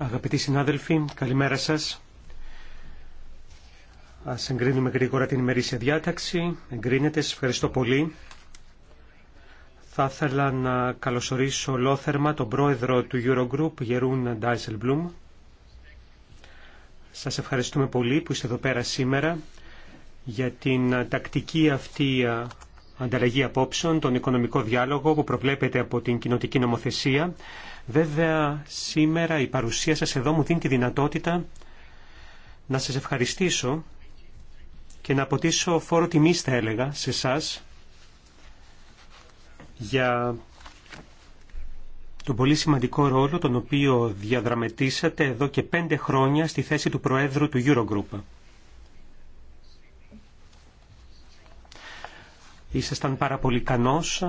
Αγαπητοί συνάδελφοι, καλημέρα σας. Ας εγκρίνουμε γρήγορα την ημερήσια διάταξη. Εγκρίνετε, σας ευχαριστώ πολύ. Θα ήθελα να καλωσορίσω ολόθερμα τον πρόεδρο του Eurogroup, Γερούν Ντάισελμπλουμ. Σας ευχαριστούμε πολύ που είστε εδώ πέρα σήμερα για την τακτική αυτή ανταλλαγή απόψεων, τον οικονομικό διάλογο που προβλέπεται από την κοινοτική νομοθεσία. Βέβαια, σήμερα η παρουσία σας εδώ μου δίνει τη δυνατότητα να σας ευχαριστήσω και να αποτίσω φόρο τιμής, θα έλεγα, σε εσά για τον πολύ σημαντικό ρόλο τον οποίο διαδραμετήσατε εδώ και πέντε χρόνια στη θέση του Προέδρου του Eurogroup. Ήσασταν πάρα πολύ κανός,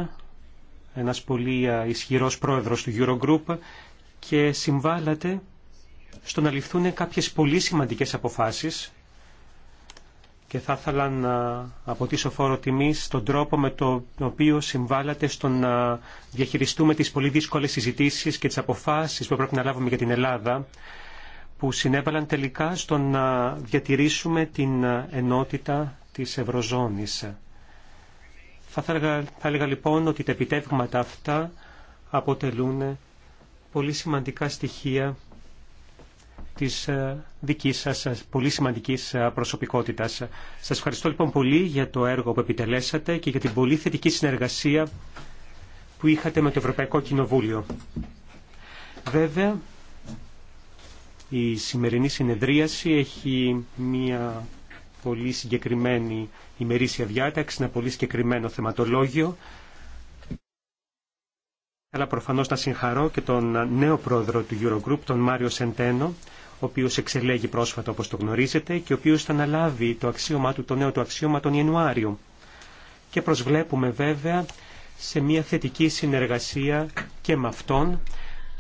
ένας πολύ ισχυρός πρόεδρος του Eurogroup και συμβάλλατε στο να ληφθούν κάποιες πολύ σημαντικές αποφάσεις και θα ήθελα να αποτίσω φόρο Τιμής στον τρόπο με τον οποίο συμβάλλατε στο να διαχειριστούμε τις πολύ δύσκολες συζητήσεις και τις αποφάσεις που πρέπει να λάβουμε για την Ελλάδα που συνέβαλαν τελικά στο να διατηρήσουμε την ενότητα της Ευρωζώνης. Θα έλεγα, λοιπόν ότι τα επιτεύγματα αυτά αποτελούν πολύ σημαντικά στοιχεία της ε, δικής σας ε, πολύ σημαντικής ε, προσωπικότητας. Σας ευχαριστώ λοιπόν πολύ για το έργο που επιτελέσατε και για την πολύ θετική συνεργασία που είχατε με το Ευρωπαϊκό Κοινοβούλιο. Βέβαια, η σημερινή συνεδρίαση έχει μία πολύ συγκεκριμένη ημερήσια διάταξη, ένα πολύ συγκεκριμένο θεματολόγιο. Αλλά προφανώς να συγχαρώ και τον νέο πρόεδρο του Eurogroup, τον Μάριο Σεντένο, ο οποίο εξελέγει πρόσφατα όπω το γνωρίζετε και ο οποίο θα αναλάβει το, αξίωμα του, το νέο του αξίωμα τον Ιανουάριο. Και προσβλέπουμε βέβαια σε μια θετική συνεργασία και με αυτόν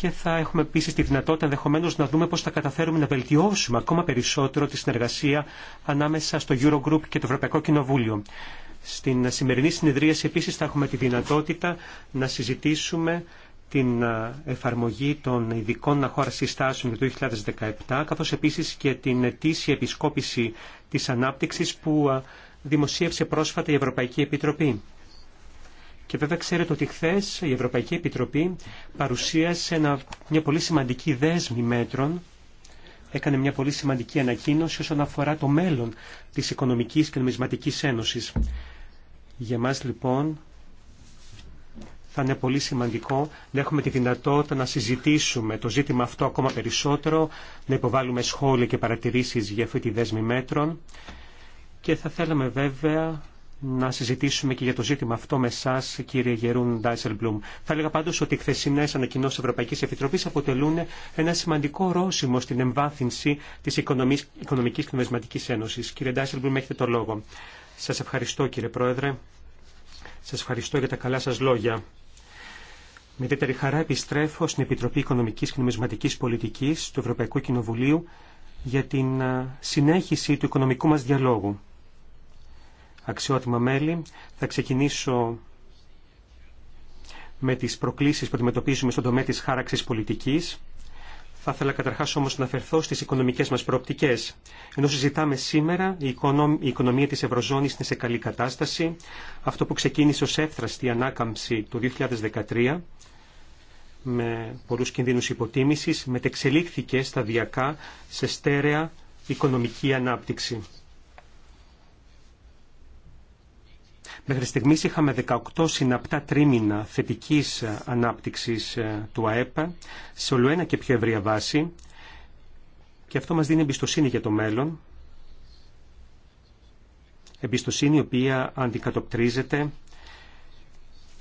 και θα έχουμε επίση τη δυνατότητα ενδεχομένω να δούμε πώ θα καταφέρουμε να βελτιώσουμε ακόμα περισσότερο τη συνεργασία ανάμεσα στο Eurogroup και το Ευρωπαϊκό Κοινοβούλιο. Στην σημερινή συνεδρίαση επίση θα έχουμε τη δυνατότητα να συζητήσουμε την εφαρμογή των ειδικών αχώρα συστάσεων του 2017, καθώς επίσης και την ετήσια επισκόπηση της ανάπτυξης που δημοσίευσε πρόσφατα η Ευρωπαϊκή Επιτροπή. Και βέβαια ξέρετε ότι χθε η Ευρωπαϊκή Επιτροπή παρουσίασε ένα, μια πολύ σημαντική δέσμη μέτρων, έκανε μια πολύ σημαντική ανακοίνωση όσον αφορά το μέλλον της Οικονομικής και Νομισματικής Ένωσης. Για μας λοιπόν θα είναι πολύ σημαντικό να έχουμε τη δυνατότητα να συζητήσουμε το ζήτημα αυτό ακόμα περισσότερο, να υποβάλουμε σχόλια και παρατηρήσεις για αυτή τη δέσμη μέτρων και θα θέλαμε βέβαια να συζητήσουμε και για το ζήτημα αυτό με εσά, κύριε Γερούν Ντάισελμπλουμ. Θα έλεγα πάντω ότι οι χθεσινέ ανακοινώσει Ευρωπαϊκή Επιτροπή αποτελούν ένα σημαντικό ρώσιμο στην εμβάθυνση τη Οικονομική και Νομισματική Ένωση. Κύριε Ντάισελμπλουμ, έχετε το λόγο. Σα ευχαριστώ, κύριε Πρόεδρε. Σα ευχαριστώ για τα καλά σα λόγια. Με ιδιαίτερη χαρά επιστρέφω στην Επιτροπή Οικονομική και Νομισματική Πολιτική του Ευρωπαϊκού Κοινοβουλίου για την συνέχιση του οικονομικού μα διαλόγου αξιότιμα μέλη. Θα ξεκινήσω με τις προκλήσεις που αντιμετωπίζουμε στον τομέα της χάραξης πολιτικής. Θα ήθελα καταρχάς όμως να αφαιρθώ στις οικονομικές μας προοπτικές. Ενώ συζητάμε σήμερα, η οικονομία της Ευρωζώνης είναι σε καλή κατάσταση. Αυτό που ξεκίνησε ως εύθραστη ανάκαμψη του 2013 με πολλούς κινδύνους υποτίμησης, μετεξελίχθηκε σταδιακά σε στέρεα οικονομική ανάπτυξη. Μέχρι στιγμής είχαμε 18 συναπτά τρίμηνα θετικής ανάπτυξης ε, του ΑΕΠΑ σε όλο ένα και πιο ευρία βάση και αυτό μας δίνει εμπιστοσύνη για το μέλλον. Εμπιστοσύνη η οποία αντικατοπτρίζεται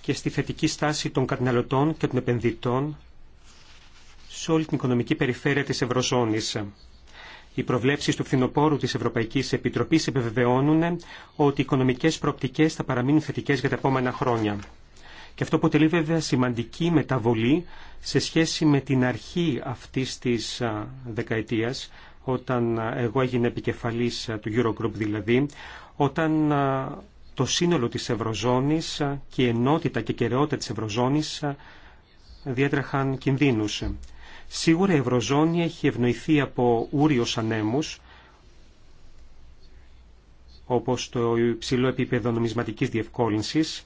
και στη θετική στάση των καταναλωτών και των επενδυτών σε όλη την οικονομική περιφέρεια της Ευρωζώνης. Οι προβλέψεις του φθινοπόρου της Ευρωπαϊκής Επιτροπής επιβεβαιώνουν ότι οι οικονομικές προοπτικές θα παραμείνουν θετικές για τα επόμενα χρόνια. Και αυτό αποτελεί βέβαια σημαντική μεταβολή σε σχέση με την αρχή αυτής της δεκαετίας, όταν εγώ έγινε επικεφαλής του Eurogroup δηλαδή, όταν το σύνολο της Ευρωζώνης και η ενότητα και κεραιότητα της Ευρωζώνης διέτρεχαν κινδύνους. Σίγουρα η Ευρωζώνη έχει ευνοηθεί από ούριους ανέμους, όπως το υψηλό επίπεδο νομισματικής διευκόλυνσης,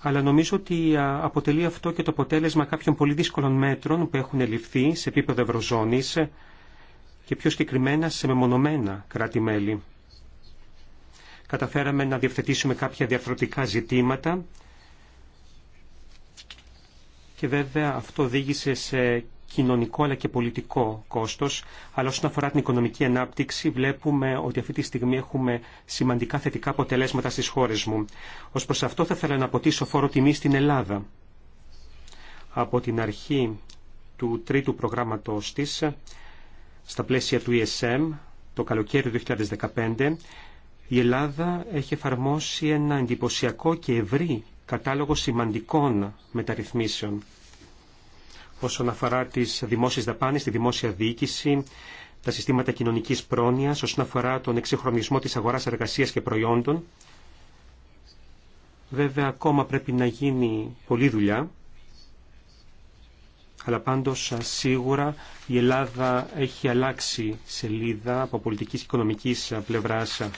αλλά νομίζω ότι αποτελεί αυτό και το αποτέλεσμα κάποιων πολύ δύσκολων μέτρων που έχουν ληφθεί σε επίπεδο Ευρωζώνης και πιο συγκεκριμένα σε μεμονωμένα κράτη-μέλη. Καταφέραμε να διευθετήσουμε κάποια διαφορετικά ζητήματα και βέβαια αυτό οδήγησε σε κοινωνικό αλλά και πολιτικό κόστος. Αλλά όσον αφορά την οικονομική ανάπτυξη βλέπουμε ότι αυτή τη στιγμή έχουμε σημαντικά θετικά αποτελέσματα στις χώρες μου. Ως προς αυτό θα ήθελα να αποτίσω φόρο τιμή στην Ελλάδα. Από την αρχή του τρίτου προγράμματος της, στα πλαίσια του ESM, το καλοκαίρι του 2015, η Ελλάδα έχει εφαρμόσει ένα εντυπωσιακό και ευρύ κατάλογο σημαντικών μεταρρυθμίσεων όσον αφορά τις δημόσιες δαπάνες, τη δημόσια διοίκηση, τα συστήματα κοινωνικής πρόνοιας, όσον αφορά τον εξυγχρονισμό της αγοράς εργασίας και προϊόντων. Βέβαια, ακόμα πρέπει να γίνει πολλή δουλειά, αλλά πάντως σίγουρα η Ελλάδα έχει αλλάξει σελίδα από πολιτικής και οικονομικής πλευράς.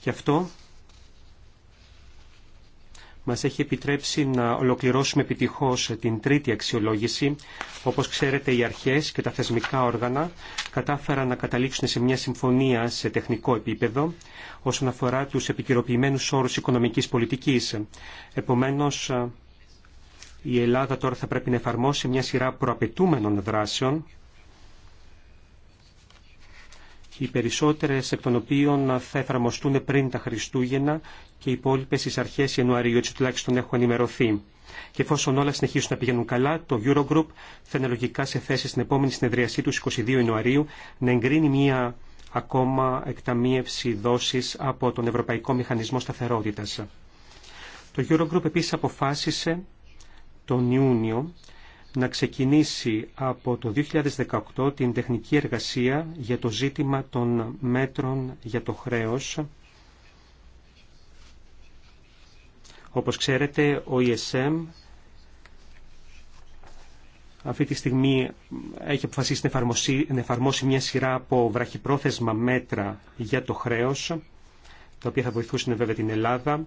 Και αυτό μας έχει επιτρέψει να ολοκληρώσουμε επιτυχώς την τρίτη αξιολόγηση. Όπως ξέρετε, οι αρχές και τα θεσμικά όργανα κατάφεραν να καταλήξουν σε μια συμφωνία σε τεχνικό επίπεδο όσον αφορά τους επικυροποιημένους όρους οικονομικής πολιτικής. Επομένως, η Ελλάδα τώρα θα πρέπει να εφαρμόσει μια σειρά προαπαιτούμενων δράσεων οι περισσότερες εκ των οποίων θα εφαρμοστούν πριν τα Χριστούγεννα και οι υπόλοιπε στις αρχές Ιανουαρίου, έτσι τουλάχιστον έχω ενημερωθεί. Και εφόσον όλα συνεχίσουν να πηγαίνουν καλά, το Eurogroup θα είναι λογικά σε θέση στην επόμενη συνεδριασή του 22 Ιανουαρίου να εγκρίνει μία ακόμα εκταμίευση δόσης από τον Ευρωπαϊκό Μηχανισμό Σταθερότητας. Το Eurogroup επίσης αποφάσισε τον Ιούνιο να ξεκινήσει από το 2018 την τεχνική εργασία για το ζήτημα των μέτρων για το χρέος. Όπως ξέρετε, ο ESM αυτή τη στιγμή έχει αποφασίσει να εφαρμόσει μια σειρά από βραχυπρόθεσμα μέτρα για το χρέος, τα οποία θα βοηθούσαν βέβαια την Ελλάδα,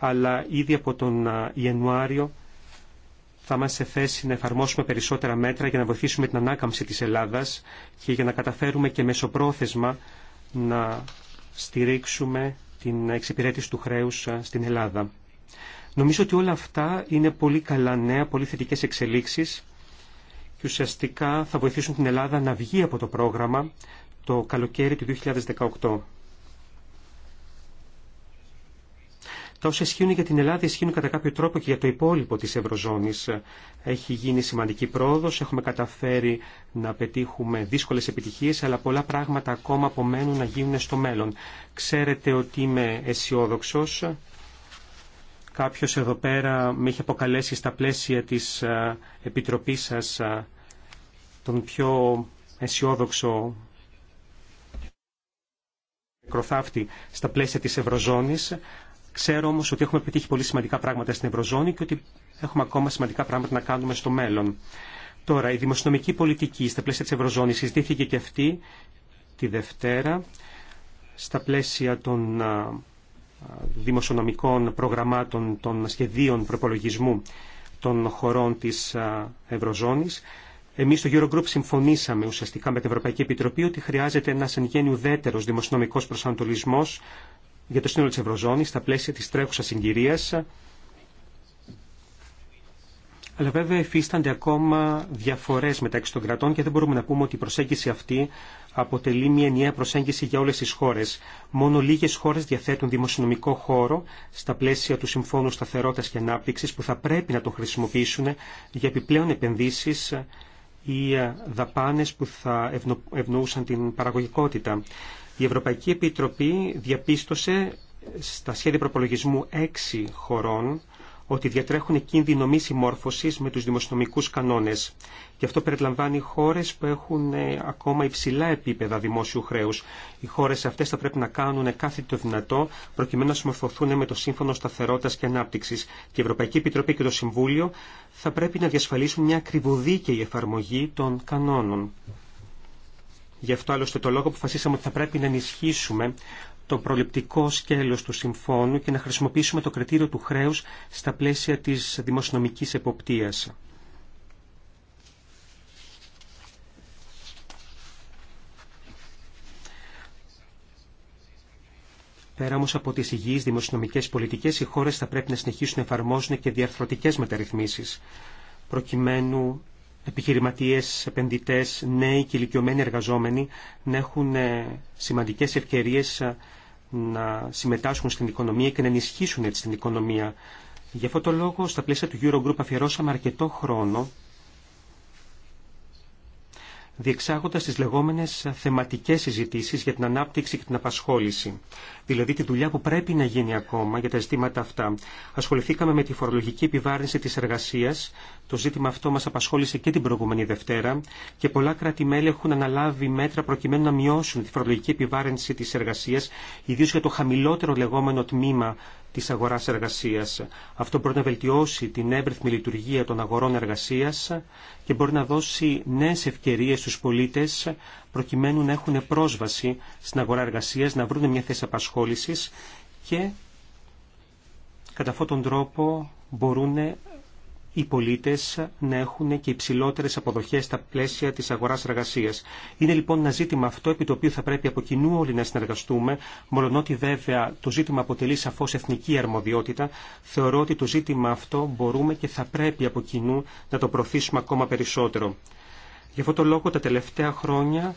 αλλά ήδη από τον ε, Ιανουάριο θα είμαστε σε θέση να εφαρμόσουμε περισσότερα μέτρα για να βοηθήσουμε την ανάκαμψη της Ελλάδας και για να καταφέρουμε και μεσοπρόθεσμα να στηρίξουμε την εξυπηρέτηση του χρέους στην Ελλάδα. Νομίζω ότι όλα αυτά είναι πολύ καλά νέα, πολύ θετικές εξελίξεις και ουσιαστικά θα βοηθήσουν την Ελλάδα να βγει από το πρόγραμμα το καλοκαίρι του 2018. Τα όσα ισχύουν για την Ελλάδα ισχύουν κατά κάποιο τρόπο και για το υπόλοιπο της Ευρωζώνης. Έχει γίνει σημαντική πρόοδος, έχουμε καταφέρει να πετύχουμε δύσκολες επιτυχίες, αλλά πολλά πράγματα ακόμα απομένουν να γίνουν στο μέλλον. Ξέρετε ότι είμαι αισιόδοξο. Κάποιος εδώ πέρα με έχει αποκαλέσει στα πλαίσια της Επιτροπής σας τον πιο αισιόδοξο στα πλαίσια της Ευρωζώνης. Ξέρω όμω ότι έχουμε πετύχει πολύ σημαντικά πράγματα στην Ευρωζώνη και ότι έχουμε ακόμα σημαντικά πράγματα να κάνουμε στο μέλλον. Τώρα, η δημοσιονομική πολιτική στα πλαίσια τη Ευρωζώνης συζητήθηκε και αυτή τη Δευτέρα στα πλαίσια των δημοσιονομικών προγραμμάτων των σχεδίων προπολογισμού των χωρών της Ευρωζώνης. Εμείς στο Eurogroup συμφωνήσαμε ουσιαστικά με την Ευρωπαϊκή Επιτροπή ότι χρειάζεται ένας εν γέννη ουδέτερος δημοσιονομικός προσανατολισμός για το σύνολο της Ευρωζώνης στα πλαίσια της τρέχουσας συγκυρίας. Αλλά βέβαια εφίστανται ακόμα διαφορές μεταξύ των κρατών και δεν μπορούμε να πούμε ότι η προσέγγιση αυτή αποτελεί μια ενιαία προσέγγιση για όλες τις χώρες. Μόνο λίγες χώρες διαθέτουν δημοσιονομικό χώρο στα πλαίσια του Συμφώνου Σταθερότητας και Ανάπτυξης που θα πρέπει να το χρησιμοποιήσουν για επιπλέον επενδύσεις ή δαπάνες που θα ευνοούσαν την παραγωγικότητα. Η Ευρωπαϊκή Επιτροπή διαπίστωσε στα σχέδια προπολογισμού έξι χωρών ότι διατρέχουν κίνδυνο μη συμμόρφωση με του δημοσιονομικού κανόνε. Και αυτό περιλαμβάνει χώρε που έχουν ε, ακόμα υψηλά επίπεδα δημόσιου χρέου. Οι χώρε αυτέ θα πρέπει να κάνουν κάθε το δυνατό προκειμένου να συμμορφωθούν με το Σύμφωνο Σταθερότητα και Ανάπτυξη. Και η Ευρωπαϊκή Επιτροπή και το Συμβούλιο θα πρέπει να διασφαλίσουν μια ακριβοδίκαιη εφαρμογή των κανόνων. Γι' αυτό άλλωστε το λόγο αποφασίσαμε ότι θα πρέπει να ενισχύσουμε το προληπτικό σκέλος του συμφώνου και να χρησιμοποιήσουμε το κριτήριο του χρέους στα πλαίσια της δημοσιονομικής εποπτείας. Πέρα όμω από τι υγιεί δημοσιονομικές πολιτικέ, οι χώρε θα πρέπει να συνεχίσουν να εφαρμόζουν και διαρθρωτικές μεταρρυθμίσει, προκειμένου επιχειρηματίες, επενδυτές, νέοι και ηλικιωμένοι εργαζόμενοι να έχουν ε, σημαντικές ευκαιρίες ε, να συμμετάσχουν στην οικονομία και να ενισχύσουν έτσι την οικονομία. Γι' αυτό το λόγο στα πλαίσια του Eurogroup αφιερώσαμε αρκετό χρόνο διεξάγοντα τις λεγόμενες θεματικές συζητήσει για την ανάπτυξη και την απασχόληση. Δηλαδή τη δουλειά που πρέπει να γίνει ακόμα για τα ζητήματα αυτά. Ασχοληθήκαμε με τη φορολογική επιβάρυνση τη εργασία. Το ζήτημα αυτό μας απασχόλησε και την προηγούμενη Δευτέρα και πολλά κράτη-μέλη έχουν αναλάβει μέτρα προκειμένου να μειώσουν τη φορολογική επιβάρυνση της εργασίας, ιδίως για το χαμηλότερο λεγόμενο τμήμα τη αγορά εργασία. Αυτό μπορεί να βελτιώσει την έμπρεθμη λειτουργία των αγορών εργασία και μπορεί να δώσει νέε ευκαιρίε στου πολίτε προκειμένου να έχουν πρόσβαση στην αγορά εργασία, να βρουν μια θέση απασχόληση και κατά αυτόν τον τρόπο μπορούν οι πολίτε να έχουν και υψηλότερε αποδοχέ στα πλαίσια τη αγορά εργασία. Είναι λοιπόν ένα ζήτημα αυτό επί το οποίο θα πρέπει από κοινού όλοι να συνεργαστούμε, μολονότι βέβαια το ζήτημα αποτελεί σαφώ εθνική αρμοδιότητα, θεωρώ ότι το ζήτημα αυτό μπορούμε και θα πρέπει από κοινού να το προωθήσουμε ακόμα περισσότερο. Γι' αυτό το λόγο τα τελευταία χρόνια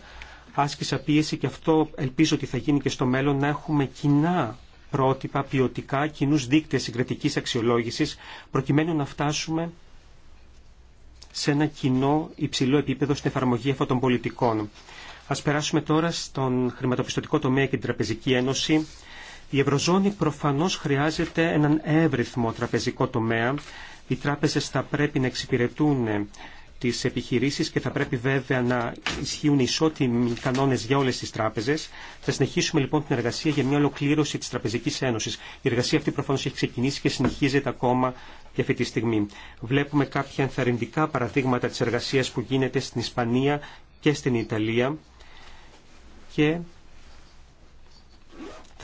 άσκησα πίεση και αυτό ελπίζω ότι θα γίνει και στο μέλλον να έχουμε κοινά πρότυπα, ποιοτικά, κοινού δείκτε συγκριτική αξιολόγηση, προκειμένου να φτάσουμε σε ένα κοινό υψηλό επίπεδο στην εφαρμογή αυτών των πολιτικών. Α περάσουμε τώρα στον χρηματοπιστωτικό τομέα και την Τραπεζική Ένωση. Η Ευρωζώνη προφανώς χρειάζεται έναν εύρυθμο τραπεζικό τομέα. Οι τράπεζες θα πρέπει να εξυπηρετούν τις επιχειρήσει και θα πρέπει βέβαια να ισχύουν ισότιμοι κανόνε για όλε τι τράπεζε. Θα συνεχίσουμε λοιπόν την εργασία για μια ολοκλήρωση τη τραπεζική Ένωση. Η εργασία αυτή προφανώ έχει ξεκινήσει και συνεχίζεται ακόμα και αυτή τη στιγμή. Βλέπουμε κάποια ενθαρρυντικά παραδείγματα τη εργασία που γίνεται στην Ισπανία και στην Ιταλία και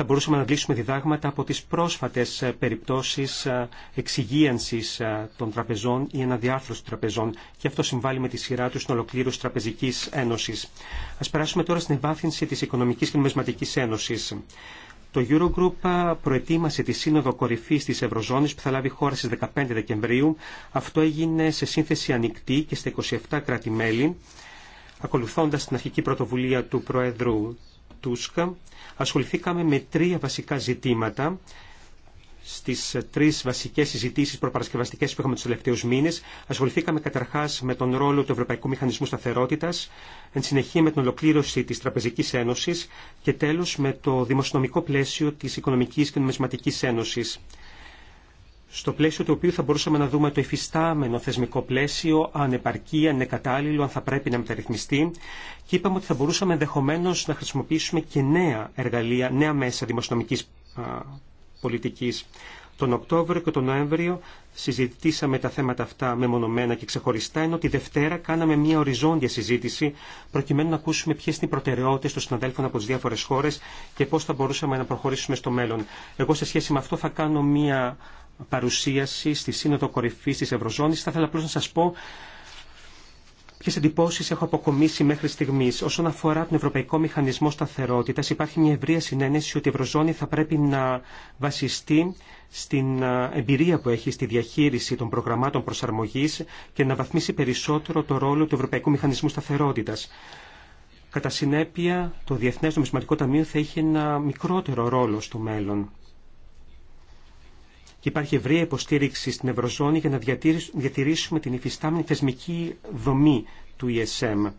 θα μπορούσαμε να λύσουμε διδάγματα από τις πρόσφατες ε, περιπτώσεις ε, εξυγίανσης ε, των τραπεζών ή αναδιάρθρωση των τραπεζών και αυτό συμβάλλει με τη σειρά του στην ολοκλήρωση Τραπεζικής Ένωσης. Ας περάσουμε τώρα στην ευάθυνση της Οικονομικής και Νομισματικής Ένωσης. Το Eurogroup προετοίμασε τη σύνοδο κορυφή τη Ευρωζώνη που θα λάβει χώρα στι 15 Δεκεμβρίου. Αυτό έγινε σε σύνθεση ανοιχτή και στα 27 κράτη-μέλη, ακολουθώντα την αρχική πρωτοβουλία του Προέδρου Τούσκα ασχοληθήκαμε με τρία βασικά ζητήματα στις τρεις βασικές συζητήσει προπαρασκευαστικές που είχαμε του τελευταίου μήνες. Ασχοληθήκαμε καταρχάς με τον ρόλο του Ευρωπαϊκού Μηχανισμού Σταθερότητας, εν συνεχεία με την ολοκλήρωση της Τραπεζικής Ένωση και τέλος με το δημοσιονομικό πλαίσιο της Οικονομική και Νομισματικής Ένωση στο πλαίσιο του οποίου θα μπορούσαμε να δούμε το υφιστάμενο θεσμικό πλαίσιο, αν επαρκεί, αν είναι κατάλληλο, αν θα πρέπει να μεταρρυθμιστεί. Και είπαμε ότι θα μπορούσαμε ενδεχομένω να χρησιμοποιήσουμε και νέα εργαλεία, νέα μέσα δημοσιονομική πολιτική. Τον Οκτώβριο και τον Νοέμβριο συζητήσαμε τα θέματα αυτά μεμονωμένα και ξεχωριστά, ενώ τη Δευτέρα κάναμε μια οριζόντια συζήτηση προκειμένου να ακούσουμε ποιε είναι οι προτεραιότητε των συναδέλφων από τι διάφορε χώρε και πώ θα μπορούσαμε να προχωρήσουμε στο μέλλον. Εγώ σε σχέση με αυτό θα κάνω μια παρουσίαση στη Σύνοδο Κορυφή τη Ευρωζώνη. Θα ήθελα απλώ να σα πω Ποιε εντυπώσει έχω αποκομίσει μέχρι στιγμή όσον αφορά τον Ευρωπαϊκό Μηχανισμό Σταθερότητα, υπάρχει μια ευρεία συνένεση ότι η Ευρωζώνη θα πρέπει να βασιστεί στην ε, εμπειρία που έχει στη διαχείριση των προγραμμάτων προσαρμογή και να βαθμίσει περισσότερο το ρόλο του Ευρωπαϊκού Μηχανισμού Σταθερότητα. Κατά συνέπεια, το Διεθνές Νομισματικό Ταμείο θα έχει ένα μικρότερο ρόλο στο μέλλον και υπάρχει ευρεία υποστήριξη στην Ευρωζώνη για να διατηρήσουμε την υφιστάμενη θεσμική δομή του ESM.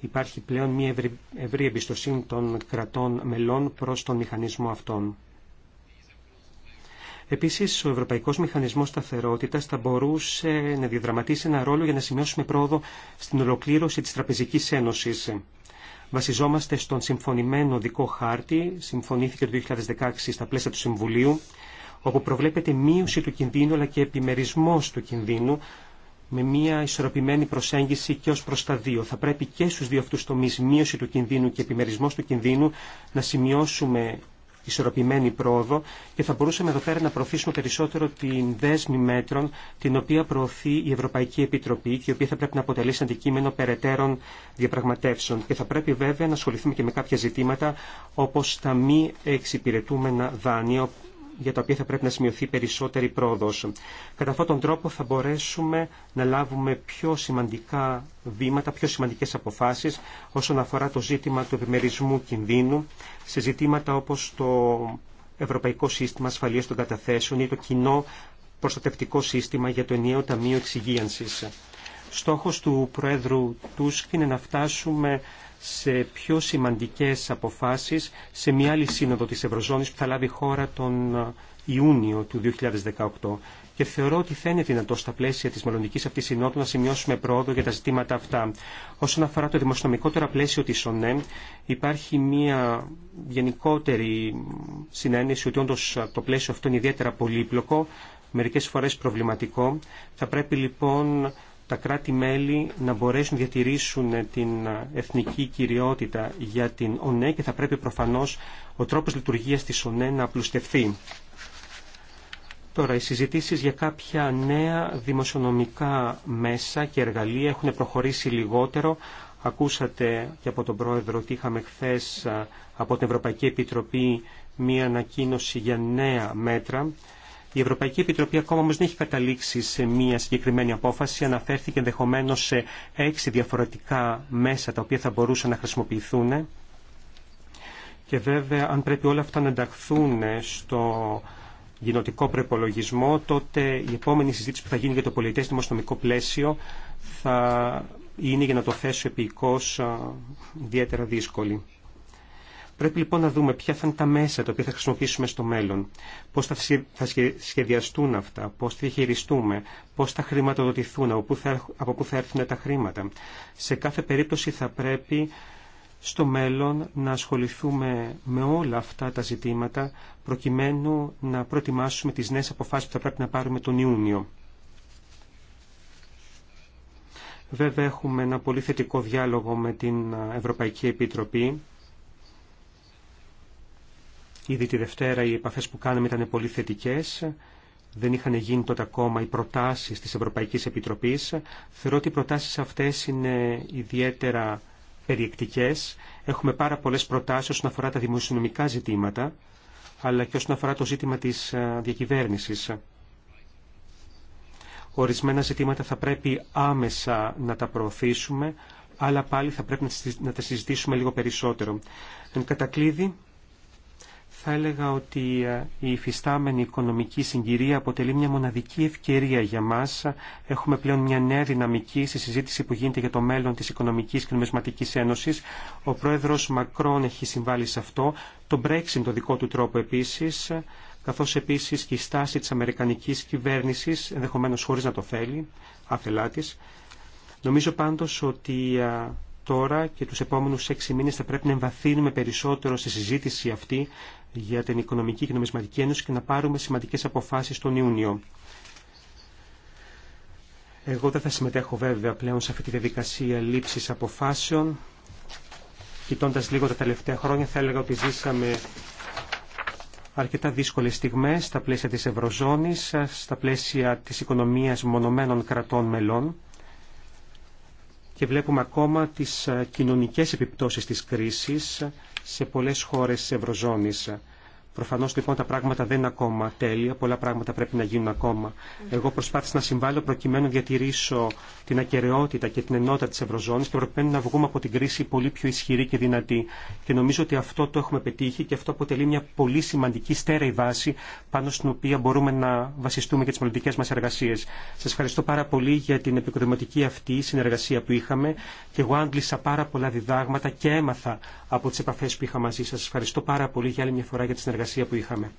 Υπάρχει πλέον μια ευρή εμπιστοσύνη των κρατών μελών προς τον μηχανισμό αυτόν. Επίσης, ο Ευρωπαϊκός Μηχανισμός Σταθερότητας θα μπορούσε να διαδραματίσει ένα ρόλο για να σημειώσουμε πρόοδο στην ολοκλήρωση της Τραπεζικής Ένωσης. Βασιζόμαστε στον συμφωνημένο δικό χάρτη, συμφωνήθηκε το 2016 στα πλαίσια του Συμβουλίου όπου προβλέπεται μείωση του κινδύνου αλλά και επιμερισμός του κινδύνου με μια ισορροπημένη προσέγγιση και ω προ τα δύο. Θα πρέπει και στου δύο αυτού τομεί, μείωση του κινδύνου και επιμερισμό του κινδύνου, να σημειώσουμε ισορροπημένη πρόοδο και θα μπορούσαμε εδώ πέρα να προωθήσουμε περισσότερο την δέσμη μέτρων την οποία προωθεί η Ευρωπαϊκή Επιτροπή και η οποία θα πρέπει να σαν αντικείμενο περαιτέρων διαπραγματεύσεων. Και θα πρέπει βέβαια να ασχοληθούμε και με κάποια ζητήματα όπω τα μη εξυπηρετούμενα δάνεια, για τα οποία θα πρέπει να σημειωθεί περισσότερη πρόοδος. Κατά αυτόν τον τρόπο θα μπορέσουμε να λάβουμε πιο σημαντικά βήματα, πιο σημαντικές αποφάσεις όσον αφορά το ζήτημα του επιμερισμού κινδύνου σε ζητήματα όπως το Ευρωπαϊκό Σύστημα Ασφαλείας των Καταθέσεων ή το κοινό προστατευτικό σύστημα για το ενιαίο Ταμείο Εξυγίανσης. Στόχος του Προέδρου Τούσκ είναι να φτάσουμε σε πιο σημαντικές αποφάσεις σε μια άλλη σύνοδο της Ευρωζώνης που θα λάβει χώρα τον ε, Ιούνιο του 2018 και θεωρώ ότι θα είναι δυνατό στα πλαίσια της μελλοντική αυτή συνόδου να σημειώσουμε πρόοδο για τα ζητήματα αυτά. Όσον αφορά το δημοσιονομικό πλαίσιο τη ΟΝΕ, υπάρχει μια γενικότερη συνένεση ότι όντω ε, το πλαίσιο αυτό είναι ιδιαίτερα πολύπλοκο, μερικές φορές προβληματικό. Θα πρέπει λοιπόν τα κράτη-μέλη να μπορέσουν να διατηρήσουν την εθνική κυριότητα για την ΟΝΕ και θα πρέπει προφανώς ο τρόπος λειτουργίας της ΟΝΕ να απλουστευθεί. Τώρα, οι συζητήσεις για κάποια νέα δημοσιονομικά μέσα και εργαλεία έχουν προχωρήσει λιγότερο. Ακούσατε και από τον Πρόεδρο ότι είχαμε χθε από την Ευρωπαϊκή Επιτροπή μία ανακοίνωση για νέα μέτρα. Η Ευρωπαϊκή Επιτροπή ακόμα όμω δεν έχει καταλήξει σε μία συγκεκριμένη απόφαση. Αναφέρθηκε ενδεχομένω σε έξι διαφορετικά μέσα τα οποία θα μπορούσαν να χρησιμοποιηθούν. Και βέβαια, αν πρέπει όλα αυτά να ενταχθούν στο γενοτικό προπολογισμό, τότε η επόμενη συζήτηση που θα γίνει για το στο νομικό πλαίσιο θα είναι για να το θέσω οικός ιδιαίτερα δύσκολη. Πρέπει λοιπόν να δούμε ποια θα είναι τα μέσα τα οποία θα χρησιμοποιήσουμε στο μέλλον, πώς θα σχεδιαστούν αυτά, πώς θα χειριστούμε, πώς θα χρηματοδοτηθούν, από πού θα έρθουν τα χρήματα. Σε κάθε περίπτωση θα πρέπει στο μέλλον να ασχοληθούμε με όλα αυτά τα ζητήματα προκειμένου να προετοιμάσουμε τις νέες αποφάσεις που θα πρέπει να πάρουμε τον Ιούνιο. Βέβαια έχουμε ένα πολύ θετικό διάλογο με την Ευρωπαϊκή Επιτροπή Ήδη τη Δευτέρα οι επαφές που κάναμε ήταν πολύ θετικές. Δεν είχαν γίνει τότε ακόμα οι προτάσεις της Ευρωπαϊκής Επιτροπής. Θεωρώ ότι οι προτάσεις αυτές είναι ιδιαίτερα περιεκτικές. Έχουμε πάρα πολλές προτάσεις όσον αφορά τα δημοσιονομικά ζητήματα, αλλά και όσον αφορά το ζήτημα της ε, διακυβέρνησης. Ορισμένα ζητήματα θα πρέπει άμεσα να τα προωθήσουμε, αλλά πάλι θα πρέπει να τα συζητήσουμε λίγο περισσότερο. Εν κατακλείδη, θα έλεγα ότι ε, η υφιστάμενη οικονομική συγκυρία αποτελεί μια μοναδική ευκαιρία για μας. Έχουμε πλέον μια νέα δυναμική στη συζήτηση που γίνεται για το μέλλον της Οικονομικής και Νομισματικής Ένωσης. Ο πρόεδρος Μακρόν έχει συμβάλει σε αυτό. Το Brexit το δικό του τρόπο επίσης, καθώς επίσης και η στάση της Αμερικανικής κυβέρνησης, ενδεχομένως χωρίς να το θέλει, αφελά της. Νομίζω πάντως ότι ε, τώρα και τους επόμενους έξι μήνες θα πρέπει να εμβαθύνουμε περισσότερο στη συζήτηση αυτή για την Οικονομική και Νομισματική Ένωση και να πάρουμε σημαντικές αποφάσεις τον Ιούνιο. Εγώ δεν θα συμμετέχω βέβαια πλέον σε αυτή τη διαδικασία λήψης αποφάσεων. Κοιτώντας λίγο τα τελευταία χρόνια θα έλεγα ότι ζήσαμε αρκετά δύσκολες στιγμές στα πλαίσια της Ευρωζώνης, στα πλαίσια της οικονομίας μονομένων κρατών μελών και βλέπουμε ακόμα τις κοινωνικές επιπτώσεις της κρίσης σε πολλές χώρες της Ευρωζώνης. Προφανώ λοιπόν τα πράγματα δεν είναι ακόμα τέλεια, πολλά πράγματα πρέπει να γίνουν ακόμα. Εγώ προσπάθησα να συμβάλλω προκειμένου να διατηρήσω την ακαιρεότητα και την ενότητα τη Ευρωζώνη και προκειμένου να βγούμε από την κρίση πολύ πιο ισχυρή και δυνατή. Και νομίζω ότι αυτό το έχουμε πετύχει και αυτό αποτελεί μια πολύ σημαντική στέρεη βάση πάνω στην οποία μπορούμε να βασιστούμε και τι πολιτικέ μα εργασίε. Σα ευχαριστώ πάρα πολύ για την επικοδηματική αυτή συνεργασία που είχαμε και εγώ άγγλισα πάρα πολλά διδάγματα και έμαθα από τι επαφέ που είχα μαζί σα. Ευχαριστώ πάρα πολύ για άλλη μια φορά για τη συνεργασία συνεργασία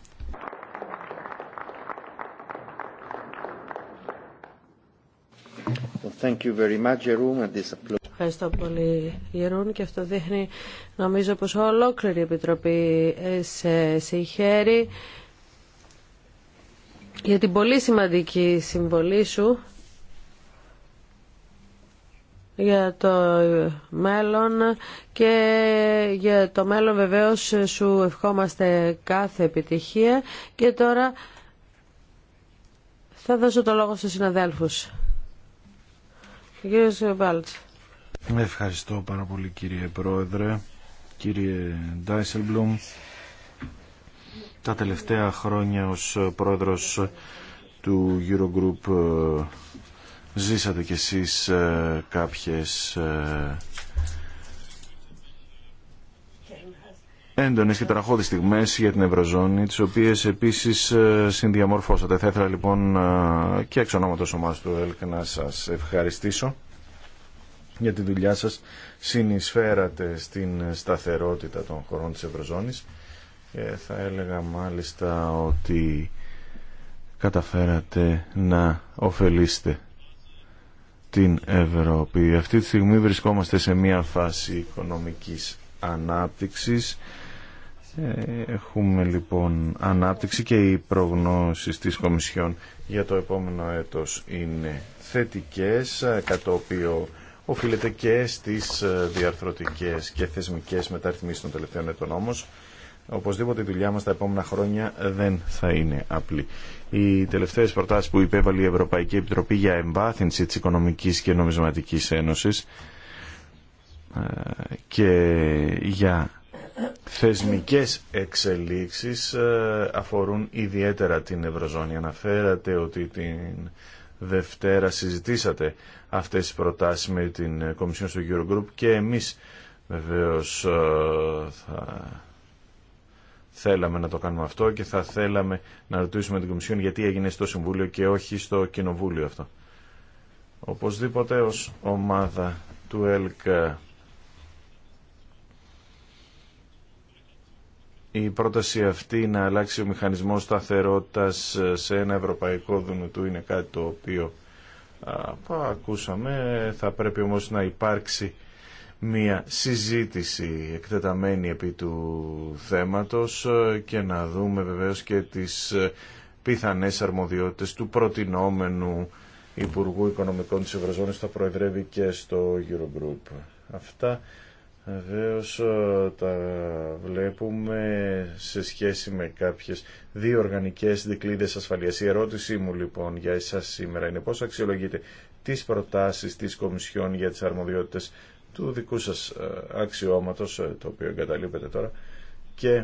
που Ευχαριστώ πολύ, Γερούν, και αυτό δείχνει νομίζω πως ολόκληρη η Επιτροπή ε, σε συγχαίρει για την πολύ σημαντική συμβολή σου για το μέλλον και για το μέλλον βεβαίως σου ευχόμαστε κάθε επιτυχία και τώρα θα δώσω το λόγο στους συναδέλφους. Κύριε Βάλτς. Ευχαριστώ πάρα πολύ κύριε Πρόεδρε, κύριε Ντάισελμπλουμ. Τα τελευταία χρόνια ως πρόεδρος του Eurogroup ε, ζήσατε κι εσείς ε, κάποιες ε, έντονες και τραχώδεις στιγμές για την Ευρωζώνη, τις οποίες επίσης ε, συνδιαμορφώσατε. Θα ήθελα λοιπόν και εξ ονόματος του ΕΛΚ να σας ευχαριστήσω για τη δουλειά σας. Συνεισφέρατε στην σταθερότητα των χωρών της Ευρωζώνης και θα έλεγα μάλιστα ότι καταφέρατε να ωφελήσετε την Ευρώπη. Αυτή τη στιγμή βρισκόμαστε σε μια φάση οικονομικής ανάπτυξης. Ε, έχουμε λοιπόν ανάπτυξη και οι προγνώσεις της Κομισιόν για το επόμενο έτος είναι θετικές, ε, κατά το οποίο οφείλεται και στις ε, διαρθρωτικές και θεσμικές μεταρρυθμίσεις των τελευταίων ετών όμως Οπωσδήποτε η δουλειά μας τα επόμενα χρόνια δεν θα είναι απλή. Οι τελευταίες προτάσεις που υπέβαλε η Ευρωπαϊκή Επιτροπή για εμβάθυνση της Οικονομικής και Νομισματικής Ένωσης ε, και για θεσμικές εξελίξεις ε, αφορούν ιδιαίτερα την Ευρωζώνη. Αναφέρατε ότι την Δευτέρα συζητήσατε αυτές τις προτάσεις με την Κομισιόν στο Eurogroup και εμείς βεβαίως ε, θα θέλαμε να το κάνουμε αυτό και θα θέλαμε να ρωτήσουμε την Κομισιόν γιατί έγινε στο Συμβούλιο και όχι στο Κοινοβούλιο αυτό. Οπωσδήποτε ως ομάδα του ΕΛΚ η πρόταση αυτή να αλλάξει ο μηχανισμός σταθερότητας σε ένα ευρωπαϊκό δουνουτού είναι κάτι το οποίο α, ακούσαμε. Θα πρέπει όμως να υπάρξει μία συζήτηση εκτεταμένη επί του θέματος και να δούμε βεβαίως και τις πιθανές αρμοδιότητες του προτινόμενου Υπουργού Οικονομικών της Ευρωζώνης που θα προεδρεύει και στο Eurogroup. Αυτά βεβαίω ε, τα βλέπουμε σε σχέση με κάποιες δύο οργανικές δικλείδες ασφαλείας. Η ερώτησή μου λοιπόν για εσάς σήμερα είναι πώς αξιολογείτε τις προτάσεις της Κομισιόν για τις αρμοδιότητες του δικού σας ε, αξιώματος ε, το οποίο εγκαταλείπετε τώρα και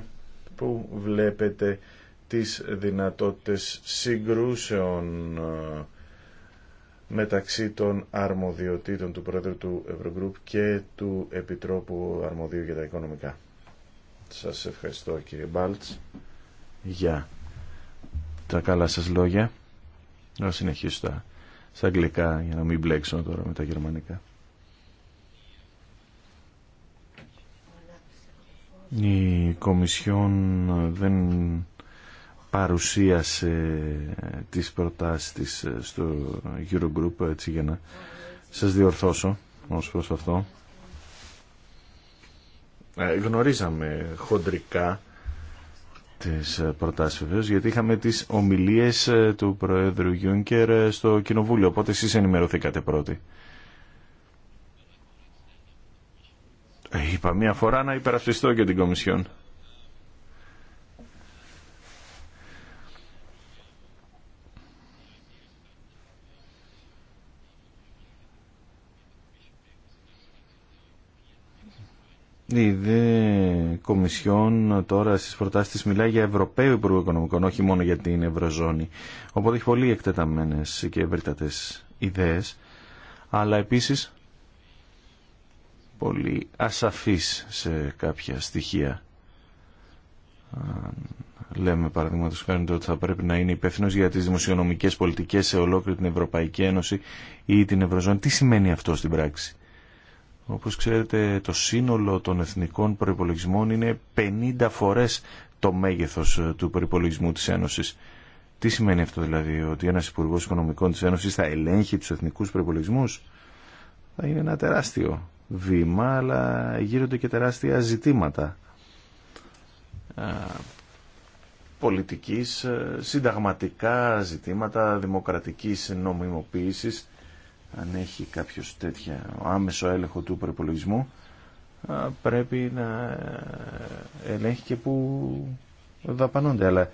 που βλέπετε τις δυνατότητες συγκρούσεων ε, μεταξύ των αρμοδιοτήτων του Πρόεδρου του Ευρωγκρουπ και του Επιτρόπου Αρμοδίου για τα Οικονομικά. Σας ευχαριστώ κύριε Μπάλτς για τα καλά σας λόγια. Να συνεχίσω στα, αγγλικά για να μην μπλέξω τώρα με τα γερμανικά. Η Κομισιόν δεν παρουσίασε τις προτάσεις της στο Eurogroup έτσι για να σας διορθώσω ως προς αυτό. Ε, γνωρίζαμε χοντρικά τις προτάσεις βεβαίως γιατί είχαμε τις ομιλίες του Προέδρου Γιούνκερ στο Κοινοβούλιο οπότε εσείς ενημερωθήκατε πρώτοι. Ε, είπα μία φορά να υπερασπιστώ και την Κομισιόν. Η ΔΕ Κομισιόν τώρα στι προτάσει τη μιλάει για Ευρωπαίο Υπουργό Οικονομικών, όχι μόνο για την Ευρωζώνη. Οπότε έχει πολύ εκτεταμένε και ευρύτατε ιδέε. Αλλά επίση πολύ ασαφής σε κάποια στοιχεία. Λέμε παραδείγματος χάρη ότι θα πρέπει να είναι υπεύθυνο για τις δημοσιονομικές πολιτικές σε ολόκληρη την Ευρωπαϊκή Ένωση ή την Ευρωζώνη. Τι σημαίνει αυτό στην πράξη. Όπως ξέρετε το σύνολο των εθνικών προϋπολογισμών είναι 50 φορές το μέγεθος του προϋπολογισμού της Ένωσης. Τι σημαίνει αυτό δηλαδή, ότι ένας Υπουργό Οικονομικών της Ένωσης θα ελέγχει τους εθνικούς προϋπολογισμούς. Θα είναι ένα τεράστιο βήμα, αλλά γύρονται και τεράστια ζητήματα πολιτικής, συνταγματικά ζητήματα, δημοκρατικής νομιμοποίησης, αν έχει κάποιος τέτοια άμεσο έλεγχο του προπολογισμού, πρέπει να ελέγχει και που δαπανώνται. Αλλά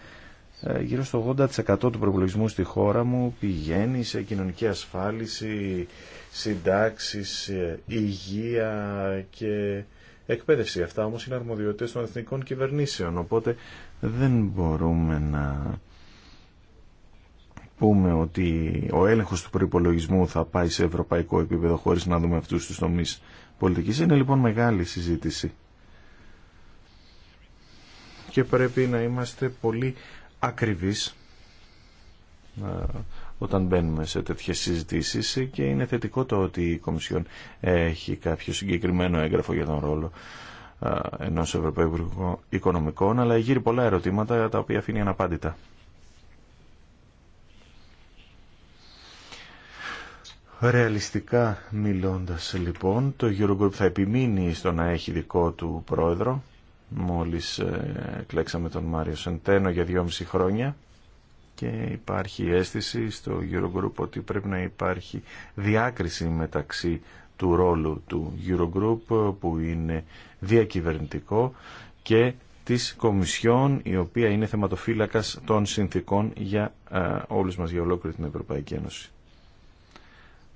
ε, γύρω στο 80% του προπολογισμού στη χώρα μου πηγαίνει σε κοινωνική ασφάλιση, συντάξεις, ε, υγεία και εκπαίδευση. Αυτά όμως είναι αρμοδιότητες των εθνικών κυβερνήσεων, οπότε δεν μπορούμε να πούμε ότι ο έλεγχος του προϋπολογισμού θα πάει σε ευρωπαϊκό επίπεδο χωρίς να δούμε αυτούς τους τομείς πολιτικής. Είναι λοιπόν μεγάλη συζήτηση. Και πρέπει να είμαστε πολύ ακριβείς όταν μπαίνουμε σε τέτοιες συζητήσεις και είναι θετικό το ότι η Κομισιόν έχει κάποιο συγκεκριμένο έγγραφο για τον ρόλο ενός Ευρωπαϊκού Οικονομικών, αλλά γύρει πολλά ερωτήματα τα οποία αφήνει αναπάντητα. Ρεαλιστικά μιλώντας λοιπόν, το Eurogroup θα επιμείνει στο να έχει δικό του πρόεδρο. Μόλις ε, κλέξαμε τον Μάριο Σεντένο για δυόμιση χρόνια και υπάρχει αίσθηση στο Eurogroup ότι πρέπει να υπάρχει διάκριση μεταξύ του ρόλου του Eurogroup που είναι διακυβερνητικό και της Κομισιόν η οποία είναι θεματοφύλακας των συνθήκων για α, όλους μας, για ολόκληρη την Ευρωπαϊκή Ένωση.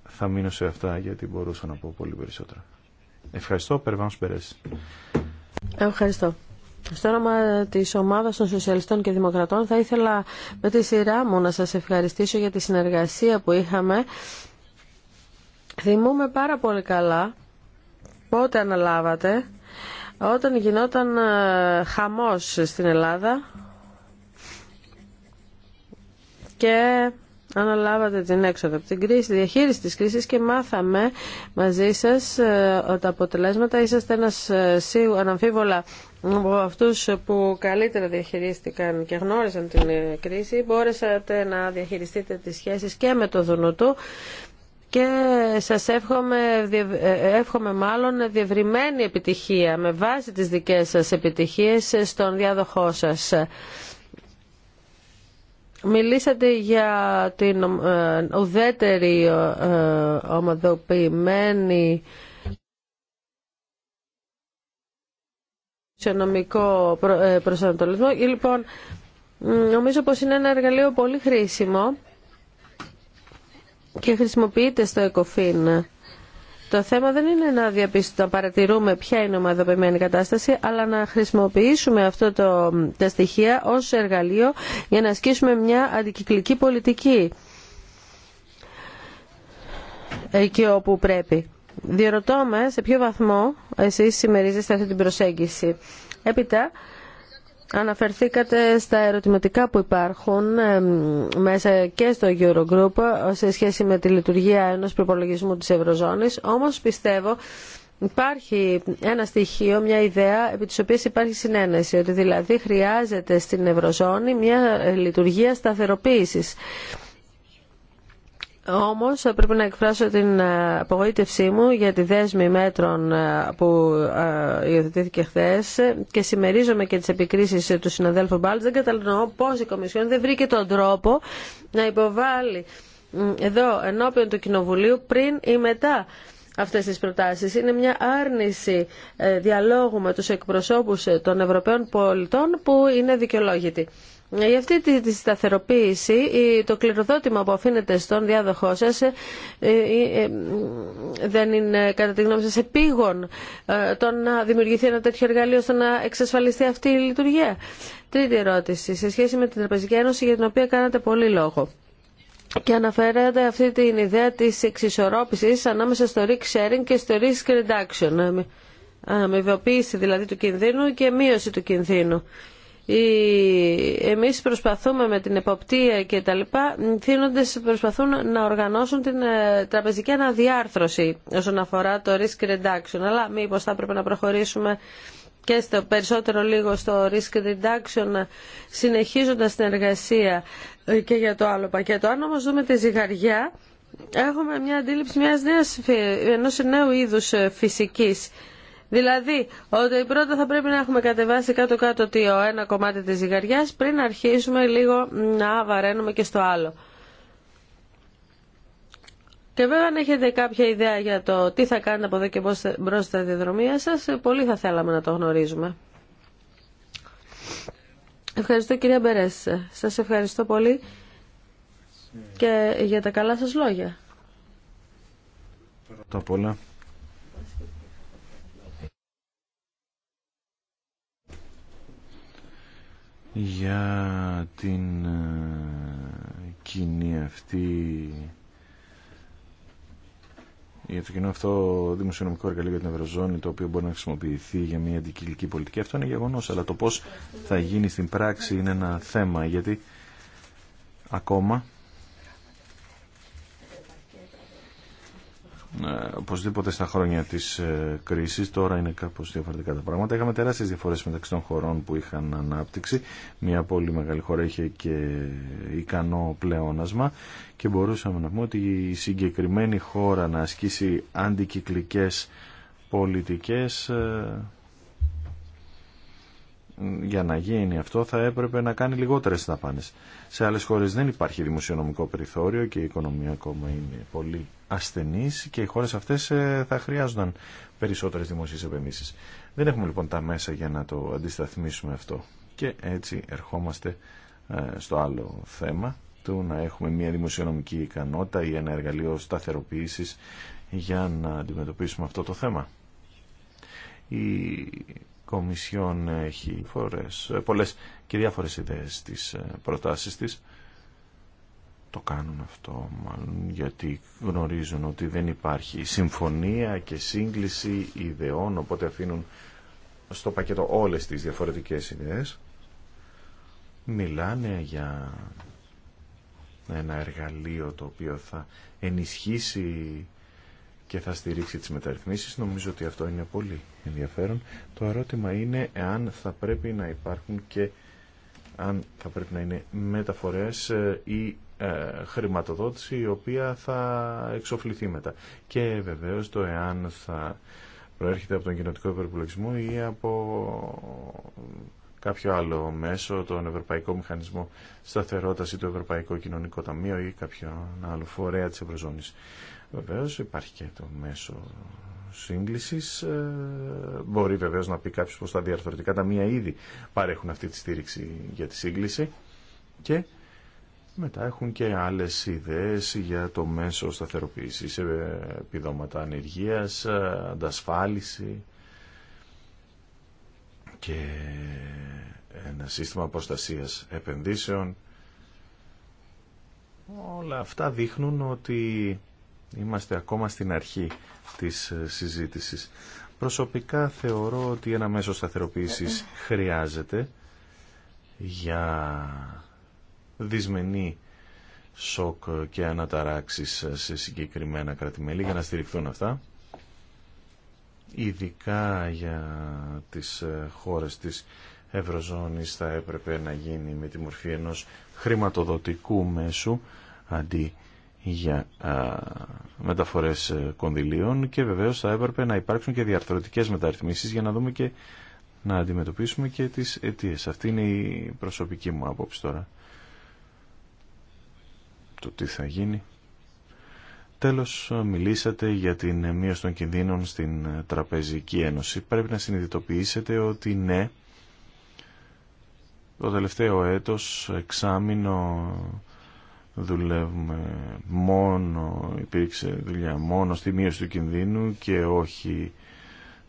Θα μείνω σε αυτά γιατί μπορούσα να πω πολύ περισσότερα. Ευχαριστώ. περβάνω Περές. Ευχαριστώ. Στο όνομα τη ομάδα των Σοσιαλιστών και Δημοκρατών θα ήθελα με τη σειρά μου να σας ευχαριστήσω για τη συνεργασία που είχαμε. Θυμούμε πάρα πολύ καλά πότε αναλάβατε, όταν γινόταν ε, χαμός στην Ελλάδα και αναλάβατε την έξοδο από την κρίση, τη διαχείριση της κρίσης και μάθαμε μαζί σας ε, τα αποτελέσματα. Είσαστε ένας ε, αναμφίβολα από που καλύτερα διαχειρίστηκαν και γνώρισαν την ε, κρίση μπόρεσατε να διαχειριστείτε τις σχέσεις και με το Δουνουτού και σας εύχομαι, ε, εύχομαι μάλλον διευρυμένη επιτυχία με βάση τις δικές σας επιτυχίες στον διάδοχό σας. Μιλήσατε για την ε, ουδέτερη ομαδοποιημένη νομικό ε, προσανατολισμό. Ε, λοιπόν, νομίζω πως είναι ένα εργαλείο πολύ χρήσιμο και χρησιμοποιείται στο ΕΚΟΦΗΝ. Το θέμα δεν είναι να, να παρατηρούμε ποια είναι η ομαδοποιημένη κατάσταση, αλλά να χρησιμοποιήσουμε αυτό το, τα στοιχεία ως εργαλείο για να ασκήσουμε μια αντικυκλική πολιτική εκεί όπου πρέπει. Διερωτώ με σε ποιο βαθμό εσείς συμμερίζεστε αυτή την προσέγγιση. Έπειτα, Αναφερθήκατε στα ερωτηματικά που υπάρχουν μέσα και στο Eurogroup σε σχέση με τη λειτουργία ενός προπολογισμού της Ευρωζώνης. Όμως πιστεύω υπάρχει ένα στοιχείο, μια ιδέα επί της οποίας υπάρχει συνένεση, ότι δηλαδή χρειάζεται στην Ευρωζώνη μια λειτουργία σταθεροποίησης. Όμως πρέπει να εκφράσω την ε, απογοήτευσή μου για τη δέσμη μέτρων ε, που ε, υιοθετήθηκε χθε και συμμερίζομαι και τις επικρίσεις του συναδέλφου Μπάλτ. Δεν καταλαβαίνω πώς η Κομισιόν δεν βρήκε τον τρόπο να υποβάλει εδώ ενώπιον του Κοινοβουλίου πριν ή μετά αυτές τις προτάσεις. Είναι μια άρνηση διαλόγου με τους εκπροσώπους των Ευρωπαίων πολιτών που είναι δικαιολόγητη. Για ε, αυτή τη σταθεροποίηση το κληροδότημα που αφήνεται στον διάδοχό σας ε, ε, δεν είναι κατά τη γνώμη σας επίγον το να δημιουργηθεί ένα τέτοιο εργαλείο ώστε να εξασφαλιστεί αυτή η λειτουργία. Τρίτη ερώτηση, σε σχέση με την Τραπεζική Ένωση για την οποία κάνατε πολύ λόγο. Και αναφέρετε αυτή την ιδέα της εξισορρόπησης ανάμεσα στο risk sharing και στο risk reduction. Αμοιβοποίηση δηλαδή του κινδύνου και μείωση του κινδύνου εμείς προσπαθούμε με την εποπτεία και τα λοιπά, θύνοντες προσπαθούν να οργανώσουν την ε, τραπεζική αναδιάρθρωση όσον αφορά το risk reduction. Αλλά μήπως θα έπρεπε να προχωρήσουμε και στο περισσότερο λίγο στο risk reduction συνεχίζοντας την εργασία ε, και για το άλλο πακέτο. Αν όμως δούμε τη ζυγαριά, έχουμε μια αντίληψη μιας νέας, ενός νέου είδους ε, φυσικής Δηλαδή, ότι πρώτα θα πρέπει να έχουμε κατεβάσει κάτω-κάτω το ένα κομμάτι της ζυγαριάς πριν αρχίσουμε λίγο να βαραίνουμε και στο άλλο. Και βέβαια αν έχετε κάποια ιδέα για το τι θα κάνετε από εδώ και μπρος στα διαδρομία σας, πολύ θα θέλαμε να το γνωρίζουμε. Ευχαριστώ κυρία Μπερές. Σας ευχαριστώ πολύ και για τα καλά σας λόγια. για την ε, κοινή αυτή για το κοινό αυτό δημοσιονομικό εργαλείο για την Ευρωζώνη το οποίο μπορεί να χρησιμοποιηθεί για μια αντικυλική πολιτική αυτό είναι γεγονός αλλά το πώς θα γίνει στην πράξη είναι ένα θέμα γιατί ακόμα Ε, οπωσδήποτε στα χρόνια της ε, κρίση, τώρα είναι κάπως διαφορετικά τα πράγματα είχαμε τεράστιε διαφορέ μεταξύ των χωρών που είχαν ανάπτυξη μια πολύ μεγάλη χώρα είχε και ικανό πλεόνασμα και μπορούσαμε να πούμε ότι η συγκεκριμένη χώρα να ασκήσει αντικυκλικές πολιτικές ε, για να γίνει αυτό θα έπρεπε να κάνει λιγότερες δαπάνες. Σε άλλες χώρες δεν υπάρχει δημοσιονομικό περιθώριο και η οικονομία ακόμα είναι πολύ ασθενείς και οι χώρες αυτές ε, θα χρειάζονταν περισσότερες δημοσίες επενδύσεις. Δεν έχουμε λοιπόν τα μέσα για να το αντισταθμίσουμε αυτό. Και έτσι ερχόμαστε ε, στο άλλο θέμα του να έχουμε μια δημοσιονομική ικανότητα ή ένα εργαλείο σταθεροποίησης για να αντιμετωπίσουμε αυτό το θέμα. Η Κομισιόν έχει φορές, ε, πολλές και διάφορες ιδέες στις προτάσεις της το κάνουν αυτό μάλλον γιατί γνωρίζουν ότι δεν υπάρχει συμφωνία και σύγκληση ιδεών οπότε αφήνουν στο πακέτο όλες τις διαφορετικές ιδέες μιλάνε για ένα εργαλείο το οποίο θα ενισχύσει και θα στηρίξει τις μεταρρυθμίσεις νομίζω ότι αυτό είναι πολύ ενδιαφέρον το ερώτημα είναι αν θα πρέπει να υπάρχουν και αν θα πρέπει να είναι μεταφορές ή ε, χρηματοδότηση η οποία θα εξοφληθεί μετά. Και βεβαίως το εάν θα προέρχεται από τον κοινοτικό υπερπολογισμό ή από κάποιο άλλο μέσο, τον Ευρωπαϊκό Μηχανισμό Σταθερότητας ή το Ευρωπαϊκό Κοινωνικό Ταμείο ή κάποιο άλλο φορέα της Ευρωζώνης. Βεβαίως υπάρχει και το μέσο σύγκλησης. Ε, μπορεί βεβαίως να πει κάποιος πως τα διαρθρωτικά ταμεία ήδη παρέχουν αυτή τη στήριξη για τη σύγκληση και μετά έχουν και άλλες ιδέες για το μέσο σταθεροποίησης, ε, επιδόματα ανεργίας, ε, αντασφάλιση και ένα σύστημα προστασίας επενδύσεων. Όλα αυτά δείχνουν ότι είμαστε ακόμα στην αρχή της ε, συζήτησης. Προσωπικά θεωρώ ότι ένα μέσο σταθεροποίησης χρειάζεται για δυσμενή σοκ και αναταράξεις σε συγκεκριμένα κρατημέλη για να στηριχθούν αυτά ειδικά για τις ε, χώρες της Ευρωζώνης θα έπρεπε να γίνει με τη μορφή ενός χρηματοδοτικού μέσου αντί για α, μεταφορές ε, κονδυλίων και βεβαίως θα έπρεπε να υπάρξουν και διαρθρωτικές μεταρρυθμίσεις για να δούμε και να αντιμετωπίσουμε και τις αιτίες. Αυτή είναι η προσωπική μου άποψη τώρα το τι θα γίνει. Τέλος, μιλήσατε για την μείωση των κινδύνων στην Τραπεζική Ένωση. Πρέπει να συνειδητοποιήσετε ότι ναι, το τελευταίο έτος, εξάμεινο, δουλεύουμε μόνο, υπήρξε δουλειά μόνο στη μείωση του κινδύνου και όχι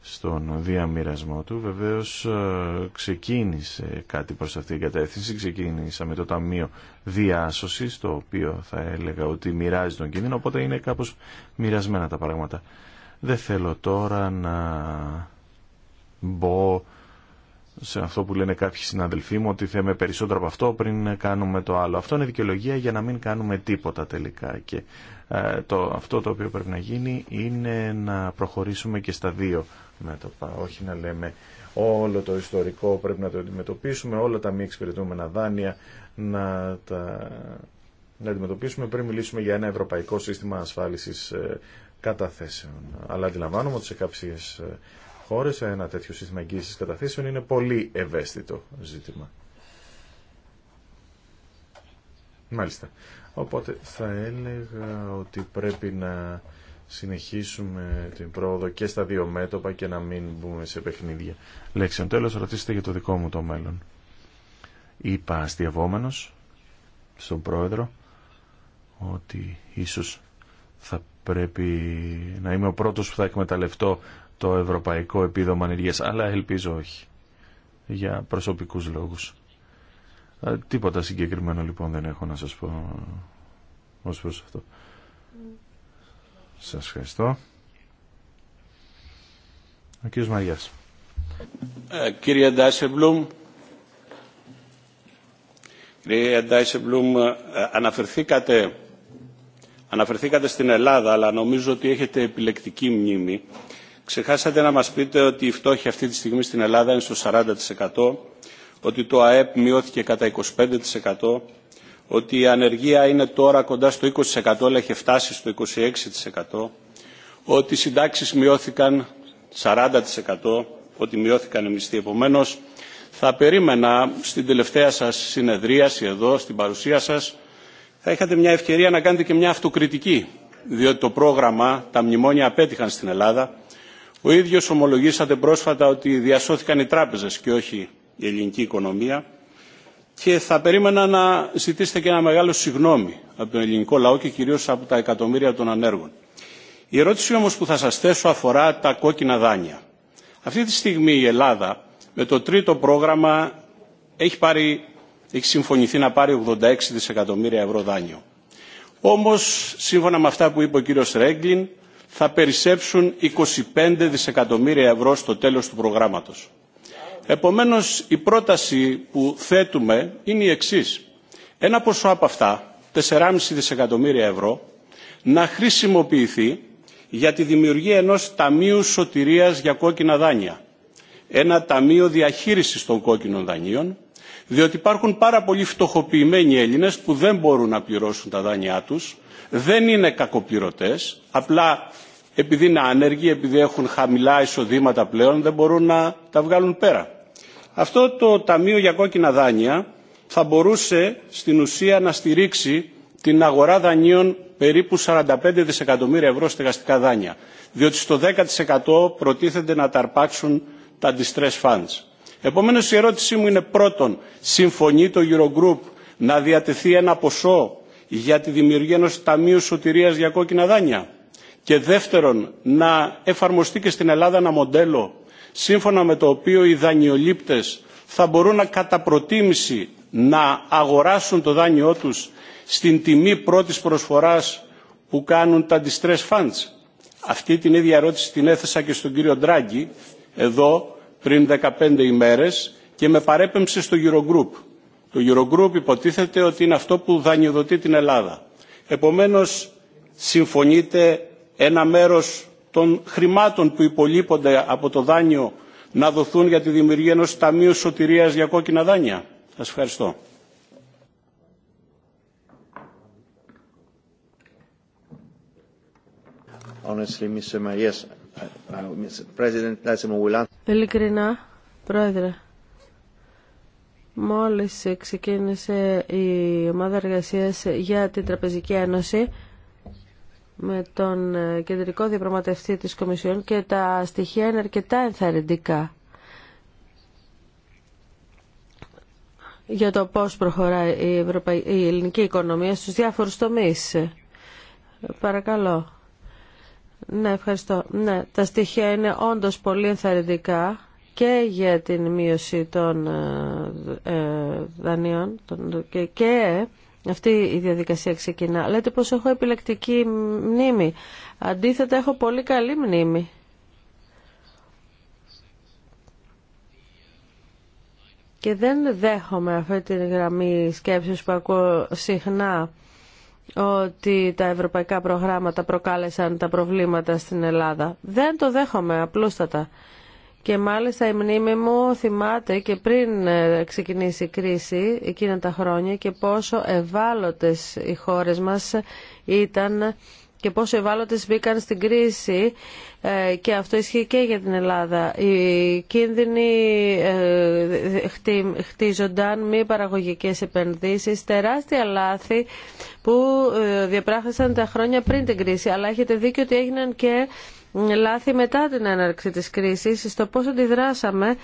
στον διαμοιρασμό του. Βεβαίως ε, ξεκίνησε κάτι προς αυτήν την κατεύθυνση. ξεκίνησα με το Ταμείο Διάσωσης, το οποίο θα έλεγα ότι μοιράζει τον κίνδυνο, οπότε είναι κάπως μοιρασμένα τα πράγματα. Δεν θέλω τώρα να μπω σε αυτό που λένε κάποιοι συναδελφοί μου ότι θέμε περισσότερο από αυτό πριν κάνουμε το άλλο. Αυτό είναι δικαιολογία για να μην κάνουμε τίποτα τελικά. Και ε, το, αυτό το οποίο πρέπει να γίνει είναι να προχωρήσουμε και στα δύο όχι να λέμε όλο το ιστορικό πρέπει να το αντιμετωπίσουμε, όλα τα μη εξυπηρετούμενα δάνεια να τα να αντιμετωπίσουμε πριν μιλήσουμε για ένα ευρωπαϊκό σύστημα ασφάλισης ε, καταθέσεων. Αλλά αντιλαμβάνομαι ότι σε κάποιες ε, χώρες ένα τέτοιο σύστημα εγγύησης καταθέσεων είναι πολύ ευαίσθητο ζήτημα. Μάλιστα. Οπότε θα έλεγα ότι πρέπει να συνεχίσουμε την πρόοδο και στα δύο μέτωπα και να μην μπούμε σε παιχνίδια λέξεων. Τέλος, ρωτήστε για το δικό μου το μέλλον. Είπα αστειευόμενος στον πρόεδρο ότι ίσως θα πρέπει να είμαι ο πρώτος που θα εκμεταλλευτώ το ευρωπαϊκό επίδομα ανεργίας, αλλά ελπίζω όχι, για προσωπικούς λόγους. Τίποτα συγκεκριμένο λοιπόν δεν έχω να σας πω ως προς αυτό. Σας ευχαριστώ. Ο κύριος Μαριάς. Ε, κύριε Ντάισεμπλουμ, κύριε Ντάισεμπλουμ, ε, αναφερθήκατε, αναφερθήκατε στην Ελλάδα, αλλά νομίζω ότι έχετε επιλεκτική μνήμη. Ξεχάσατε να μας πείτε ότι η φτώχεια αυτή τη στιγμή στην Ελλάδα είναι στο 40%, ότι το ΑΕΠ μειώθηκε κατά 25%, ότι η ανεργία είναι τώρα κοντά στο 20% αλλά έχει φτάσει στο 26%, ότι οι συντάξεις μειώθηκαν 40%, ότι μειώθηκαν οι μισθοί. Επομένως, θα περίμενα στην τελευταία σας συνεδρίαση εδώ, στην παρουσία σας, θα είχατε μια ευκαιρία να κάνετε και μια αυτοκριτική, διότι το πρόγραμμα, τα μνημόνια απέτυχαν στην Ελλάδα. Ο ίδιος ομολογήσατε πρόσφατα ότι διασώθηκαν οι τράπεζες και όχι η ελληνική οικονομία και θα περίμενα να ζητήσετε και ένα μεγάλο συγγνώμη από τον ελληνικό λαό και κυρίως από τα εκατομμύρια των ανέργων. Η ερώτηση όμως που θα σας θέσω αφορά τα κόκκινα δάνεια. Αυτή τη στιγμή η Ελλάδα με το τρίτο πρόγραμμα έχει, πάρει, έχει συμφωνηθεί να πάρει 86 δισεκατομμύρια ευρώ δάνειο. Όμως, σύμφωνα με αυτά που είπε ο κύριος Ρέγκλιν, θα περισσέψουν 25 δισεκατομμύρια ευρώ στο τέλος του προγράμματος. Επομένως η πρόταση που θέτουμε είναι η εξής. Ένα ποσό από αυτά, 4,5 δισεκατομμύρια ευρώ, να χρησιμοποιηθεί για τη δημιουργία ενός ταμείου σωτηρίας για κόκκινα δάνεια. Ένα ταμείο διαχείρισης των κόκκινων δανείων, διότι υπάρχουν πάρα πολλοί φτωχοποιημένοι Έλληνες που δεν μπορούν να πληρώσουν τα δάνειά τους, δεν είναι κακοπληρωτές, απλά επειδή είναι άνεργοι, επειδή έχουν χαμηλά εισοδήματα πλέον, δεν μπορούν να τα βγάλουν πέρα. Αυτό το Ταμείο για Κόκκινα Δάνεια θα μπορούσε στην ουσία να στηρίξει την αγορά δανείων περίπου 45 δισεκατομμύρια ευρώ στεγαστικά δάνεια, διότι στο 10% προτίθενται να ταρπάξουν τα distress funds. Επομένως η ερώτησή μου είναι πρώτον, συμφωνεί το Eurogroup να διατεθεί ένα ποσό για τη δημιουργία ενός ταμείου σωτηρίας για κόκκινα δάνεια και δεύτερον να εφαρμοστεί και στην Ελλάδα ένα μοντέλο σύμφωνα με το οποίο οι δανειολήπτες θα μπορούν να κατά προτίμηση να αγοράσουν το δάνειό τους στην τιμή πρώτης προσφοράς που κάνουν τα distress funds. Αυτή την ίδια ερώτηση την έθεσα και στον κύριο Ντράγκη εδώ πριν 15 ημέρες και με παρέπεμψε στο Eurogroup. Το Eurogroup υποτίθεται ότι είναι αυτό που δανειοδοτεί την Ελλάδα. Επομένως συμφωνείτε ένα μέρος των χρημάτων που υπολείπονται από το δάνειο να δοθούν για τη δημιουργία ενός Ταμείου Σωτηρίας για κόκκινα δάνεια. Σας ευχαριστώ. Uh, uh, Ειλικρινά, Πρόεδρε, μόλις ξεκίνησε η ομάδα εργασίας για την Τραπεζική Ένωση, με τον ε, κεντρικό διαπραγματευτή της Κομισιόν και τα στοιχεία είναι αρκετά ενθαρρυντικά για το πώς προχωράει η, Ευρωπα... η ελληνική οικονομία στους διάφορους τομείς. Παρακαλώ. Ναι, ευχαριστώ. Ναι, τα στοιχεία είναι όντως πολύ ενθαρρυντικά και για την μείωση των ε, δανείων και αυτή η διαδικασία ξεκινά. Λέτε πως έχω επιλεκτική μνήμη. Αντίθετα έχω πολύ καλή μνήμη. Και δεν δέχομαι αυτή τη γραμμή σκέψης που ακούω συχνά ότι τα ευρωπαϊκά προγράμματα προκάλεσαν τα προβλήματα στην Ελλάδα. Δεν το δέχομαι απλούστατα. Και μάλιστα η μνήμη μου θυμάται και πριν ε, ξεκινήσει η κρίση εκείνα τα χρόνια και πόσο ευάλωτες οι χώρες μας ήταν και πόσο ευάλωτες μπήκαν στην κρίση ε, και αυτό ισχύει και για την Ελλάδα. Οι κίνδυνοι ε, χτίζονταν μη παραγωγικές επενδύσεις, τεράστια λάθη που διαπράχθησαν τα χρόνια πριν την κρίση. Αλλά έχετε δίκιο ότι έγιναν και λάθη μετά την έναρξη της κρίσης, στο πώς αντιδράσαμε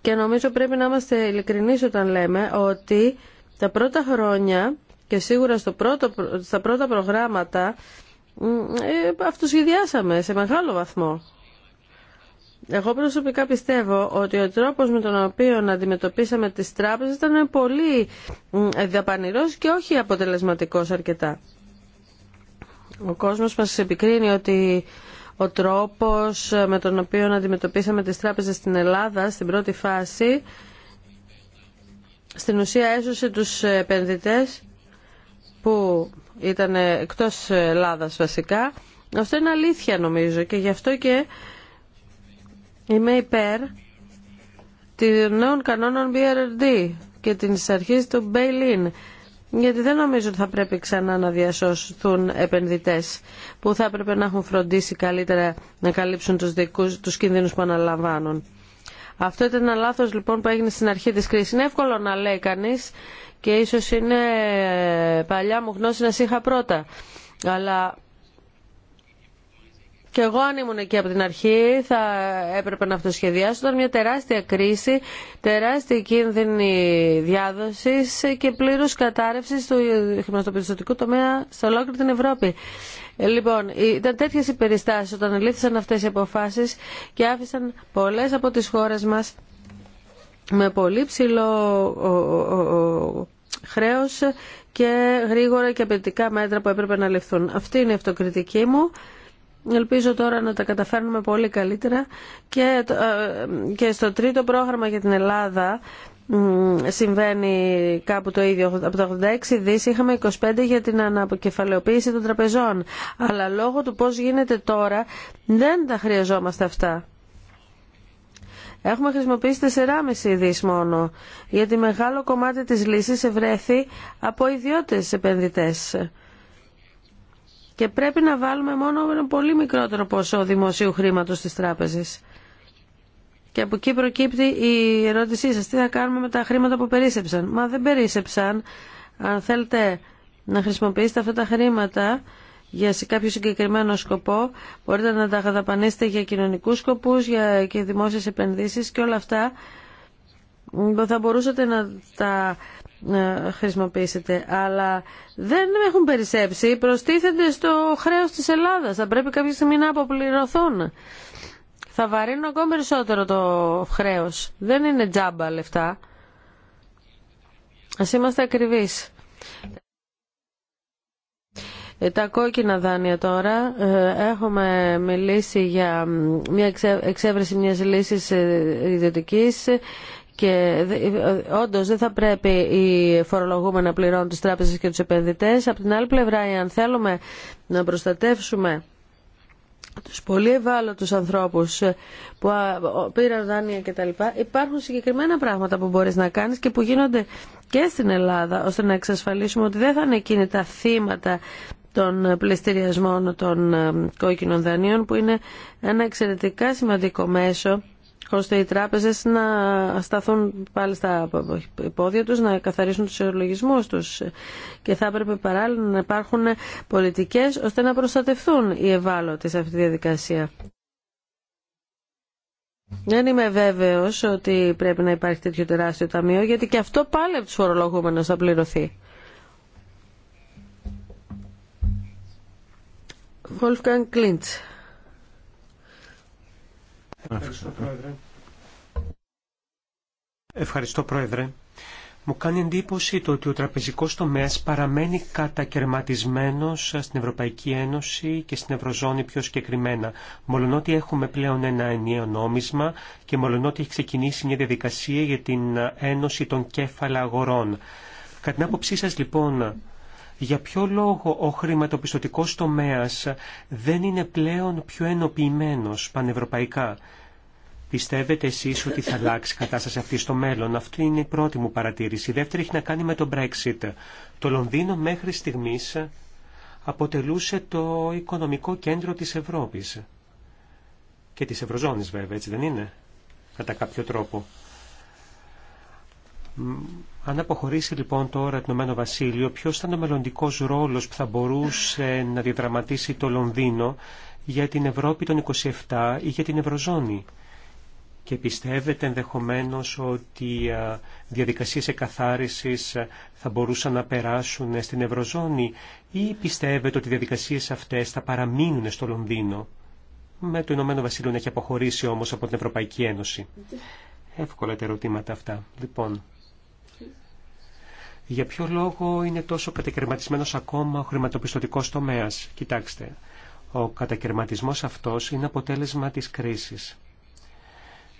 και νομίζω πρέπει να είμαστε ειλικρινεί όταν λέμε ότι τα πρώτα χρόνια και σίγουρα στο πρώτο, στα πρώτα προγράμματα ε, αυτοσχεδιάσαμε σε μεγάλο βαθμό. Εγώ προσωπικά πιστεύω ότι ο τρόπος με τον οποίο να αντιμετωπίσαμε τις τράπεζες ήταν πολύ δαπανηρός και όχι αποτελεσματικός αρκετά. Ο κόσμος μας επικρίνει ότι ο τρόπος με τον οποίο αντιμετωπίσαμε τις τράπεζες στην Ελλάδα στην πρώτη φάση στην ουσία έσωσε τους επενδυτές που ήταν εκτός Ελλάδας βασικά. Αυτό είναι αλήθεια νομίζω και γι' αυτό και είμαι υπέρ των νέων κανόνων BRD και την αρχής του «Μπέιλιν» γιατί δεν νομίζω ότι θα πρέπει ξανά να διασώσουν επενδυτές που θα έπρεπε να έχουν φροντίσει καλύτερα να καλύψουν τους, δικούς, τους κινδύνους που αναλαμβάνουν. Αυτό ήταν ένα λάθος λοιπόν που έγινε στην αρχή της κρίσης. Είναι εύκολο να λέει κανείς και ίσως είναι ε, παλιά μου γνώση να σε είχα πρώτα. Αλλά και εγώ αν ήμουν εκεί από την αρχή θα έπρεπε να αυτοσχεδιάσω. Ήταν μια τεράστια κρίση, τεράστια κίνδυνη διάδοση και πλήρους κατάρρευση του χρηματοπιστωτικού τομέα σε ολόκληρη την Ευρώπη. Λοιπόν, ήταν τέτοιε οι περιστάσει όταν λήφθησαν αυτέ οι αποφάσει και άφησαν πολλέ από τι χώρε μα με πολύ ψηλό χρέο και γρήγορα και απαιτητικά μέτρα που έπρεπε να ληφθούν. Αυτή είναι η αυτοκριτική μου. Ελπίζω τώρα να τα καταφέρνουμε πολύ καλύτερα και, ε, και στο τρίτο πρόγραμμα για την Ελλάδα συμβαίνει κάπου το ίδιο. Από τα 86 δις είχαμε 25 για την αναποκεφαλαιοποίηση των τραπεζών. Αλλά λόγω του πώς γίνεται τώρα δεν τα χρειαζόμαστε αυτά. Έχουμε χρησιμοποιήσει 4,5 δις μόνο, γιατί μεγάλο κομμάτι της λύσης ευρέθη από ιδιώτες επενδυτές και πρέπει να βάλουμε μόνο ένα πολύ μικρότερο ποσό δημοσίου χρήματος στις τράπεζες. Και από εκεί προκύπτει η ερώτησή σας, τι θα κάνουμε με τα χρήματα που περίσεψαν. Μα δεν περίσεψαν, αν θέλετε να χρησιμοποιήσετε αυτά τα χρήματα για κάποιο συγκεκριμένο σκοπό, μπορείτε να τα δαπανίσετε για κοινωνικούς σκοπούς για και δημόσιες επενδύσεις και όλα αυτά θα μπορούσατε να τα χρησιμοποιήσετε, αλλά δεν έχουν περισσέψει, προστίθενται στο χρέος της Ελλάδας. Θα πρέπει κάποια στιγμή να αποπληρωθούν. Θα βαρύνουν ακόμα περισσότερο το χρέο. Δεν είναι τζάμπα λεφτά. Ας είμαστε ακριβείς. Ε, τα κόκκινα δάνεια τώρα. Ε, έχουμε μιλήσει για μια εξέβρεση μιας λύσης ε, ιδιωτικής και ε, όντω δεν θα πρέπει οι φορολογούμενοι να πληρώνουν τι τράπεζε και του επενδυτέ. Από την άλλη πλευρά, αν θέλουμε να προστατεύσουμε τους πολύ ευάλωτου ανθρώπους ε, που πήραν δάνεια κτλ. Υπάρχουν συγκεκριμένα πράγματα που μπορείς να κάνεις και που γίνονται και στην Ελλάδα ώστε να εξασφαλίσουμε ότι δεν θα είναι εκείνη τα θύματα των πληστηριασμών των ε, κόκκινων δανείων που είναι ένα εξαιρετικά σημαντικό μέσο ώστε οι τράπεζε να σταθούν πάλι στα πόδια τους, να καθαρίσουν τους ολολογισμούς τους και θα έπρεπε παράλληλα να υπάρχουν πολιτικές ώστε να προστατευτούν οι ευάλωτοι σε αυτή τη διαδικασία. Δεν είμαι βέβαιος ότι πρέπει να υπάρχει τέτοιο τεράστιο ταμείο γιατί και αυτό πάλι από του φορολογούμενου θα πληρωθεί. Wolfgang Klintz. Ευχαριστώ, Πρόεδρε. Ευχαριστώ, Μου κάνει εντύπωση το ότι ο τραπεζικός τομέας παραμένει κατακαιρματισμένος στην Ευρωπαϊκή Ένωση και στην Ευρωζώνη πιο συγκεκριμένα. Μολονότι έχουμε πλέον ένα ενιαίο νόμισμα και μολονότι έχει ξεκινήσει μια διαδικασία για την ένωση των κέφαλα αγορών. Κατά την άποψή σας λοιπόν, για ποιο λόγο ο χρηματοπιστωτικός τομέας δεν είναι πλέον πιο ενοποιημένος πανευρωπαϊκά. Πιστεύετε εσείς ότι θα αλλάξει η κατάσταση αυτή στο μέλλον. Αυτή είναι η πρώτη μου παρατήρηση. Η δεύτερη έχει να κάνει με το Brexit. Το Λονδίνο μέχρι στιγμής αποτελούσε το οικονομικό κέντρο της Ευρώπης. Και της Ευρωζώνης βέβαια, έτσι δεν είναι, κατά κάποιο τρόπο. Αν αποχωρήσει λοιπόν τώρα το Ηνωμένο Βασίλειο, ποιος ήταν ο μελλοντικό ρόλος που θα μπορούσε να διαδραματίσει το Λονδίνο για την Ευρώπη των 27 ή για την Ευρωζώνη. Και πιστεύετε ενδεχομένω ότι διαδικασίες εκαθάρισης θα μπορούσαν να περάσουν στην Ευρωζώνη ή πιστεύετε ότι οι διαδικασίες αυτές θα παραμείνουν στο Λονδίνο με το Ηνωμένο Βασίλειο να έχει αποχωρήσει όμως από την Ευρωπαϊκή Ένωση. Εύκολα τα ερωτήματα αυτά. Λοιπόν, για ποιο λόγο είναι τόσο κατακαιρματισμένος ακόμα ο χρηματοπιστωτικός τομέας. Κοιτάξτε, ο κατακαιρματισμός αυτός είναι αποτέλεσμα της κρίσης.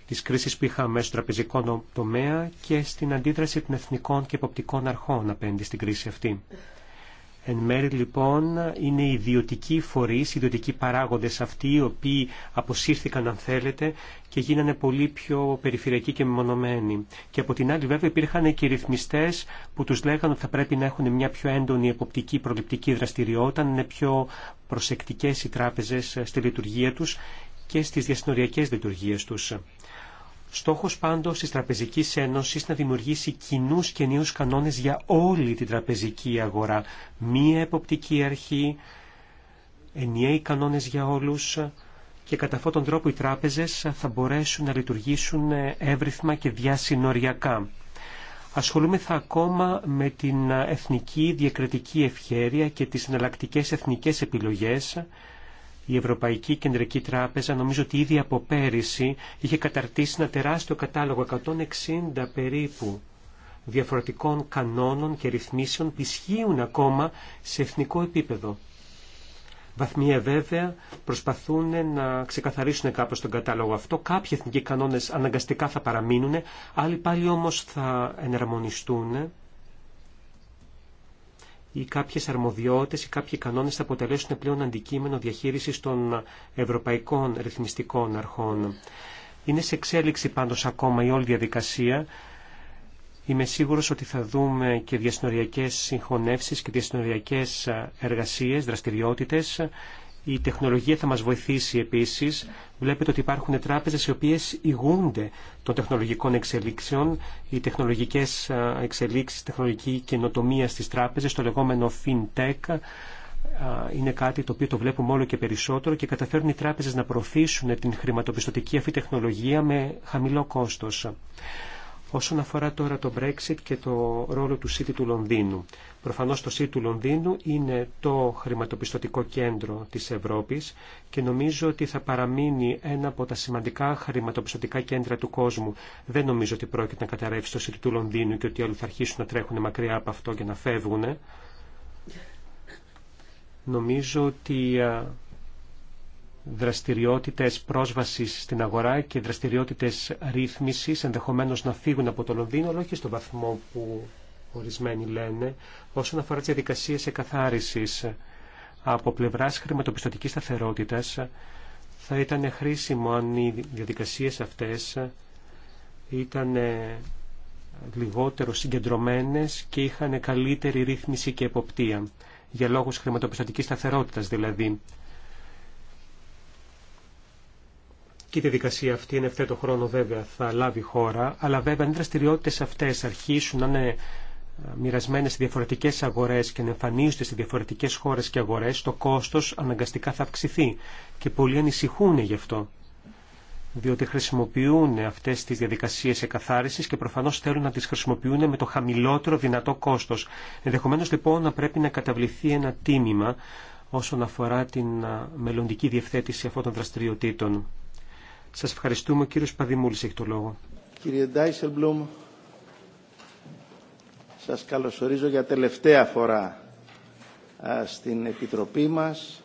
Της κρίσης που είχαμε στο τραπεζικό τομέα και στην αντίδραση των εθνικών και υποπτικών αρχών απέναντι στην κρίση αυτή. Εν μέρη λοιπόν είναι ιδιωτικοί φορείς, ιδιωτικοί παράγοντες αυτοί οι οποίοι αποσύρθηκαν αν θέλετε και γίνανε πολύ πιο περιφερειακοί και μεμονωμένοι. Και από την άλλη βέβαια υπήρχαν και οι ρυθμιστές που τους λέγανε ότι θα πρέπει να έχουν μια πιο έντονη εποπτική προληπτική δραστηριότητα, να είναι πιο προσεκτικές οι τράπεζες στη λειτουργία τους και στις διασυνοριακές λειτουργίες τους. Στόχος πάντως της τραπεζική Ένωσης να δημιουργήσει κοινού και νέου κανόνες για όλη την τραπεζική αγορά. Μία εποπτική αρχή, ενιαίοι κανόνες για όλους και κατά αυτόν τον τρόπο οι τράπεζε θα μπορέσουν να λειτουργήσουν εύρυθμα και διασυνοριακά. Ασχολούμεθα ακόμα με την εθνική διακριτική ευχέρεια και τις εναλλακτικέ εθνικές επιλογέ η Ευρωπαϊκή Κεντρική Τράπεζα νομίζω ότι ήδη από πέρυσι είχε καταρτήσει ένα τεράστιο κατάλογο 160 περίπου διαφορετικών κανόνων και ρυθμίσεων που ισχύουν ακόμα σε εθνικό επίπεδο. Βαθμία βέβαια προσπαθούν να ξεκαθαρίσουν κάπως τον κατάλογο αυτό. Κάποιοι εθνικοί κανόνες αναγκαστικά θα παραμείνουν, άλλοι πάλι όμως θα εναρμονιστούν ή κάποιες αρμοδιότητες ή κάποιοι κανόνες θα αποτελέσουν πλέον αντικείμενο διαχείρισης των ευρωπαϊκών ρυθμιστικών αρχών. Είναι σε εξέλιξη πάντως ακόμα η όλη διαδικασία. Είμαι σίγουρος ότι θα δούμε και διασυνοριακές συγχωνεύσεις και διασυνοριακές εργασίες, δραστηριότητες η τεχνολογία θα μας βοηθήσει επίσης. Βλέπετε ότι υπάρχουν τράπεζες οι οποίες ηγούνται των τεχνολογικών εξελίξεων. Οι τεχνολογικές εξελίξεις, τεχνολογική καινοτομία στις τράπεζες, το λεγόμενο FinTech, είναι κάτι το οποίο το βλέπουμε όλο και περισσότερο και καταφέρνουν οι τράπεζες να προωθήσουν την χρηματοπιστωτική αυτή τεχνολογία με χαμηλό κόστος. Όσον αφορά τώρα το Brexit και το ρόλο του City του Λονδίνου. Προφανώς το City του Λονδίνου είναι το χρηματοπιστωτικό κέντρο της Ευρώπης και νομίζω ότι θα παραμείνει ένα από τα σημαντικά χρηματοπιστωτικά κέντρα του κόσμου. Δεν νομίζω ότι πρόκειται να καταρρεύσει το City του Λονδίνου και ότι όλοι θα αρχίσουν να τρέχουν μακριά από αυτό και να φεύγουν. Νομίζω ότι δραστηριότητες πρόσβασης στην αγορά και δραστηριότητες ρύθμισης ενδεχομένως να φύγουν από το Λονδίνο αλλά όχι στον βαθμό που ορισμένοι λένε όσον αφορά τις διαδικασίες εκαθάρισης από πλευράς χρηματοπιστωτικής σταθερότητας θα ήταν χρήσιμο αν οι διαδικασίες αυτές ήταν λιγότερο συγκεντρωμένες και είχαν καλύτερη ρύθμιση και εποπτεία για λόγους χρηματοπιστωτικής σταθερότητας δηλαδή. Και η διαδικασία αυτή εν ευθέτω χρόνο βέβαια θα λάβει χώρα, αλλά βέβαια αν οι δραστηριότητε αυτέ αρχίσουν να είναι ε, μοιρασμένε σε διαφορετικέ αγορέ και να εμφανίζονται σε διαφορετικέ χώρε και αγορέ, το κόστο αναγκαστικά θα αυξηθεί. Και πολλοί ανησυχούν γι' αυτό. Διότι χρησιμοποιούν αυτέ τι διαδικασίε εκαθάριση και προφανώ θέλουν να τι χρησιμοποιούν με το χαμηλότερο δυνατό κόστο. Ενδεχομένω λοιπόν να πρέπει να καταβληθεί ένα τίμημα όσον αφορά την ε, μελλοντική διευθέτηση αυτών των δραστηριοτήτων. Σας ευχαριστούμε. Ο κύριος Παδημούλης έχει το λόγο. Κύριε Ντάισελμπλουμ, σας καλωσορίζω για τελευταία φορά στην Επιτροπή μας.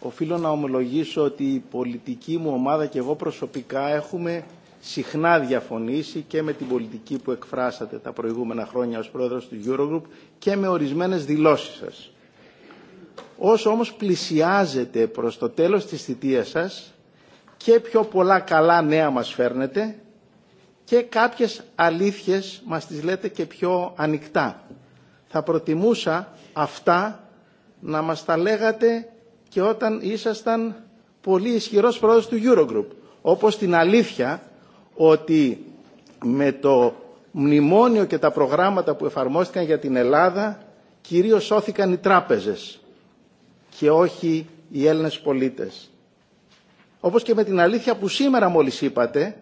Οφείλω να ομολογήσω ότι η πολιτική μου ομάδα και εγώ προσωπικά έχουμε συχνά διαφωνήσει και με την πολιτική που εκφράσατε τα προηγούμενα χρόνια ως πρόεδρος του Eurogroup και με ορισμένες δηλώσεις σας. Όσο όμως πλησιάζετε προς το τέλος της θητείας σας, και πιο πολλά καλά νέα μας φέρνετε και κάποιες αλήθειες μας τις λέτε και πιο ανοιχτά. Θα προτιμούσα αυτά να μας τα λέγατε και όταν ήσασταν πολύ ισχυρός πρόεδρος του Eurogroup. Όπως την αλήθεια ότι με το μνημόνιο και τα προγράμματα που εφαρμόστηκαν για την Ελλάδα κυρίως σώθηκαν οι τράπεζες και όχι οι Έλληνες πολίτες όπως και με την αλήθεια που σήμερα μόλις είπατε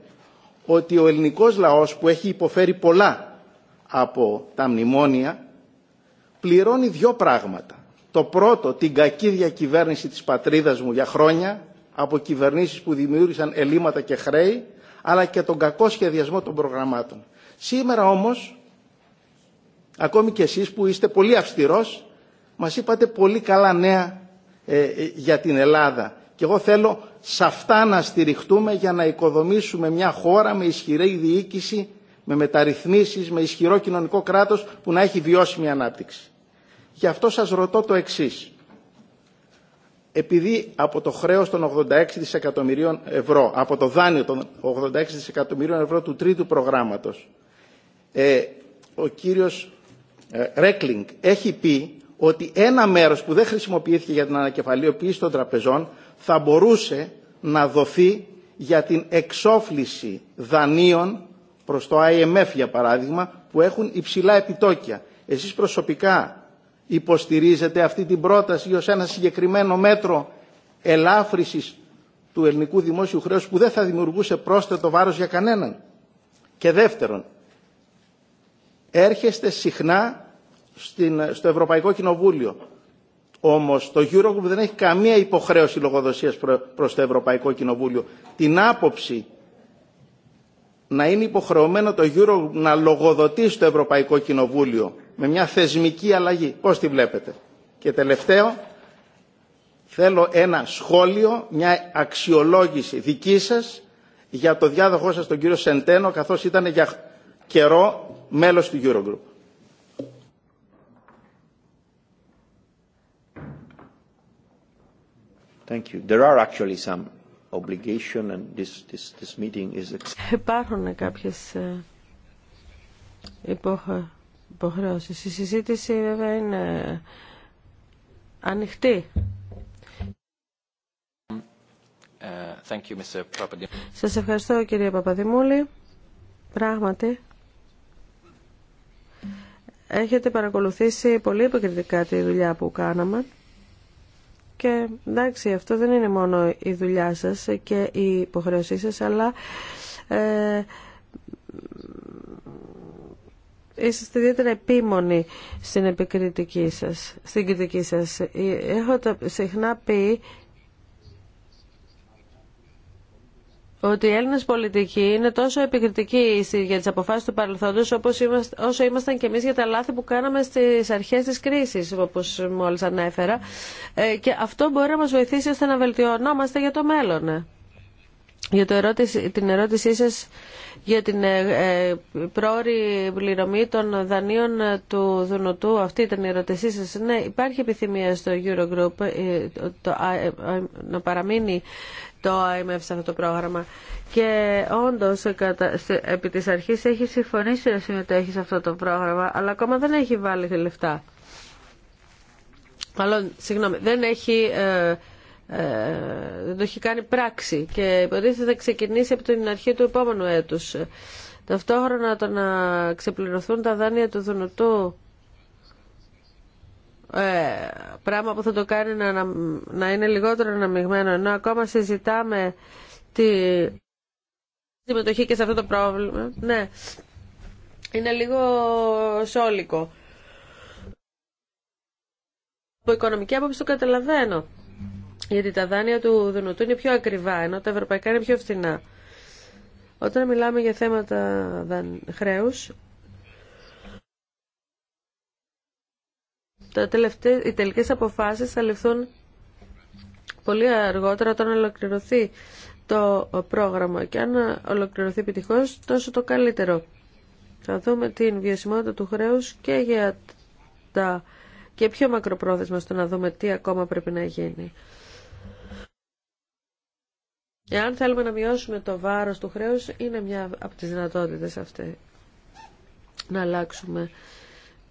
ότι ο ελληνικός λαός που έχει υποφέρει πολλά από τα μνημόνια πληρώνει δύο πράγματα. Το πρώτο, την κακή διακυβέρνηση της πατρίδας μου για χρόνια από κυβερνήσεις που δημιούργησαν ελλείμματα και χρέη αλλά και τον κακό σχεδιασμό των προγραμμάτων. Σήμερα όμως, ακόμη και εσείς που είστε πολύ αυστηρός, μας είπατε πολύ καλά νέα ε, ε, για την Ελλάδα. Και εγώ θέλω σε αυτά να στηριχτούμε για να οικοδομήσουμε μια χώρα με ισχυρή διοίκηση, με μεταρρυθμίσεις, με ισχυρό κοινωνικό κράτος που να έχει βιώσιμη ανάπτυξη. Γι' αυτό σας ρωτώ το εξής. Επειδή από το χρέος των 86 δισεκατομμυρίων ευρώ, από το δάνειο των 86 δισεκατομμυρίων ευρώ του τρίτου προγράμματος, ε, ο κύριος ε, Ρέκλινγκ έχει πει ότι ένα μέρος που δεν χρησιμοποιήθηκε για την ανακεφαλαιοποίηση των τραπεζών θα μπορούσε να δοθεί για την εξόφληση δανείων προς το IMF για παράδειγμα που έχουν υψηλά επιτόκια. Εσείς προσωπικά υποστηρίζετε αυτή την πρόταση ως ένα συγκεκριμένο μέτρο ελάφρυσης του ελληνικού δημόσιου χρέους που δεν θα δημιουργούσε πρόσθετο βάρος για κανέναν. Και δεύτερον, έρχεστε συχνά στο Ευρωπαϊκό Κοινοβούλιο όμως το Eurogroup δεν έχει καμία υποχρέωση λογοδοσίας προς το Ευρωπαϊκό Κοινοβούλιο. Την άποψη να είναι υποχρεωμένο το Eurogroup να λογοδοτεί στο Ευρωπαϊκό Κοινοβούλιο με μια θεσμική αλλαγή. Πώς τη βλέπετε. Και τελευταίο, θέλω ένα σχόλιο, μια αξιολόγηση δική σας για το διάδοχό σας τον κύριο Σεντένο καθώς ήταν για καιρό μέλος του Eurogroup. Thank you. There are actually some obligation and this, meeting is... Υπάρχουν κάποιες ε, υποχρεώσεις. Η συζήτηση βέβαια είναι ανοιχτή. Ε, thank Σας ευχαριστώ κύριε Παπαδημούλη. Πράγματι, έχετε παρακολουθήσει πολύ επικριτικά τη δουλειά που κάναμε και εντάξει αυτό δεν είναι μόνο η δουλειά σας και η υποχρεωσή σας αλλά ε, ιδιαίτερα επίμονοι στην επικριτική σας, στην κριτική σας. Ε, έχω συχνά πει ότι οι Έλληνε πολιτικοί είναι τόσο επικριτικοί για τι αποφάσει του παρελθόντο όσο ήμασταν και εμεί για τα λάθη που κάναμε στι αρχέ τη κρίση, όπω μόλι ανέφερα ε, και αυτό μπορεί να μα βοηθήσει ώστε να βελτιωνόμαστε για το μέλλον. Ε. Για το ερώτηση, την ερώτησή σας για την ε, ε, πρόορη πληρωμή των δανείων του Δουνουτού, αυτή ήταν η ερώτησή σας. Ναι, υπάρχει επιθυμία στο Eurogroup να παραμείνει το IMF σε αυτό το πρόγραμμα. Και όντως επί της αρχής έχει συμφωνήσει να συμμετέχει σε αυτό το πρόγραμμα, αλλά ακόμα δεν έχει βάλει τη λεφτά. Μάλλον, συγγνώμη, δεν έχει... Ε, ε, δεν το έχει κάνει πράξη και υποτίθεται θα ξεκινήσει από την αρχή του επόμενου έτους. Ταυτόχρονα το να ξεπληρωθούν τα δάνεια του Δουνουτού ε, πράγμα που θα το κάνει να, να είναι λιγότερο αναμειγμένο. Ενώ ακόμα συζητάμε τη συμμετοχή και σε αυτό το πρόβλημα. Ναι, είναι λίγο σόλικο. Από οικονομική άποψη το καταλαβαίνω. Γιατί τα δάνεια του Δουνουτού είναι πιο ακριβά, ενώ τα ευρωπαϊκά είναι πιο φθηνά. Όταν μιλάμε για θέματα χρέους, τα οι τελικές αποφάσεις θα ληφθούν πολύ αργότερα όταν ολοκληρωθεί το πρόγραμμα και αν ολοκληρωθεί επιτυχώς τόσο το καλύτερο. Θα δούμε την βιωσιμότητα του χρέους και για τα και πιο μακροπρόθεσμα στο να δούμε τι ακόμα πρέπει να γίνει. Εάν θέλουμε να μειώσουμε το βάρος του χρέους, είναι μια από τις δυνατότητες αυτή να αλλάξουμε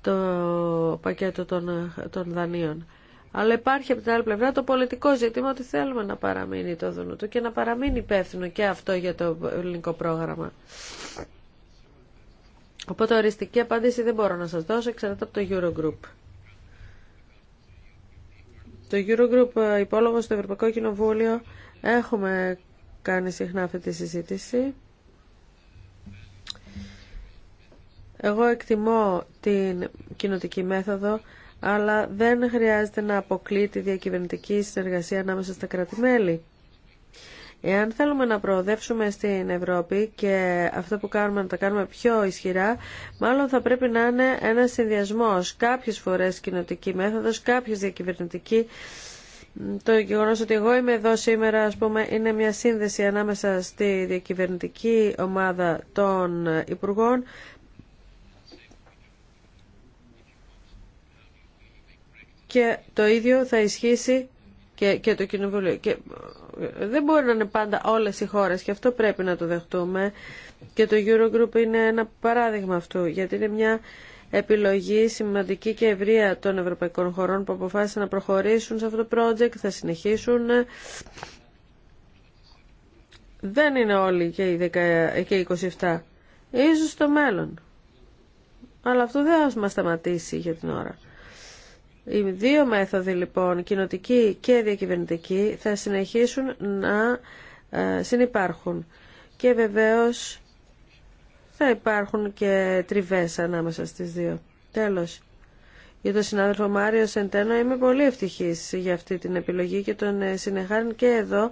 το πακέτο των, των δανείων. Αλλά υπάρχει από την άλλη πλευρά το πολιτικό ζήτημα ότι θέλουμε να παραμείνει το ΔΝΤ και να παραμείνει υπεύθυνο και αυτό για το ελληνικό πρόγραμμα. Οπότε οριστική απάντηση δεν μπορώ να σας δώσω, εξαρτάται από το Eurogroup. Το Eurogroup ε, υπόλογο στο Ευρωπαϊκό Κοινοβούλιο έχουμε κάνει συχνά αυτή τη συζήτηση. Εγώ εκτιμώ την κοινοτική μέθοδο, αλλά δεν χρειάζεται να αποκλεί τη διακυβερνητική συνεργασία ανάμεσα στα κράτη-μέλη. Εάν θέλουμε να προοδεύσουμε στην Ευρώπη και αυτό που κάνουμε να τα κάνουμε πιο ισχυρά, μάλλον θα πρέπει να είναι ένα συνδυασμό. Κάποιε φορέ κοινοτική μέθοδο, κάποιε διακυβερνητική. Το γεγονό ότι εγώ είμαι εδώ σήμερα, ας πούμε, είναι μια σύνδεση ανάμεσα στη διακυβερνητική ομάδα των Υπουργών και το ίδιο θα ισχύσει και, και το Κοινοβούλιο. Και ε, δεν μπορεί να είναι πάντα όλες οι χώρες και αυτό πρέπει να το δεχτούμε. Και το Eurogroup είναι ένα παράδειγμα αυτού, γιατί είναι μια επιλογή σημαντική και ευρεία των ευρωπαϊκών χωρών που αποφάσισαν να προχωρήσουν σε αυτό το project, θα συνεχίσουν. Δεν είναι όλοι και οι, 10, και οι 27. Ίσως στο μέλλον. Αλλά αυτό δεν θα μας σταματήσει για την ώρα. Οι δύο μέθοδοι λοιπόν, κοινοτική και διακυβερνητική, θα συνεχίσουν να ε, συνεπάρχουν. Και βεβαίως θα υπάρχουν και τριβές ανάμεσα στις δύο. Τέλος. Για τον συνάδελφο Μάριο Σεντένο είμαι πολύ ευτυχής για αυτή την επιλογή και τον ε, συνεχάρην και εδώ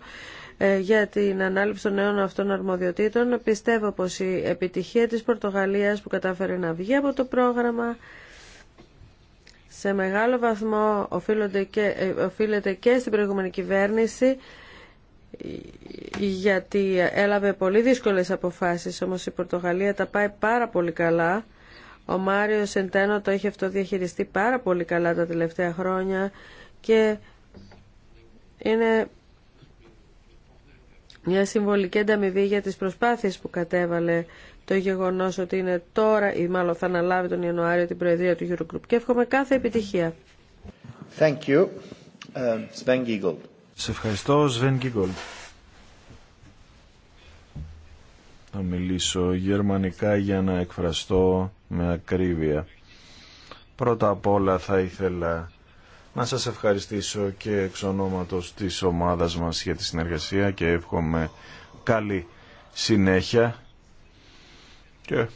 ε, για την ανάληψη των νέων αυτών αρμοδιοτήτων. Πιστεύω πως η επιτυχία της Πορτογαλίας που κατάφερε να βγει από το πρόγραμμα σε μεγάλο βαθμό οφείλονται και, ε, οφείλεται και στην προηγούμενη κυβέρνηση γιατί έλαβε πολύ δύσκολες αποφάσεις όμως η Πορτογαλία τα πάει πάρα πολύ καλά ο Μάριο Σεντένο το έχει αυτό διαχειριστεί πάρα πολύ καλά τα τελευταία χρόνια και είναι μια συμβολική ανταμοιβή για τις προσπάθειες που κατέβαλε το γεγονό ότι είναι τώρα ή μάλλον θα αναλάβει τον Ιανουάριο την Προεδρία του Eurogroup και εύχομαι κάθε επιτυχία. Thank you. Uh, Sven Σε ευχαριστώ, Σβέν Γκίγκολ. Θα μιλήσω γερμανικά για να εκφραστώ με ακρίβεια. Πρώτα απ' όλα θα ήθελα να σας ευχαριστήσω και εξ ονόματος της ομάδας μας για τη συνεργασία και εύχομαι καλή συνέχεια και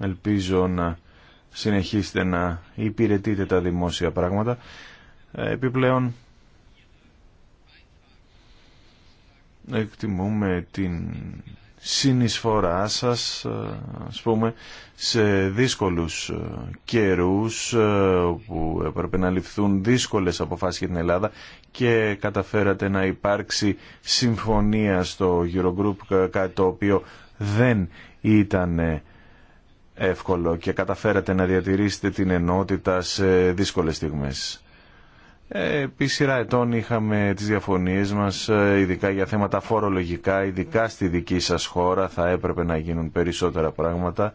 ελπίζω να συνεχίσετε να υπηρετείτε τα δημόσια πράγματα. Ε, επιπλέον, εκτιμούμε την συνεισφορά σας, ε, ας πούμε, σε δύσκολους ε, καιρούς που έπρεπε να ληφθούν δύσκολες αποφάσεις για την Ελλάδα και καταφέρατε να υπάρξει συμφωνία στο Eurogroup, κάτι το οποίο δεν ήταν εύκολο και καταφέρατε να διατηρήσετε την ενότητα σε δύσκολες στιγμές. Ε, επί σειρά ετών είχαμε τις διαφωνίες μας, ε, ειδικά για θέματα φορολογικά, ειδικά στη δική σας χώρα θα έπρεπε να γίνουν περισσότερα πράγματα.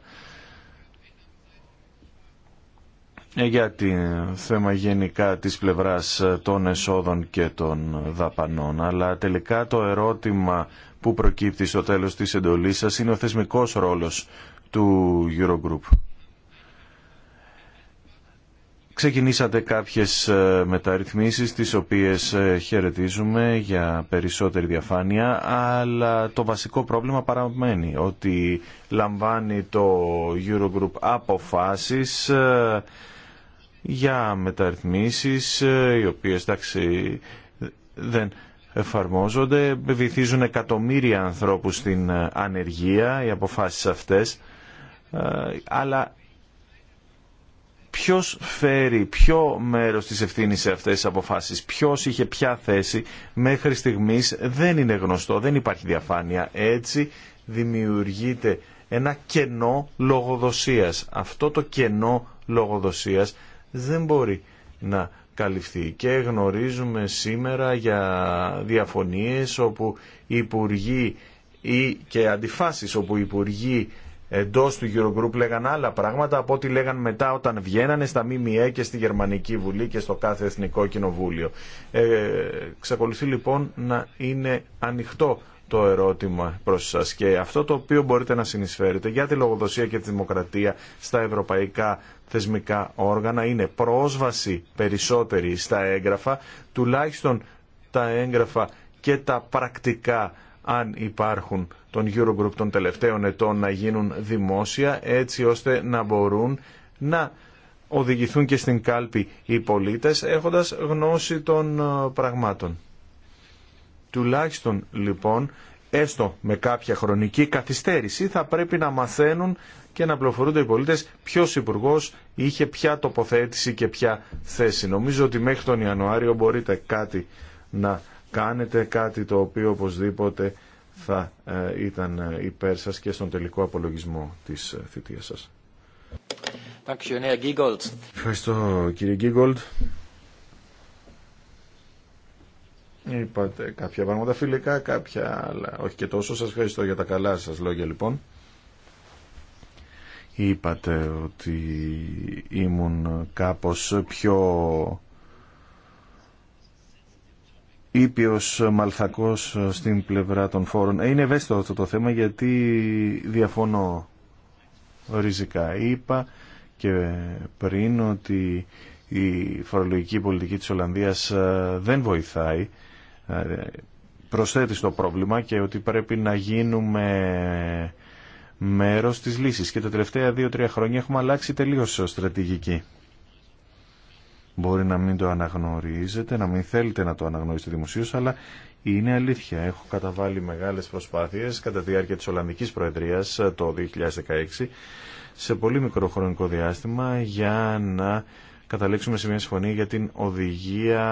Ε, για το θέμα γενικά της πλευράς των εσόδων και των δαπανών, αλλά τελικά το ερώτημα που προκύπτει στο τέλος της εντολής σας είναι ο θεσμικός ρόλος του Eurogroup. Ξεκινήσατε κάποιες ε, μεταρρυθμίσεις τις οποίες ε, χαιρετίζουμε για περισσότερη διαφάνεια αλλά το βασικό πρόβλημα παραμένει ότι λαμβάνει το Eurogroup αποφάσεις ε, για μεταρρυθμίσεις οι οποίες εντάξει δεν εφαρμόζονται, βυθίζουν εκατομμύρια ανθρώπους στην ε, ανεργία, οι αποφάσεις αυτές, ε, αλλά ποιος φέρει ποιο μέρος της ευθύνης σε αυτές τις αποφάσεις, ποιος είχε ποια θέση, μέχρι στιγμής δεν είναι γνωστό, δεν υπάρχει διαφάνεια. Έτσι δημιουργείται ένα κενό λογοδοσίας. Αυτό το κενό λογοδοσίας δεν μπορεί να καλυφθεί. Και γνωρίζουμε σήμερα για διαφωνίες όπου οι ή και αντιφάσεις όπου οι υπουργοί εντό του Eurogroup λέγαν άλλα πράγματα από ό,τι λέγαν μετά όταν βγαίνανε στα ΜΜΕ και στη Γερμανική Βουλή και στο κάθε Εθνικό Κοινοβούλιο. Ε, λοιπόν να είναι ανοιχτό το ερώτημα προς σας και αυτό το οποίο μπορείτε να συνεισφέρετε για τη λογοδοσία και τη δημοκρατία στα ευρωπαϊκά θεσμικά όργανα είναι πρόσβαση περισσότερη στα έγγραφα, τουλάχιστον τα έγγραφα και τα πρακτικά αν υπάρχουν των Eurogroup των τελευταίων ετών να γίνουν δημόσια έτσι ώστε να μπορούν να οδηγηθούν και στην κάλπη οι πολίτες έχοντας γνώση των ε, πραγμάτων. Τουλάχιστον λοιπόν, έστω με κάποια χρονική καθυστέρηση, θα πρέπει να μαθαίνουν και να πληροφορούνται οι πολίτες ποιος υπουργό είχε ποια τοποθέτηση και ποια θέση. Νομίζω ότι μέχρι τον Ιανουάριο μπορείτε κάτι να κάνετε, κάτι το οποίο οπωσδήποτε θα ε, ήταν ε, υπέρ σας και στον τελικό απολογισμό της ε, θητείας σας. Ευχαριστώ κύριε Γκίγκολτ. Είπατε κάποια πράγματα φιλικά, κάποια άλλα. Όχι και τόσο. Σας ευχαριστώ για τα καλά σας λόγια λοιπόν. Είπατε ότι ήμουν κάπως πιο ήπιος μαλθακός στην πλευρά των φόρων. Ε, είναι ευαίσθητο αυτό το θέμα γιατί διαφωνώ ριζικά. Είπα και πριν ότι η φορολογική πολιτική της Ολλανδίας ε, δεν βοηθάει ε, προσθέτει στο πρόβλημα και ότι πρέπει να γίνουμε μέρος της λύσης. Και τα τελευταία δύο-τρία χρόνια έχουμε αλλάξει τελείως στρατηγική. Μπορεί να μην το αναγνωρίζετε, να μην θέλετε να το αναγνωρίσετε δημοσίω, αλλά είναι αλήθεια. Έχω καταβάλει μεγάλες προσπάθειες κατά τη διάρκεια της Ολλανδικής Προεδρίας ε, το 2016 σε πολύ μικρό χρονικό διάστημα για να καταλήξουμε σε μια συμφωνία για την οδηγία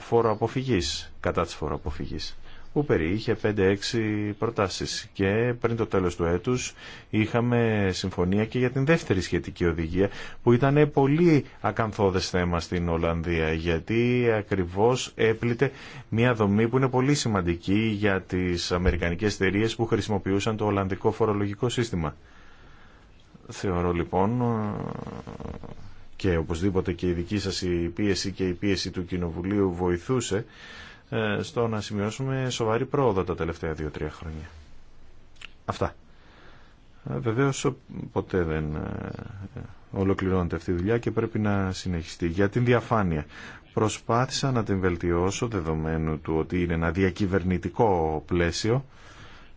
φοροαποφυγής, κατά της φοροαποφυγής που περιείχε 5-6 προτάσεις και πριν το τέλος του έτου είχαμε συμφωνία και για την δεύτερη σχετική οδηγία που ήταν πολύ ακαθόδε θέμα στην Ολλανδία γιατί ακριβώς έπλητε μια δομή που είναι πολύ σημαντική για τις αμερικανικέ εταιρείε που χρησιμοποιούσαν το Ολλανδικό φορολογικό σύστημα. Θεωρώ λοιπόν και οπωσδήποτε και η δική σας η πίεση και η πίεση του Κοινοβουλίου βοηθούσε ε, στο να σημειώσουμε σοβαρή πρόοδο τα τελευταία δύο-τρία χρόνια. Αυτά. Ε, Βεβαίω ποτέ δεν ε, ολοκληρώνεται αυτή η δουλειά και πρέπει να συνεχιστεί. Για την διαφάνεια. Προσπάθησα να την βελτιώσω δεδομένου του ότι είναι ένα διακυβερνητικό πλαίσιο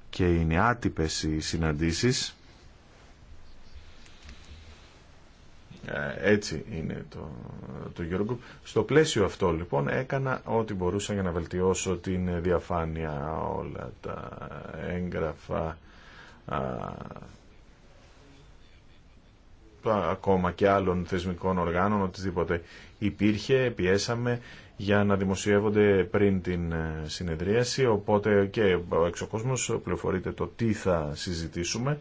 και είναι άτυπες οι συναντήσεις Ε, έτσι είναι το, το Eurogroup. Στο πλαίσιο αυτό λοιπόν έκανα ό,τι μπορούσα για να βελτιώσω την διαφάνεια όλα τα έγγραφα ακόμα και άλλων θεσμικών οργάνων, οτιδήποτε υπήρχε, πιέσαμε για να δημοσιεύονται πριν την ε, συνεδρίαση, οπότε και ο εξωκόσμος πληροφορείται το τι θα συζητήσουμε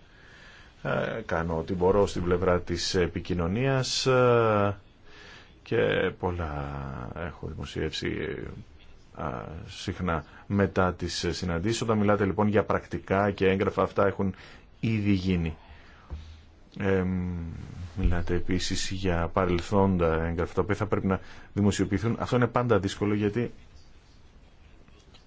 ε, κάνω ό,τι μπορώ στην πλευρά της επικοινωνίας ε, και πολλά έχω δημοσιεύσει ε, συχνά μετά τις συναντήσεις. Όταν μιλάτε λοιπόν για πρακτικά και έγγραφα αυτά έχουν ήδη γίνει. μιλάτε επίσης για παρελθόντα έγγραφα τα οποία θα πρέπει να δημοσιοποιηθούν. Αυτό είναι πάντα δύσκολο γιατί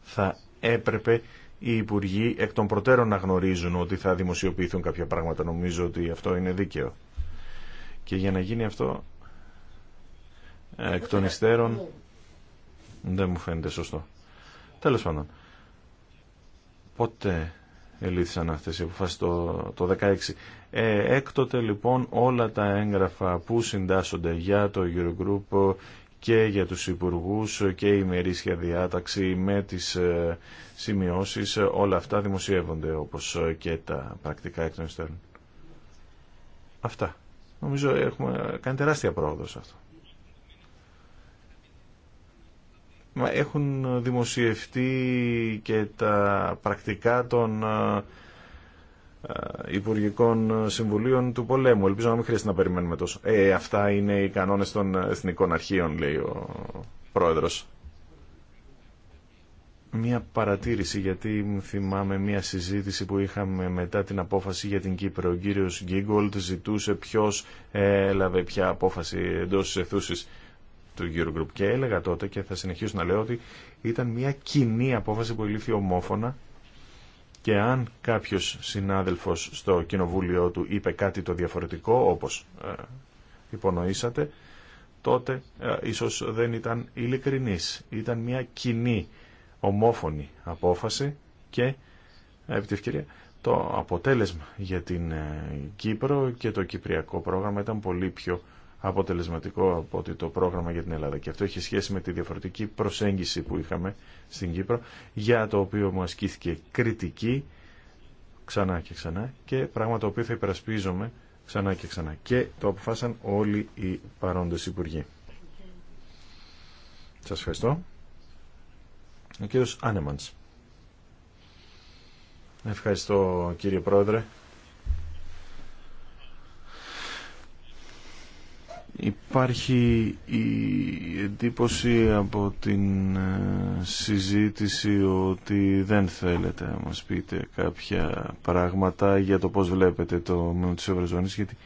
θα έπρεπε οι Υπουργοί εκ των προτέρων να γνωρίζουν ότι θα δημοσιοποιηθούν κάποια πράγματα. Νομίζω ότι αυτό είναι δίκαιο. Και για να γίνει αυτό εκ των υστέρων δεν μου φαίνεται σωστό. Τέλος πάντων, πότε ελήθησαν αυτές οι αποφάσεις το, το 16. Ε, έκτοτε λοιπόν όλα τα έγγραφα που συντάσσονται για το Eurogroup και για τους υπουργούς και η ημερήσια διάταξη με τις ε, σημειώσεις. Όλα αυτά δημοσιεύονται όπως ε, και τα πρακτικά εκ των υστέρων. Αυτά. Νομίζω έχουμε κάνει τεράστια πρόοδο σε αυτό. Μα έχουν δημοσιευτεί και τα πρακτικά των ε, ε, Υπουργικών ε, Συμβουλίων του Πολέμου. Ελπίζω να μην χρειάζεται να περιμένουμε τόσο. Ε, αυτά είναι οι κανόνες των εθνικών αρχείων, λέει ο πρόεδρος. Μία παρατήρηση, γιατί θυμάμαι μία συζήτηση που είχαμε μετά την απόφαση για την Κύπρο. Ο κύριος Γκίγκολτ ζητούσε ποιος έλαβε ποια απόφαση εντός της αιθούσης του Eurogroup. Και έλεγα τότε και θα συνεχίσω να λέω ότι ήταν μία κοινή απόφαση που λήφθη ομόφωνα και αν κάποιος συνάδελφος στο κοινοβούλιο του είπε κάτι το διαφορετικό, όπως ε, υπονοήσατε, τότε ε, ίσως δεν ήταν ειλικρινής. Ήταν μια κοινή, ομόφωνη απόφαση και, επί το αποτέλεσμα για την ε, Κύπρο και το κυπριακό πρόγραμμα ήταν πολύ πιο αποτελεσματικό από ότι το πρόγραμμα για την Ελλάδα. Και αυτό έχει σχέση με τη διαφορετική προσέγγιση που είχαμε στην Κύπρο, για το οποίο μου ασκήθηκε κριτική ξανά και ξανά και πράγμα το οποίο θα υπερασπίζομαι ξανά και ξανά. Και το αποφάσαν όλοι οι παρόντες υπουργοί. Σας ευχαριστώ. Ο κύριος Άνεμαντς. Ευχαριστώ κύριε Πρόεδρε. Υπάρχει η εντύπωση από την ε, συζήτηση ότι δεν θέλετε να μας πείτε κάποια πράγματα για το πώς βλέπετε το μέλλον της Ευρωζώνης γιατί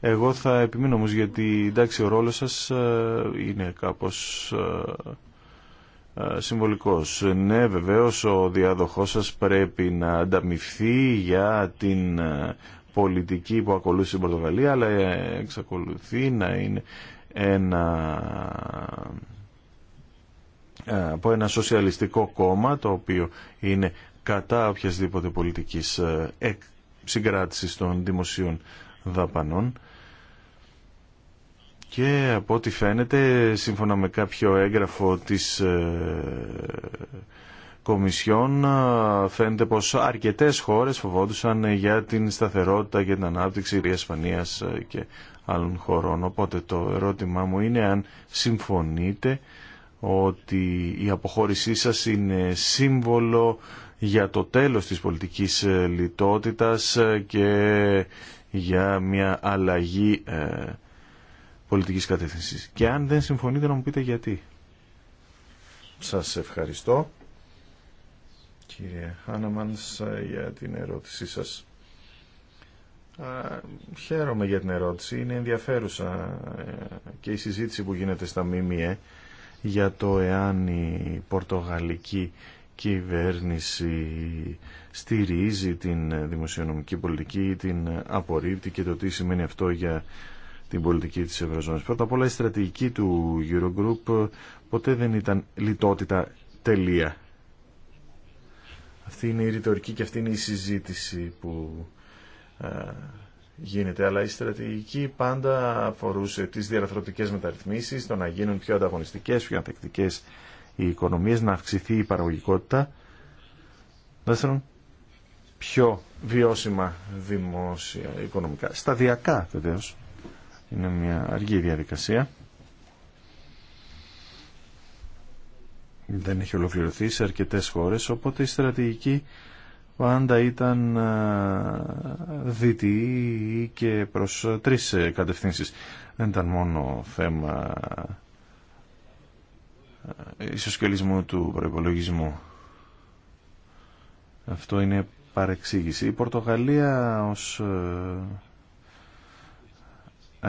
εγώ θα επιμείνω όμως γιατί εντάξει ο ρόλος σας ε, είναι κάπως ε, συμβολικός. Ναι βεβαίως ο διάδοχός σας πρέπει να ανταμυφθεί για την πολιτική που ακολούθησε η Πορτογαλία, αλλά εξακολουθεί να είναι ένα ε, από ένα σοσιαλιστικό κόμμα το οποίο είναι κατά οποιασδήποτε πολιτικής ε, συγκράτησης των δημοσίων δαπανών και από ό,τι φαίνεται σύμφωνα με κάποιο έγγραφο της ε, Κομισιόν φαίνεται πως αρκετές χώρες φοβόντουσαν για την σταθερότητα και την ανάπτυξη της Ισπανίας και άλλων χωρών. Οπότε το ερώτημά μου είναι αν συμφωνείτε ότι η αποχώρησή σας είναι σύμβολο για το τέλος της πολιτικής ε, λιτότητας ε, και για μια αλλαγή ε, πολιτικής κατεύθυνσης. Και αν δεν συμφωνείτε να μου πείτε γιατί. Σας ευχαριστώ κύριε Χάναμανς ε, για την ερώτησή σας. Χαίρομαι για την ερώτηση. Είναι ενδιαφέρουσα ε, και η συζήτηση που γίνεται στα ΜΜΕ για το εάν η πορτογαλική κυβέρνηση στηρίζει την δημοσιονομική πολιτική, ή την απορρίπτει και το τι σημαίνει αυτό για την πολιτική της Ευρωζώνης. Πρώτα απ' όλα η στρατηγική του Eurogroup ποτέ δεν ήταν λιτότητα τελεία. Αυτή είναι η ρητορική και αυτή είναι η συζήτηση που ε, γίνεται, αλλά η στρατηγική πάντα αφορούσε τις διαρθρωτικές μεταρρυθμίσεις, το να γίνουν πιο ανταγωνιστικές, πιο ανθεκτικές οι οικονομίες, να αυξηθεί η παραγωγικότητα. Δεύτερον, πιο βιώσιμα δημόσια οικονομικά. Σταδιακά βεβαίω. Είναι μια αργή διαδικασία. δεν έχει ολοκληρωθεί σε αρκετές χώρες, οπότε η στρατηγική πάντα ήταν δυτή και προς τρεις ε, κατευθύνσεις. Δεν ήταν μόνο θέμα ε, ισοσκελισμού του προϋπολογισμού. Αυτό είναι παρεξήγηση. Η Πορτογαλία ως ε,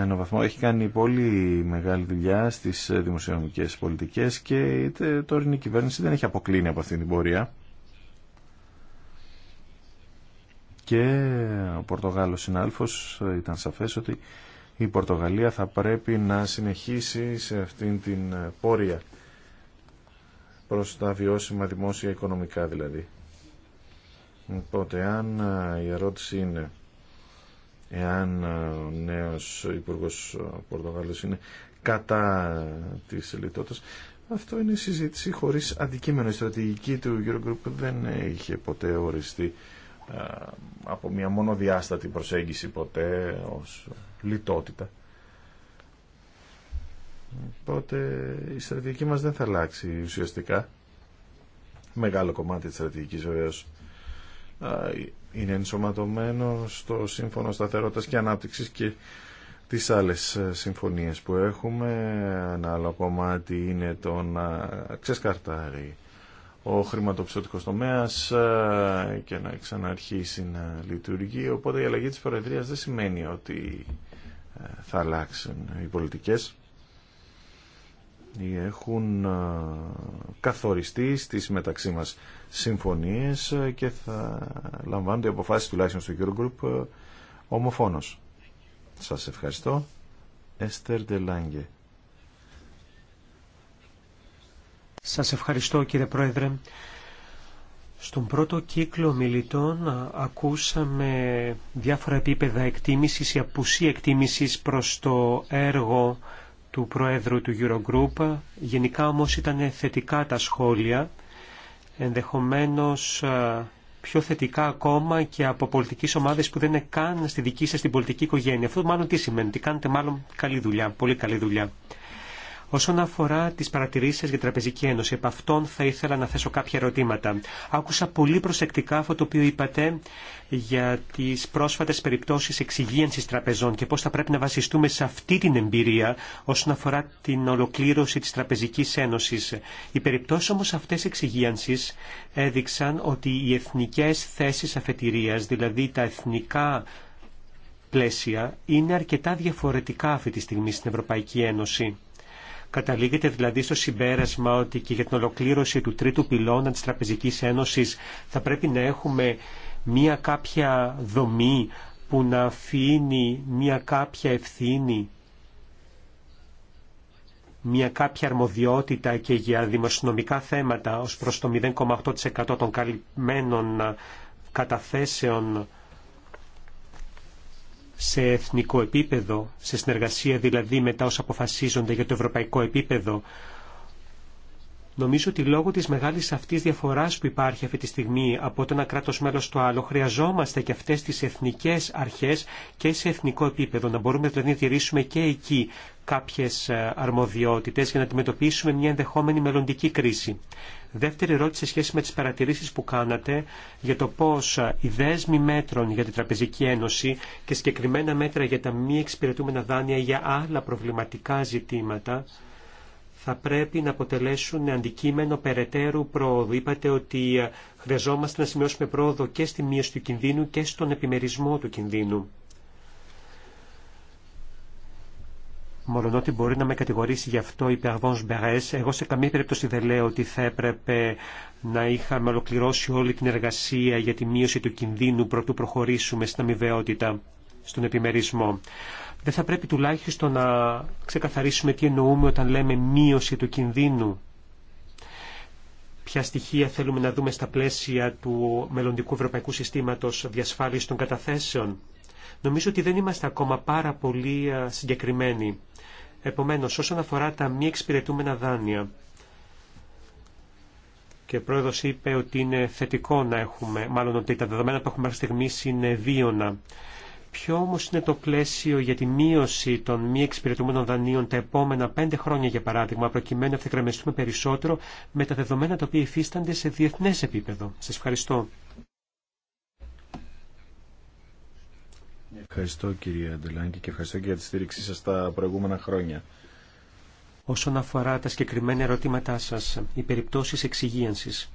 ένα έχει κάνει πολύ μεγάλη δουλειά στι δημοσιονομικές πολιτικέ και η κυβέρνηση δεν έχει αποκλίνει από αυτήν την πορεία. Και ο Πορτογάλος συνάλφος ήταν σαφές ότι η Πορτογαλία θα πρέπει να συνεχίσει σε αυτήν την πορεία προς τα βιώσιμα δημόσια οικονομικά δηλαδή. Οπότε αν η ερώτηση είναι εάν ε, ο νέος Υπουργός Πορτογάλος είναι κατά της λιτότητας. Αυτό είναι συζήτηση χωρίς αντικείμενο. Η στρατηγική του Eurogroup δεν είχε ποτέ οριστεί ε, από μια μονοδιάστατη προσέγγιση ποτέ ως λιτότητα. Οπότε η στρατηγική μας δεν θα αλλάξει ουσιαστικά. Μεγάλο κομμάτι της στρατηγικής βεβαίως ε, είναι ενσωματωμένο στο Σύμφωνο Σταθερότητας και Ανάπτυξης και τις άλλες ε, συμφωνίες που έχουμε. Ένα άλλο κομμάτι είναι το να ξεσκαρτάρει ο χρηματοπιστωτικός τομέας ε, και να ξαναρχίσει να λειτουργεί. Οπότε η αλλαγή της Προεδρίας δεν σημαίνει ότι ε, θα αλλάξουν οι πολιτικές. Έχουν καθοριστεί στις μεταξύ μας συμφωνίες και θα λαμβάνονται αποφάσεις τουλάχιστον στο Eurogroup ομοφόνος. Σας ευχαριστώ. Εστέρ Ντελάνγκε. Σας ευχαριστώ κύριε Πρόεδρε. Στον πρώτο κύκλο μιλητών ακούσαμε διάφορα επίπεδα εκτίμησης ή απουσία εκτίμησης προς το έργο του Προέδρου του Eurogroup. Γενικά όμως ήταν θετικά τα σχόλια ενδεχομένως ε, πιο θετικά ακόμα και από πολιτικές ομάδες που δεν είναι καν στη δική σας την πολιτική οικογένεια. Αυτό μάλλον τι σημαίνει, ότι κάνετε μάλλον καλή δουλειά, πολύ καλή δουλειά. Όσον αφορά τι παρατηρήσει για Τραπεζική Ένωση, επ' αυτών θα ήθελα να θέσω κάποια ερωτήματα. Άκουσα πολύ προσεκτικά αυτό το οποίο είπατε για τι πρόσφατε περιπτώσει εξυγίανση τραπεζών και πώ θα πρέπει να βασιστούμε σε αυτή την εμπειρία όσον αφορά την ολοκλήρωση τη Τραπεζική Ένωση. Οι περιπτώσει όμω αυτέ εξυγίανση έδειξαν ότι οι εθνικέ θέσει αφετηρία, δηλαδή τα εθνικά πλαίσια, είναι αρκετά διαφορετικά αυτή τη στιγμή στην Ευρωπαϊκή Ένωση. Καταλήγεται δηλαδή στο συμπέρασμα ότι και για την ολοκλήρωση του τρίτου πυλώνα της Τραπεζικής Ένωσης θα πρέπει να έχουμε μία κάποια δομή που να αφήνει μία κάποια ευθύνη μια κάποια αρμοδιότητα και για δημοσιονομικά θέματα ως προς το 0,8% των καλυμμένων καταθέσεων σε εθνικό επίπεδο, σε συνεργασία δηλαδή με τα όσα αποφασίζονται για το ευρωπαϊκό επίπεδο Νομίζω ότι λόγω της μεγάλης αυτής διαφοράς που υπάρχει αυτή τη στιγμή από το ένα κράτος μέλος στο άλλο, χρειαζόμαστε και αυτές τις εθνικές αρχές και σε εθνικό επίπεδο, να μπορούμε δηλαδή να τηρήσουμε και εκεί κάποιες ε, αρμοδιότητες για να αντιμετωπίσουμε μια ενδεχόμενη μελλοντική κρίση. Δεύτερη ερώτηση σε σχέση με τις παρατηρήσεις που κάνατε για το πώς ε, οι δέσμοι μέτρων για την Τραπεζική Ένωση και συγκεκριμένα μέτρα για τα μη εξυπηρετούμενα δάνεια για άλλα προβληματικά ζητήματα θα πρέπει να αποτελέσουν αντικείμενο περαιτέρου πρόοδου. Είπατε ότι χρειαζόμαστε να σημειώσουμε πρόοδο και στη μείωση του κινδύνου και στον επιμερισμό του κινδύνου. Μόλον ότι μπορεί να με κατηγορήσει γι' αυτό η Περβόν Μπερέ, εγώ σε καμία περίπτωση δεν λέω ότι θα έπρεπε να είχαμε ολοκληρώσει όλη την εργασία για τη μείωση του κινδύνου προτού προχωρήσουμε στην αμοιβαιότητα, στον επιμερισμό δεν θα πρέπει τουλάχιστον να ξεκαθαρίσουμε τι εννοούμε όταν λέμε μείωση του κινδύνου. Ποια στοιχεία θέλουμε να δούμε στα πλαίσια του μελλοντικού ευρωπαϊκού συστήματος διασφάλισης των καταθέσεων. Νομίζω ότι δεν είμαστε ακόμα πάρα πολύ συγκεκριμένοι. Επομένως, όσον αφορά τα μη εξυπηρετούμενα δάνεια, και ο πρόεδρο είπε ότι είναι θετικό να έχουμε, μάλλον ότι τα δεδομένα που έχουμε μέχρι στιγμή είναι βίωνα. Ποιο όμως είναι το πλαίσιο για τη μείωση των μη εξυπηρετούμενων δανείων τα επόμενα πέντε χρόνια, για παράδειγμα, προκειμένου να ευθυγραμμιστούμε περισσότερο με τα δεδομένα τα οποία υφίστανται σε διεθνές επίπεδο. Σας ευχαριστώ. Ευχαριστώ κύριε Αντελάνκη και ευχαριστώ και για τη στήριξή σας τα προηγούμενα χρόνια. Όσον αφορά τα συγκεκριμένα ερωτήματά σας, οι περιπτώσεις εξυγίανσης.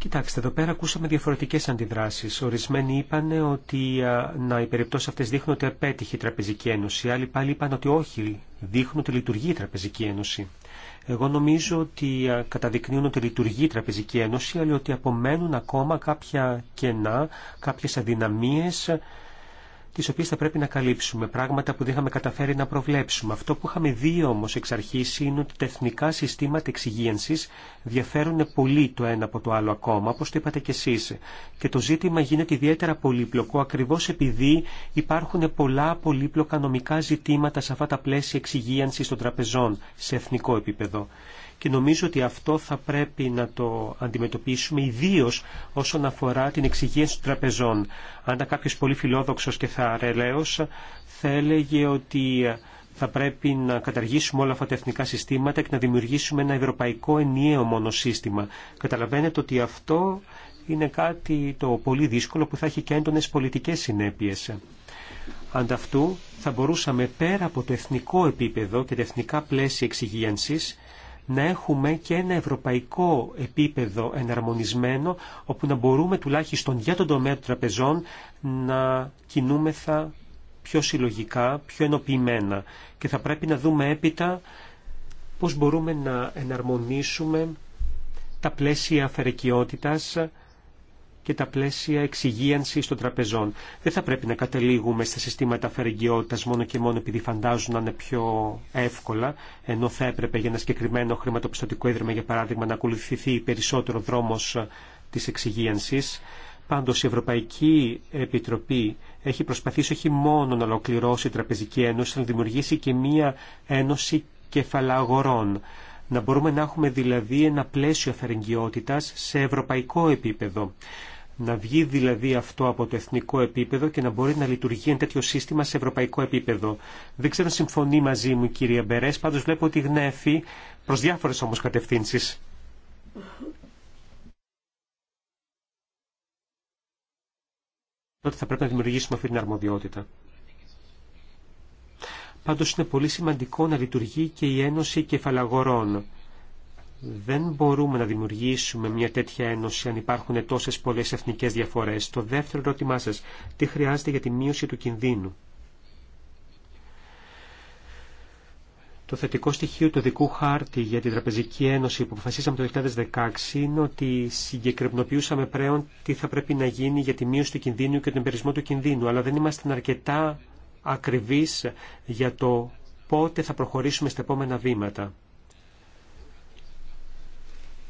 Κοιτάξτε, εδώ πέρα ακούσαμε διαφορετικές αντιδράσεις. Ορισμένοι είπαν ότι να, οι περιπτώσει αυτέ δείχνουν ότι απέτυχε η Τραπεζική Ένωση. Άλλοι πάλι είπαν ότι όχι, δείχνουν ότι λειτουργεί η Τραπεζική Ένωση. Εγώ νομίζω ότι καταδεικνύουν ότι λειτουργεί η Τραπεζική Ένωση, αλλά ότι απομένουν ακόμα κάποια κενά, κάποιε αδυναμίες τις οποίες θα πρέπει να καλύψουμε, πράγματα που δεν είχαμε καταφέρει να προβλέψουμε. Αυτό που είχαμε δει όμως εξ αρχής είναι ότι τα εθνικά συστήματα εξυγίανσης διαφέρουν πολύ το ένα από το άλλο ακόμα, όπως το είπατε κι εσείς. Και το ζήτημα γίνεται ιδιαίτερα πολύπλοκο, ακριβώς επειδή υπάρχουν πολλά πολύπλοκα νομικά ζητήματα σε αυτά τα πλαίσια εξυγίανσης των τραπεζών σε εθνικό επίπεδο και νομίζω ότι αυτό θα πρέπει να το αντιμετωπίσουμε ιδίω όσον αφορά την εξυγίανση των τραπεζών. Αν ήταν κάποιο πολύ φιλόδοξο και θα αρελαίο, θα έλεγε ότι θα πρέπει να καταργήσουμε όλα αυτά τα εθνικά συστήματα και να δημιουργήσουμε ένα ευρωπαϊκό ενιαίο μόνο σύστημα. Καταλαβαίνετε ότι αυτό είναι κάτι το πολύ δύσκολο που θα έχει και έντονες πολιτικές συνέπειες. Ανταυτού θα μπορούσαμε πέρα από το εθνικό επίπεδο και τα εθνικά πλαίσια εξυγίανσης να έχουμε και ένα ευρωπαϊκό επίπεδο εναρμονισμένο, όπου να μπορούμε τουλάχιστον για τον τομέα των τραπεζών να κινούμεθα πιο συλλογικά, πιο ενοποιημένα. Και θα πρέπει να δούμε έπειτα πώς μπορούμε να εναρμονίσουμε τα πλαίσια αφαιρεκιότητας και τα πλαίσια εξυγίανση των τραπεζών. Δεν θα πρέπει να καταλήγουμε στα συστήματα αφαιρεγγιότητα μόνο και μόνο επειδή φαντάζουν να είναι πιο εύκολα, ενώ θα έπρεπε για ένα συγκεκριμένο χρηματοπιστωτικό ίδρυμα, για παράδειγμα, να ακολουθηθεί περισσότερο δρόμο τη εξυγίανση. Πάντως η Ευρωπαϊκή Επιτροπή έχει προσπαθήσει όχι μόνο να ολοκληρώσει η Τραπεζική Ένωση, αλλά να δημιουργήσει και μία ένωση κεφαλαγορών. Να μπορούμε να έχουμε δηλαδή ένα πλαίσιο αφαιρεγγιότητας σε ευρωπαϊκό επίπεδο. Να βγει δηλαδή αυτό από το εθνικό επίπεδο και να μπορεί να λειτουργεί ένα τέτοιο σύστημα σε ευρωπαϊκό επίπεδο. Δεν ξέρω αν συμφωνεί μαζί μου η κυρία Μπερές, πάντως βλέπω ότι γνέφει προς διάφορες όμως κατευθύνσεις. Τότε θα πρέπει να δημιουργήσουμε αυτή την αρμοδιότητα. Πάντως είναι πολύ σημαντικό να λειτουργεί και η Ένωση Κεφαλαγορών. Δεν μπορούμε να δημιουργήσουμε μια τέτοια ένωση αν υπάρχουν τόσες πολλές εθνικές διαφορές. Το δεύτερο ερώτημά σας, τι χρειάζεται για τη μείωση του κινδύνου. Το θετικό στοιχείο του δικού χάρτη για την Τραπεζική Ένωση που αποφασίσαμε το 2016 είναι ότι συγκεκριμενοποιούσαμε πλέον τι θα πρέπει να γίνει για τη μείωση του κινδύνου και τον περιορισμό του κινδύνου, αλλά δεν ήμασταν αρκετά ακριβής για το πότε θα προχωρήσουμε στα επόμενα βήματα.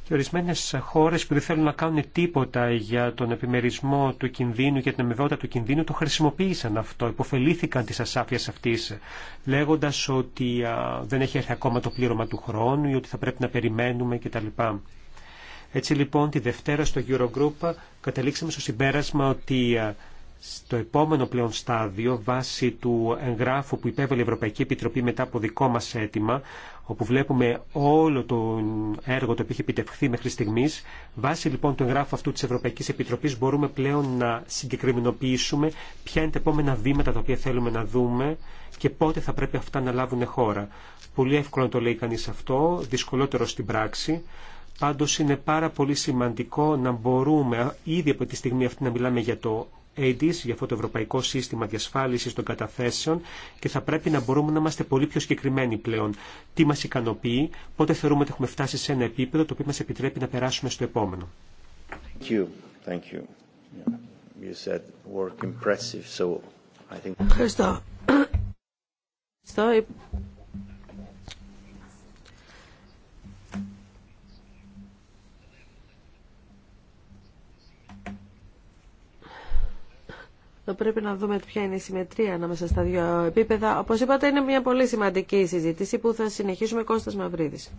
Και ορισμένες χώρες που δεν θέλουν να κάνουν τίποτα για τον επιμερισμό του κινδύνου, για την αμοιβαιότητα του κινδύνου, το χρησιμοποίησαν αυτό, υποφελήθηκαν της ασάφειας αυτής, λέγοντας ότι δεν έχει έρθει ακόμα το πλήρωμα του χρόνου ή ότι θα πρέπει να περιμένουμε κτλ. Έτσι λοιπόν τη Δευτέρα στο Eurogroup καταλήξαμε στο συμπέρασμα ότι στο επόμενο πλέον στάδιο, βάσει του εγγράφου που υπέβαλε η Ευρωπαϊκή Επιτροπή μετά από δικό μας αίτημα, όπου βλέπουμε όλο το έργο το οποίο έχει επιτευχθεί μέχρι στιγμή. Βάσει λοιπόν του εγγράφου αυτού τη Ευρωπαϊκή Επιτροπή μπορούμε πλέον να συγκεκριμενοποιήσουμε ποια είναι τα επόμενα βήματα τα οποία θέλουμε να δούμε και πότε θα πρέπει αυτά να λάβουν χώρα. Πολύ εύκολο να το λέει κανεί αυτό, δυσκολότερο στην πράξη. Πάντω είναι πάρα πολύ σημαντικό να μπορούμε ήδη από τη στιγμή αυτή να μιλάμε για το ADs για αυτό το Ευρωπαϊκό Σύστημα Διασφάλισης των Καταθέσεων και θα πρέπει να μπορούμε να είμαστε πολύ πιο συγκεκριμένοι πλέον. Τι μας ικανοποιεί, πότε θεωρούμε ότι έχουμε φτάσει σε ένα επίπεδο το οποίο μας επιτρέπει να περάσουμε στο επόμενο. Ευχαριστώ. θα πρέπει να δούμε ποια είναι η συμμετρία ανάμεσα στα δύο επίπεδα. Όπως είπατε είναι μια πολύ σημαντική συζήτηση που θα συνεχίσουμε Κώστας Μαυρίδης.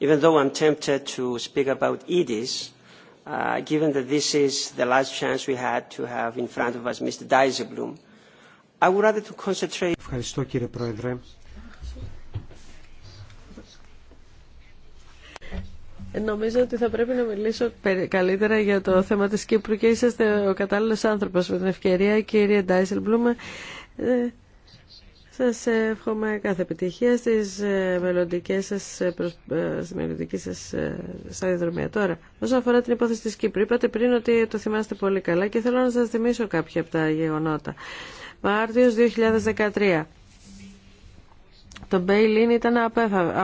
Even though I'm tempted to speak about EDIS, uh, given that this is the last chance we had to have in front of us Mr. Dijsselbloem, I would rather to concentrate... Ευχαριστώ κύριε Πρόεδρε. Ε, νομίζω ότι θα πρέπει να μιλήσω καλύτερα για το θέμα της Κύπρου και είσαστε ο κατάλληλος άνθρωπος με την ευκαιρία. Κύριε Ντάισελμπλουμ, ε, σας εύχομαι κάθε επιτυχία στις ε, μελλοντικές σας, στη μελλοντική σας σταδιοδρομία. Τώρα, όσον αφορά την υπόθεση της Κύπρου, είπατε πριν ότι το θυμάστε πολύ καλά και θέλω να σας θυμίσω κάποια από τα γεγονότα. Μάρτιος 2013. Το bail-in ήταν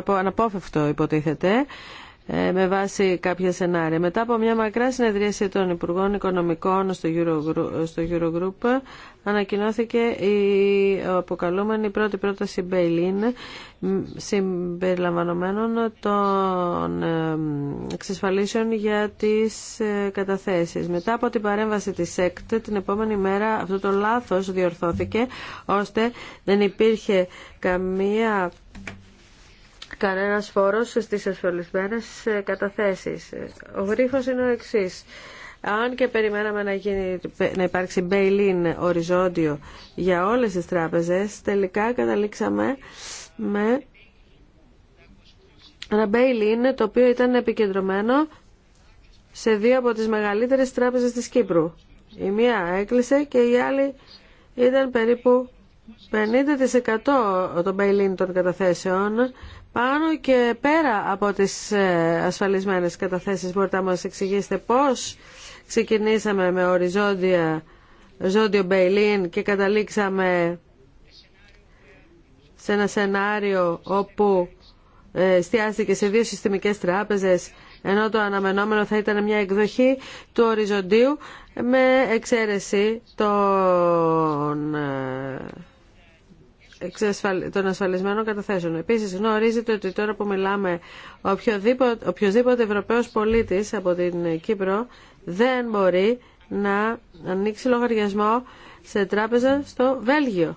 αναπόφευκτο, υποτίθεται. Ε, με βάση κάποια σενάρια. Μετά από μια μακρά συνεδρίαση των Υπουργών Οικονομικών στο, Eurogroup, ανακοινώθηκε η αποκαλούμενη πρώτη πρόταση Μπέιλιν συμπεριλαμβανομένων των ε, εξασφαλίσεων για τις ε, καταθέσεις. Μετά από την παρέμβαση της ΕΚΤ την επόμενη μέρα αυτό το λάθος διορθώθηκε ώστε δεν υπήρχε καμία κανένας φόρος στις ασφαλισμένες ε, καταθέσεις. Ο γρίφος είναι ο εξής. Αν και περιμέναμε να, γίνει, να υπάρξει bail-in οριζόντιο για όλες τις τράπεζες, τελικά καταλήξαμε με ένα το οποίο ήταν επικεντρωμένο σε δύο από τις μεγαλύτερες τράπεζες της Κύπρου. Η μία έκλεισε και η άλλη ήταν περίπου 50% των bail-in των καταθέσεων πάνω και πέρα από τις ε, ασφαλισμένες καταθέσεις. Μπορείτε να μας εξηγήσετε πώς ξεκινήσαμε με οριζόντια ζώδιο Μπέιλιν και καταλήξαμε σε ένα σενάριο όπου ε, εστιάστηκε σε δύο συστημικές τράπεζες ενώ το αναμενόμενο θα ήταν μια εκδοχή του οριζοντίου με εξαίρεση των ε, των ασφαλισμένων καταθέσεων. Επίση, γνωρίζετε ότι τώρα που μιλάμε οποιοδήποτε, ευρωπαϊο πολίτη από την Κύπρο δεν μπορεί να ανοίξει λογαριασμό σε τράπεζα στο Βέλγιο.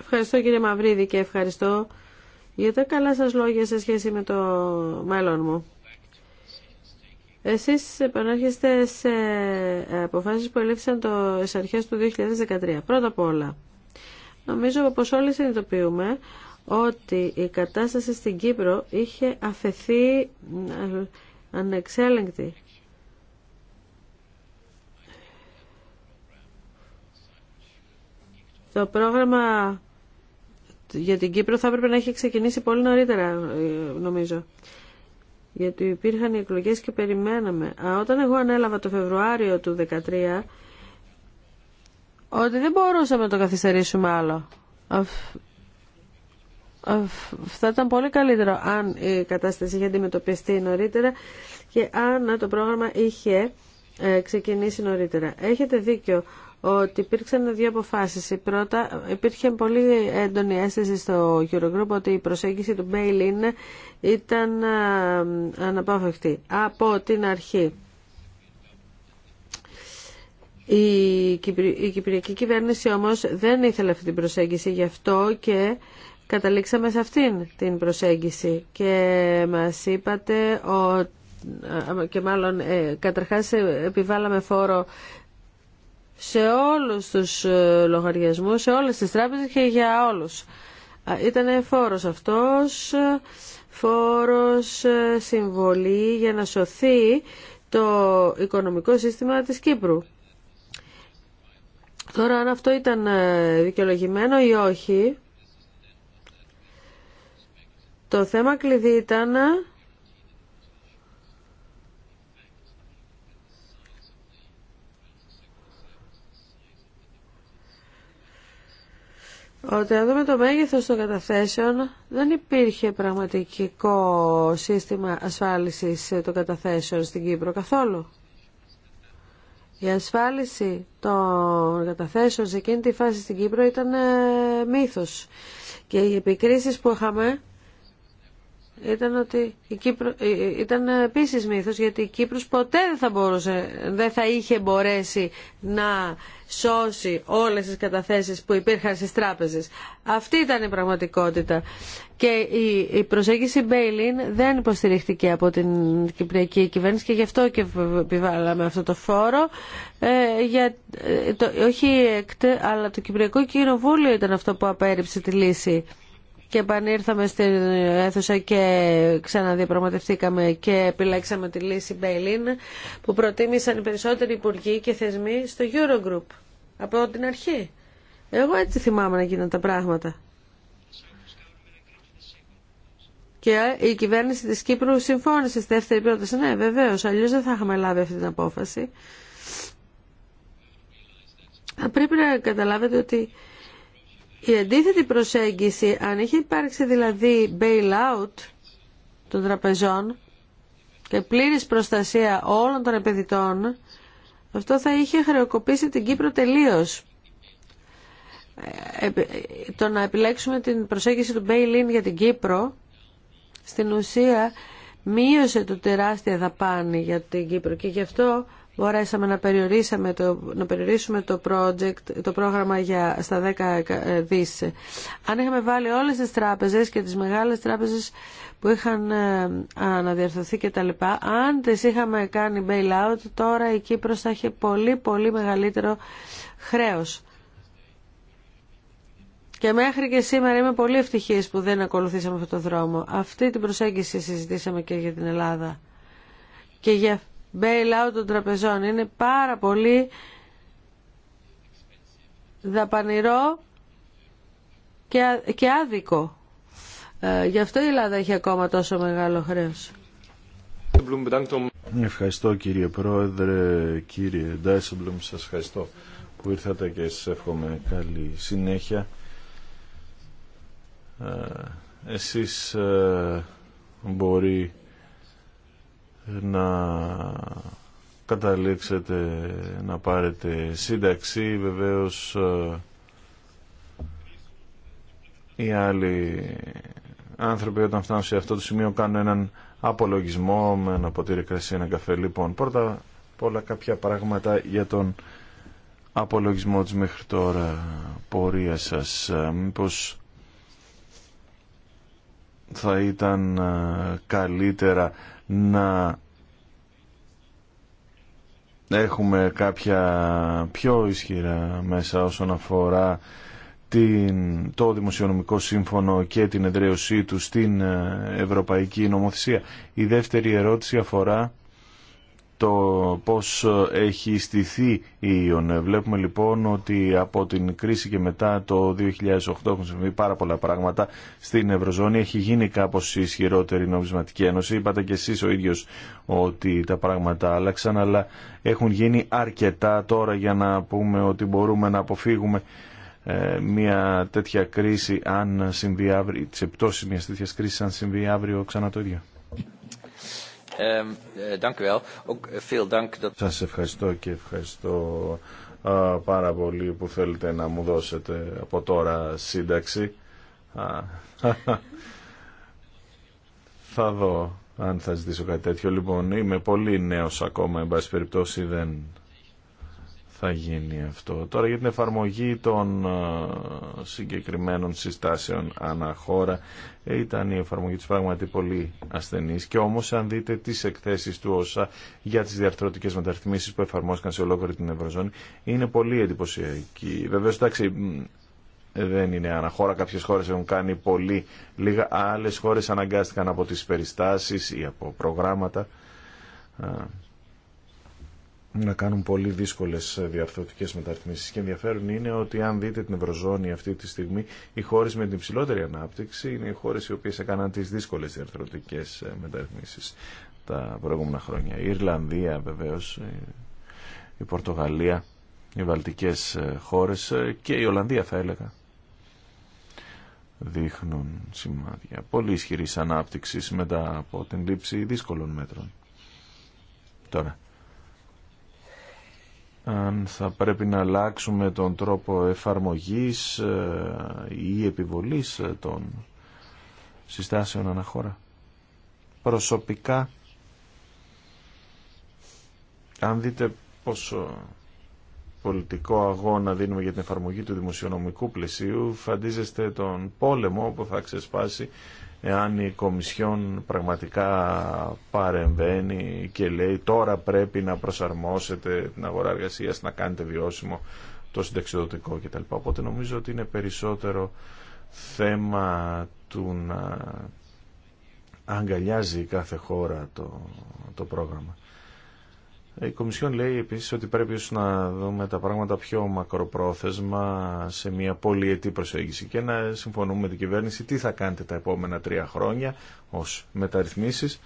Ευχαριστώ κύριε Μαυρίδη και ευχαριστώ για τα καλά σας λόγια σε σχέση με το μέλλον μου. Εσείς επανέρχεστε σε αποφάσεις που ελήφθησαν το αρχές του 2013. Πρώτα απ' όλα, νομίζω πως όλοι συνειδητοποιούμε ότι η κατάσταση στην Κύπρο είχε αφαιθεί ε, ανεξέλεγκτη. Το πρόγραμμα για την Κύπρο θα έπρεπε να έχει ξεκινήσει πολύ νωρίτερα, ε, νομίζω γιατί υπήρχαν οι εκλογές και περιμέναμε. Α, όταν εγώ ανέλαβα το Φεβρουάριο του 2013, ότι δεν μπορούσαμε να το καθυστερήσουμε άλλο. Θα ήταν πολύ καλύτερο αν η κατάσταση είχε αντιμετωπιστεί νωρίτερα και αν το πρόγραμμα είχε ε, ξεκινήσει νωρίτερα. Έχετε δίκιο ότι υπήρξαν δύο αποφάσεις. πρώτα, υπήρχε πολύ έντονη αίσθηση στο Eurogroup ότι η προσέγγιση του Μπέιλιν ήταν ε, αναπόφευκτη από την αρχή. Η, Κυπριακή κυβέρνηση όμως δεν ήθελε αυτή την προσέγγιση γι' αυτό και καταλήξαμε σε αυτήν την προσέγγιση και μας είπατε ότι ε, και μάλλον ε, καταρχάς επιβάλαμε φόρο σε όλους τους ε, λογαριασμούς, σε όλες τις τράπεζες και για όλους. Ήταν φόρος αυτός, φόρος ε, συμβολή για να σωθεί το οικονομικό σύστημα της Κύπρου. Τώρα αν αυτό ήταν ε, δικαιολογημένο ή όχι, το θέμα κλειδί ήταν ότι εδώ το μέγεθος των καταθέσεων δεν υπήρχε πραγματικό σύστημα ασφάλισης των καταθέσεων στην Κύπρο καθόλου. Η ασφάλιση των καταθέσεων σε εκείνη τη φάση στην Κύπρο ήταν ε, μύθος και οι επικρίσεις που είχαμε ήταν ότι η ε, ε, ήταν επίσης μύθος γιατί η Κύπρος ποτέ δεν θα, μπορούσε, δεν θα είχε μπορέσει να σώσει όλες τις καταθέσεις που υπήρχαν στις τράπεζες. Αυτή ήταν η πραγματικότητα. Και η, προσέγγιση Μπέιλιν δεν υποστηρίχθηκε από την Κυπριακή κυβέρνηση και γι' αυτό και επιβάλαμε αυτό το φόρο. Ε, για, ε, το, όχι εκτε, αλλά το Κυπριακό Κοινοβούλιο ήταν αυτό που απέρριψε τη λύση και επανήρθαμε στην αίθουσα και ξαναδιαπραγματευτήκαμε και επιλέξαμε τη λύση Μπέιλιν που προτίμησαν οι περισσότεροι υπουργοί και θεσμοί στο Eurogroup από την αρχή. Εγώ έτσι θυμάμαι να γίνανε τα πράγματα. Και η κυβέρνηση της Κύπρου συμφώνησε στη δεύτερη πρόταση. Ναι, βεβαίως, αλλιώς δεν θα είχαμε λάβει αυτή την απόφαση. Πρέπει να καταλάβετε ότι η αντίθετη προσέγγιση, αν είχε υπάρξει δηλαδή δηλαδή bail-out των τραπεζών και πλήρης προστασία όλων των επενδυτών, αυτό θα είχε χρεοκοπήσει την Κύπρο τελείως. Ε, το να επιλέξουμε την προσέγγιση του bail-in για την Κύπρο, στην ουσία μείωσε το τεράστια δαπάνη για την Κύπρο και γι' αυτό μπορέσαμε να, περιορίσαμε το, να περιορίσουμε το, project, το πρόγραμμα για, στα 10 ε, δις. Αν είχαμε βάλει όλες τις τράπεζες και τις μεγάλες τράπεζες που είχαν ε, αναδιαρθωθεί και τα λοιπά, αν τις είχαμε κάνει bailout, τώρα η Κύπρος θα είχε πολύ πολύ μεγαλύτερο χρέος. Και μέχρι και σήμερα είμαι πολύ ευτυχής που δεν ακολουθήσαμε αυτό τον δρόμο. Αυτή την προσέγγιση συζητήσαμε και για την Ελλάδα. Και για bailout των τραπεζών. Είναι πάρα πολύ δαπανηρό και άδικο. Ε, γι' αυτό η Ελλάδα έχει ακόμα τόσο μεγάλο χρέος. Ευχαριστώ κύριε Πρόεδρε, κύριε Ντάισεμπλουμ, σας ευχαριστώ που ήρθατε και σας εύχομαι καλή συνέχεια. Ε, εσείς ε, μπορεί να καταλήξετε να πάρετε σύνταξη βεβαίως ε, οι άλλοι άνθρωποι όταν φτάνουν σε αυτό το σημείο κάνουν έναν απολογισμό με ένα ποτήρι κρασί, ένα καφέ λοιπόν πρώτα απ' όλα κάποια πράγματα για τον απολογισμό της μέχρι τώρα πορεία σας ε, μήπως θα ήταν ε, καλύτερα να έχουμε κάποια πιο ισχυρά μέσα όσον αφορά την, το Δημοσιονομικό Σύμφωνο και την εδραίωσή του στην ε, Ευρωπαϊκή Νομοθεσία. Η δεύτερη ερώτηση αφορά το πώς έχει στηθεί η ΙΟΝΕ. Βλέπουμε λοιπόν ότι από την κρίση και μετά το 2008 έχουν συμβεί πάρα πολλά πράγματα στην Ευρωζώνη. Έχει γίνει κάπως ισχυρότερη νομισματική ένωση. Είπατε και εσείς ο ίδιος ότι τα πράγματα άλλαξαν, αλλά έχουν γίνει αρκετά τώρα για να πούμε ότι μπορούμε να αποφύγουμε ε, μια τέτοια κρίση αν συμβεί αύριο, τις επιπτώσεις μιας τέτοιας κρίσης αν συμβεί αύριο ξανά το ίδιο. Σας ευχαριστώ και ευχαριστώ πάρα πολύ που θέλετε να μου δώσετε από τώρα σύνταξη. Θα δω αν θα ζητήσω κάτι τέτοιο. Λοιπόν, είμαι πολύ νέος ακόμα, εν πάση περιπτώσει δεν θα γίνει αυτό. Τώρα για την εφαρμογή των ε, συγκεκριμένων συστάσεων αναχώρα ε, ήταν η εφαρμογή της πράγματι πολύ ασθενής και όμως αν δείτε τις εκθέσεις του ΩΣΑ για τις διαρθρωτικές μεταρρυθμίσεις που εφαρμόστηκαν σε ολόκληρη την Ευρωζώνη είναι πολύ εντυπωσιακή. Βεβαίω, εντάξει δεν είναι αναχώρα. Κάποιες χώρες έχουν κάνει πολύ λίγα. Άλλες χώρες αναγκάστηκαν από τι περιστάσεις ή από προγράμματα να κάνουν πολύ δύσκολες διαρθρωτικές μεταρρυθμίσεις και ενδιαφέρον είναι ότι αν δείτε την Ευρωζώνη αυτή τη στιγμή οι χώρες με την υψηλότερη ανάπτυξη είναι οι χώρες οι οποίες έκαναν τις δύσκολες διαρθρωτικές ε, μεταρρυθμίσεις τα προηγούμενα χρόνια. Η Ιρλανδία βεβαίως, η Πορτογαλία, οι Βαλτικές ε, χώρες ε, και η Ολλανδία θα έλεγα δείχνουν σημάδια πολύ ισχυρή ανάπτυξης μετά από την λήψη δύσκολων μέτρων. Τώρα, αν θα πρέπει να αλλάξουμε τον τρόπο εφαρμογής ε, ή επιβολής ε, των συστάσεων αναχώρα. Προσωπικά, αν δείτε πόσο πολιτικό αγώνα δίνουμε για την εφαρμογή του δημοσιονομικού πλαισίου, φαντίζεστε τον πόλεμο που θα ξεσπάσει εάν η Κομισιόν πραγματικά παρεμβαίνει και λέει τώρα πρέπει να προσαρμόσετε την αγορά εργασία να κάνετε βιώσιμο το συνταξιδοτικό κτλ. Οπότε νομίζω ότι είναι περισσότερο θέμα του να αγκαλιάζει κάθε χώρα το, το πρόγραμμα. Η Κομισιόν λέει επίσης ότι πρέπει να δούμε τα πράγματα πιο μακροπρόθεσμα σε μια πολυετή προσέγγιση και να συμφωνούμε με την κυβέρνηση τι θα κάνετε τα επόμενα τρία χρόνια ως μεταρρυθμίσεις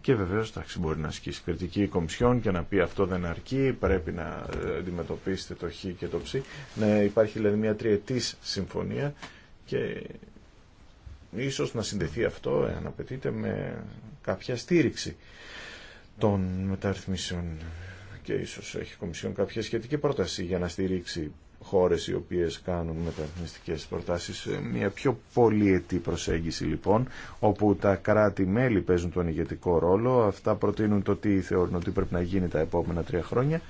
και βεβαίως τάξη, μπορεί να ασκήσει κριτική η Κομισιόν και να πει αυτό δεν αρκεί, πρέπει να αντιμετωπίσετε το χ και το ψ. Να υπάρχει δηλαδή μια τριετής συμφωνία και ίσως να συνδεθεί αυτό, αν απαιτείται, με κάποια στήριξη των μεταρρυθμίσεων και ίσως έχει η κομισιόν κάποια σχετική πρόταση για να στηρίξει χώρες οι οποίες κάνουν μεταρρυθμιστικές προτάσεις. Ε, μια πιο πολυετή προσέγγιση λοιπόν, όπου τα κράτη-μέλη παίζουν τον ηγετικό ρόλο, αυτά προτείνουν το τι θεωρούν ότι πρέπει να γίνει τα επόμενα τρία χρόνια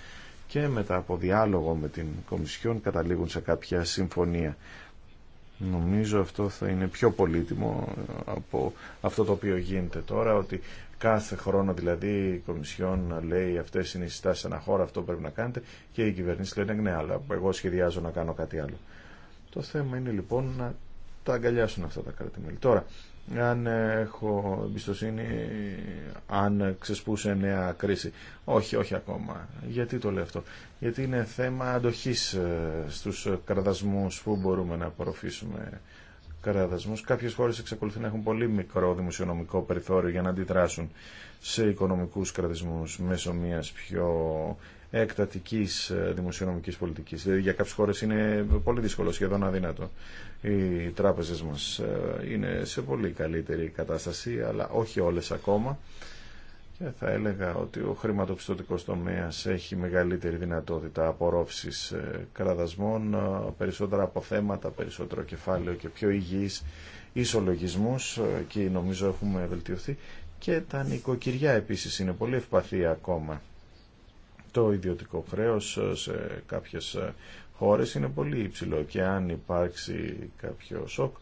και μετά από διάλογο με την Κομισιόν καταλήγουν σε κάποια συμφωνία. Νομίζω αυτό θα είναι πιο πολύτιμο από αυτό το οποίο γίνεται τώρα, ότι Κάθε χρόνο δηλαδή η Κομισιόν λέει αυτέ είναι οι συστάσει ένα χώρο, αυτό πρέπει να κάνετε και οι κυβερνήσει λένε ναι, αλλά εγώ σχεδιάζω να κάνω κάτι άλλο. Το θέμα είναι λοιπόν να τα αγκαλιάσουν αυτά τα κράτη-μέλη. Τώρα, αν έχω εμπιστοσύνη, αν ξεσπούσε νέα κρίση. Όχι, όχι ακόμα. Γιατί το λέω αυτό. Γιατί είναι θέμα αντοχής ε, στους ε, κραδασμούς που μπορούμε να απορροφήσουμε Κάποιε Κάποιες χώρες εξακολουθούν να έχουν πολύ μικρό δημοσιονομικό περιθώριο για να αντιδράσουν σε οικονομικούς κραδισμούς μέσω μια πιο εκτατική ε, δημοσιονομικής πολιτικής. Δηλαδή, για κάποιες χώρε είναι πολύ δύσκολο, σχεδόν αδύνατο. Οι τράπεζες μας ε, είναι σε πολύ καλύτερη κατάσταση, αλλά όχι όλε ακόμα και θα έλεγα ότι ο χρηματοπιστωτικός τομέας έχει μεγαλύτερη δυνατότητα απορρόφησης ε, κραδασμών, ε, περισσότερα αποθέματα, περισσότερο κεφάλαιο και πιο υγιείς ισολογισμούς ε, και νομίζω έχουμε βελτιωθεί και τα νοικοκυριά επίσης είναι πολύ ευπαθή ακόμα. Το ιδιωτικό χρέος σε κάποιες χώρες είναι πολύ υψηλό και αν υπάρξει κάποιο σοκ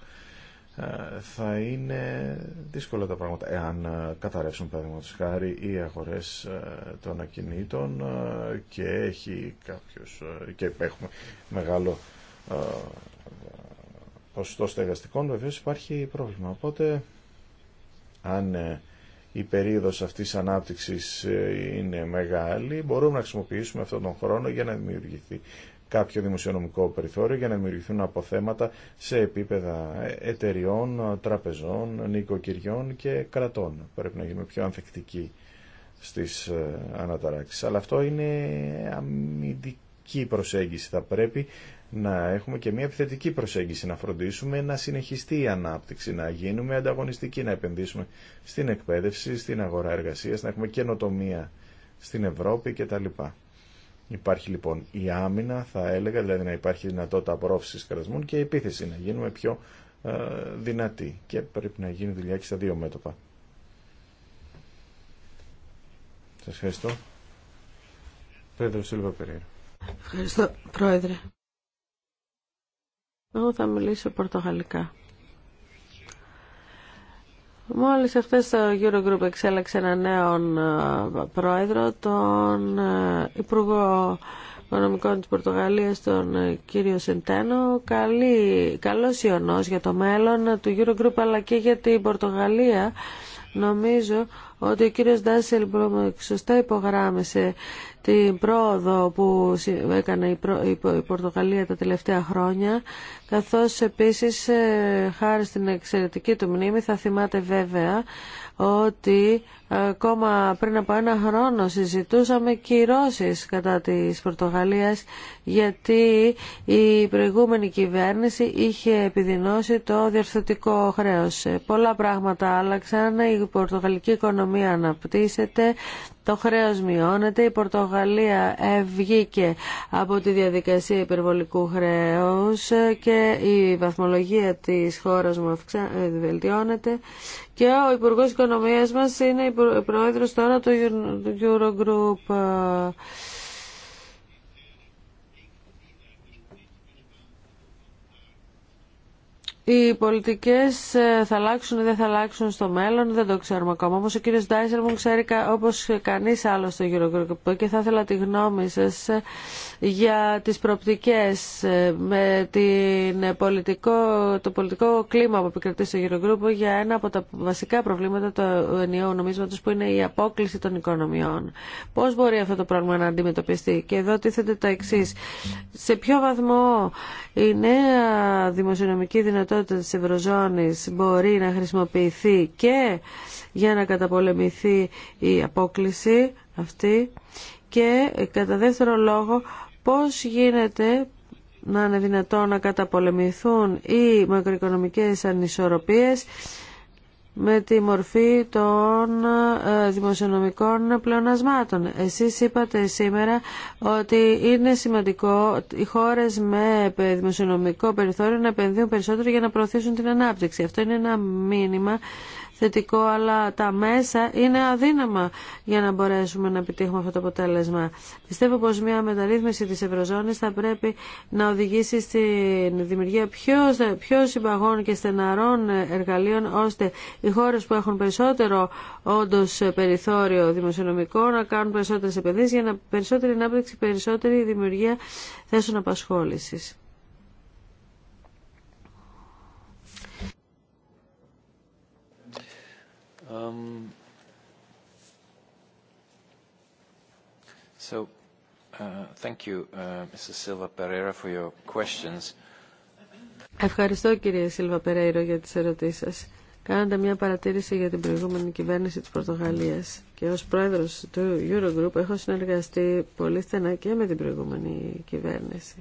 ε, θα είναι δύσκολα τα πράγματα εάν ε, καταρρεύσουν παραδείγματος χάρη οι αγορές ε, των ακινήτων και έχει κάποιος και έχουμε μεγάλο ποσοστό στεγαστικών βεβαίως υπάρχει πρόβλημα οπότε αν η περίοδος αυτής ανάπτυξης είναι μεγάλη μπορούμε να χρησιμοποιήσουμε αυτόν τον χρόνο για να δημιουργηθεί κάποιο δημοσιονομικό περιθώριο για να δημιουργηθούν αποθέματα σε επίπεδα εταιριών, τραπεζών, νοικοκυριών και κρατών. Πρέπει να γίνουμε πιο ανθεκτικοί στις ε, αναταράξεις. Αλλά αυτό είναι αμυντική προσέγγιση. Θα πρέπει να έχουμε και μια επιθετική προσέγγιση, να φροντίσουμε να συνεχιστεί η ανάπτυξη, να γίνουμε ανταγωνιστικοί, να επενδύσουμε στην εκπαίδευση, στην αγορά εργασίας, να έχουμε καινοτομία στην Ευρώπη κτλ. Υπάρχει λοιπόν η άμυνα, θα έλεγα, δηλαδή να υπάρχει δυνατότητα απορρόφησης κρασμών και η επίθεση, να γίνουμε πιο ε, δυνατοί. Και πρέπει να γίνει δουλειά και στα δύο μέτωπα. Σας ευχαριστώ. Πρόεδρε Σίλβα Περίρα. Ευχαριστώ, Πρόεδρε. Εγώ θα μιλήσω πορτογαλικά. Μόλις αυτές το Eurogroup εξέλεξε ένα νέο ε, πρόεδρο, τον ε, Υπουργό Οικονομικών της Πορτογαλίας, τον ε, κύριο Σεντένο. καλός ιονός για το μέλλον του Eurogroup αλλά και για την Πορτογαλία Νομίζω ότι ο κύριος Ντάσελ σωστά υπογράμμισε την πρόοδο που έκανε η Πορτογαλία τα τελευταία χρόνια, καθώς επίσης ε, χάρη στην εξαιρετική του μνήμη θα θυμάται βέβαια ότι Ακόμα πριν από ένα χρόνο συζητούσαμε κυρώσεις κατά της Πορτογαλίας γιατί η προηγούμενη κυβέρνηση είχε επιδεινώσει το διορθωτικό χρέος. Πολλά πράγματα άλλαξαν, η πορτογαλική οικονομία αναπτύσσεται, το χρέος μειώνεται, η Πορτογαλία βγήκε από τη διαδικασία υπερβολικού χρέους και η βαθμολογία της χώρας μου ε, βελτιώνεται και ο Υπουργός Οικονομίας μας είναι πρόεδρος τώρα του Eurogroup. Οι πολιτικέ ε, θα αλλάξουν ή δεν θα αλλάξουν στο μέλλον, δεν το ξέρουμε ακόμα. Όμω, ο Ντάισερ μου ξέρει όπω κανεί άλλο στο Eurogroup και θα ήθελα τη γνώμη σα ε, για τι προπτικές ε, με την πολιτικό, το πολιτικό κλίμα που επικρατεί στο Eurogroup για ένα από τα βασικά προβλήματα του ενιαίου νομίσματο που είναι η απόκληση των οικονομιών. Πώ μπορεί αυτό το πρόβλημα να αντιμετωπιστεί και εδώ τίθεται τα εξή. Σε ποιο βαθμό η νέα δημοσιονομική δυνατότητα ότι της Ευρωζώνης μπορεί να χρησιμοποιηθεί και για να καταπολεμηθεί η απόκληση αυτή και κατά δεύτερο λόγο πώς γίνεται να είναι δυνατόν να καταπολεμηθούν οι μακροοικονομικές ανισορροπίες με τη μορφή των ε, δημοσιονομικών πλεονασμάτων. Εσείς είπατε σήμερα ότι είναι σημαντικό οι χώρες με δημοσιονομικό περιθώριο να επενδύουν περισσότερο για να προωθήσουν την ανάπτυξη. Αυτό είναι ένα μήνυμα θετικό, αλλά τα μέσα είναι αδύναμα για να μπορέσουμε να επιτύχουμε αυτό το αποτέλεσμα. Πιστεύω πως μια μεταρρύθμιση τη Ευρωζώνης θα πρέπει να οδηγήσει στη δημιουργία πιο, πιο συμπαγών και στεναρών εργαλείων, ώστε οι χώρε που έχουν περισσότερο όντω περιθώριο δημοσιονομικό να κάνουν περισσότερε επενδύσεις για να περισσότερη ανάπτυξη, περισσότερη δημιουργία θέσεων απασχόληση. Um, so, uh, thank you, uh, Silva Pereira, for your questions. Ευχαριστώ κύριε Σίλβα Περέιρο για τις ερωτήσεις σας. Κάνατε μια παρατήρηση για την προηγούμενη κυβέρνηση της Πορτογαλίας και ως πρόεδρος του Eurogroup έχω συνεργαστεί πολύ στενά και με την προηγούμενη κυβέρνηση.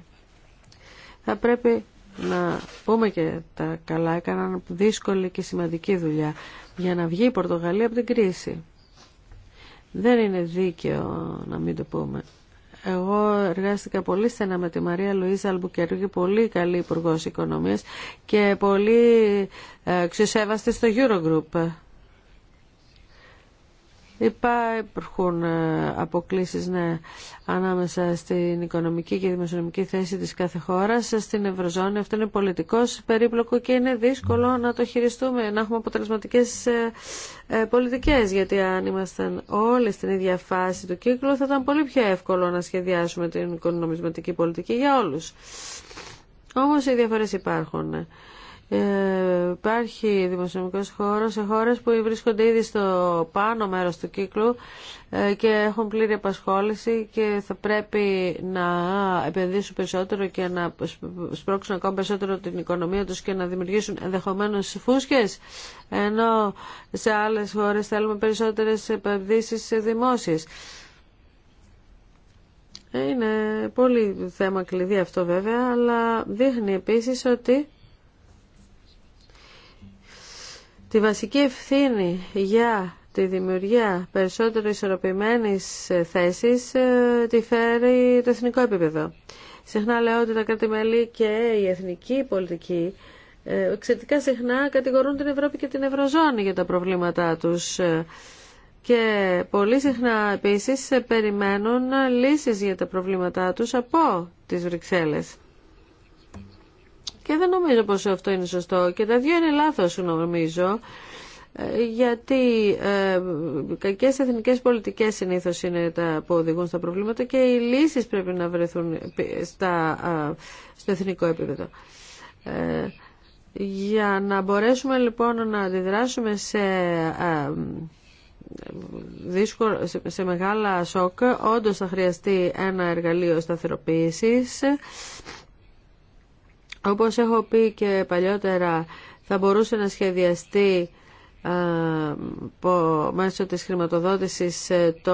Θα πρέπει να πούμε και τα καλά, έκαναν δύσκολη και σημαντική δουλειά για να βγει η Πορτογαλία από την κρίση. Δεν είναι δίκαιο να μην το πούμε. Εγώ εργάστηκα πολύ στενά με τη Μαρία Λουίζα Αλμπουκερούγη, πολύ καλή υπουργό οικονομίας και πολύ ε, ξεσέβαστη στο Eurogroup. Υπάρχουν ε, αποκλήσεις ναι, ανάμεσα στην οικονομική και δημοσιονομική θέση της κάθε χώρας, στην Ευρωζώνη. Αυτό είναι πολιτικός περίπλοκο και είναι δύσκολο να το χειριστούμε, να έχουμε αποτελεσματικές ε, ε, πολιτικές, γιατί αν ήμασταν όλοι στην ίδια φάση του κύκλου θα ήταν πολύ πιο εύκολο να σχεδιάσουμε την οικονομισματική πολιτική για όλους. Όμως οι διαφορές υπάρχουν. Ε, υπάρχει δημοσιονομικός χώρος σε χώρες που βρίσκονται ήδη στο πάνω μέρος του κύκλου ε, και έχουν πλήρη απασχόληση και θα πρέπει να επενδύσουν περισσότερο και να σπρώξουν ακόμα περισσότερο την οικονομία τους και να δημιουργήσουν ενδεχομένω φούσκες ενώ σε άλλες χώρες θέλουμε περισσότερες επενδύσεις σε δημόσιες. Είναι πολύ θέμα κλειδί αυτό βέβαια, αλλά δείχνει επίσης ότι τη βασική ευθύνη για τη δημιουργία περισσότερο ισορροπημένης θέσης ε, τη φέρει το εθνικό επίπεδο. Συχνά λέω ότι τα κρατη και η εθνική πολιτική ε, εξαιρετικά συχνά κατηγορούν την Ευρώπη και την Ευρωζώνη για τα προβλήματά τους ε, και πολύ συχνά επίσης περιμένουν λύσεις για τα προβλήματά τους από τις Βρυξέλλες. Και δεν νομίζω πως αυτό είναι σωστό. Και τα δύο είναι λάθος νομίζω. Ε, γιατί ε, κακές εθνικές πολιτικές συνήθως είναι τα που οδηγούν στα προβλήματα και οι λύσεις πρέπει να βρεθούν στο εθνικό επίπεδο. Ε, για να μπορέσουμε λοιπόν να αντιδράσουμε σε, σε, μεγάλα σοκ, όντως θα χρειαστεί ένα εργαλείο σταθεροποίησης όπως έχω πει και παλιότερα, θα μπορούσε να σχεδιαστεί μέσω της χρηματοδότησης ε, το,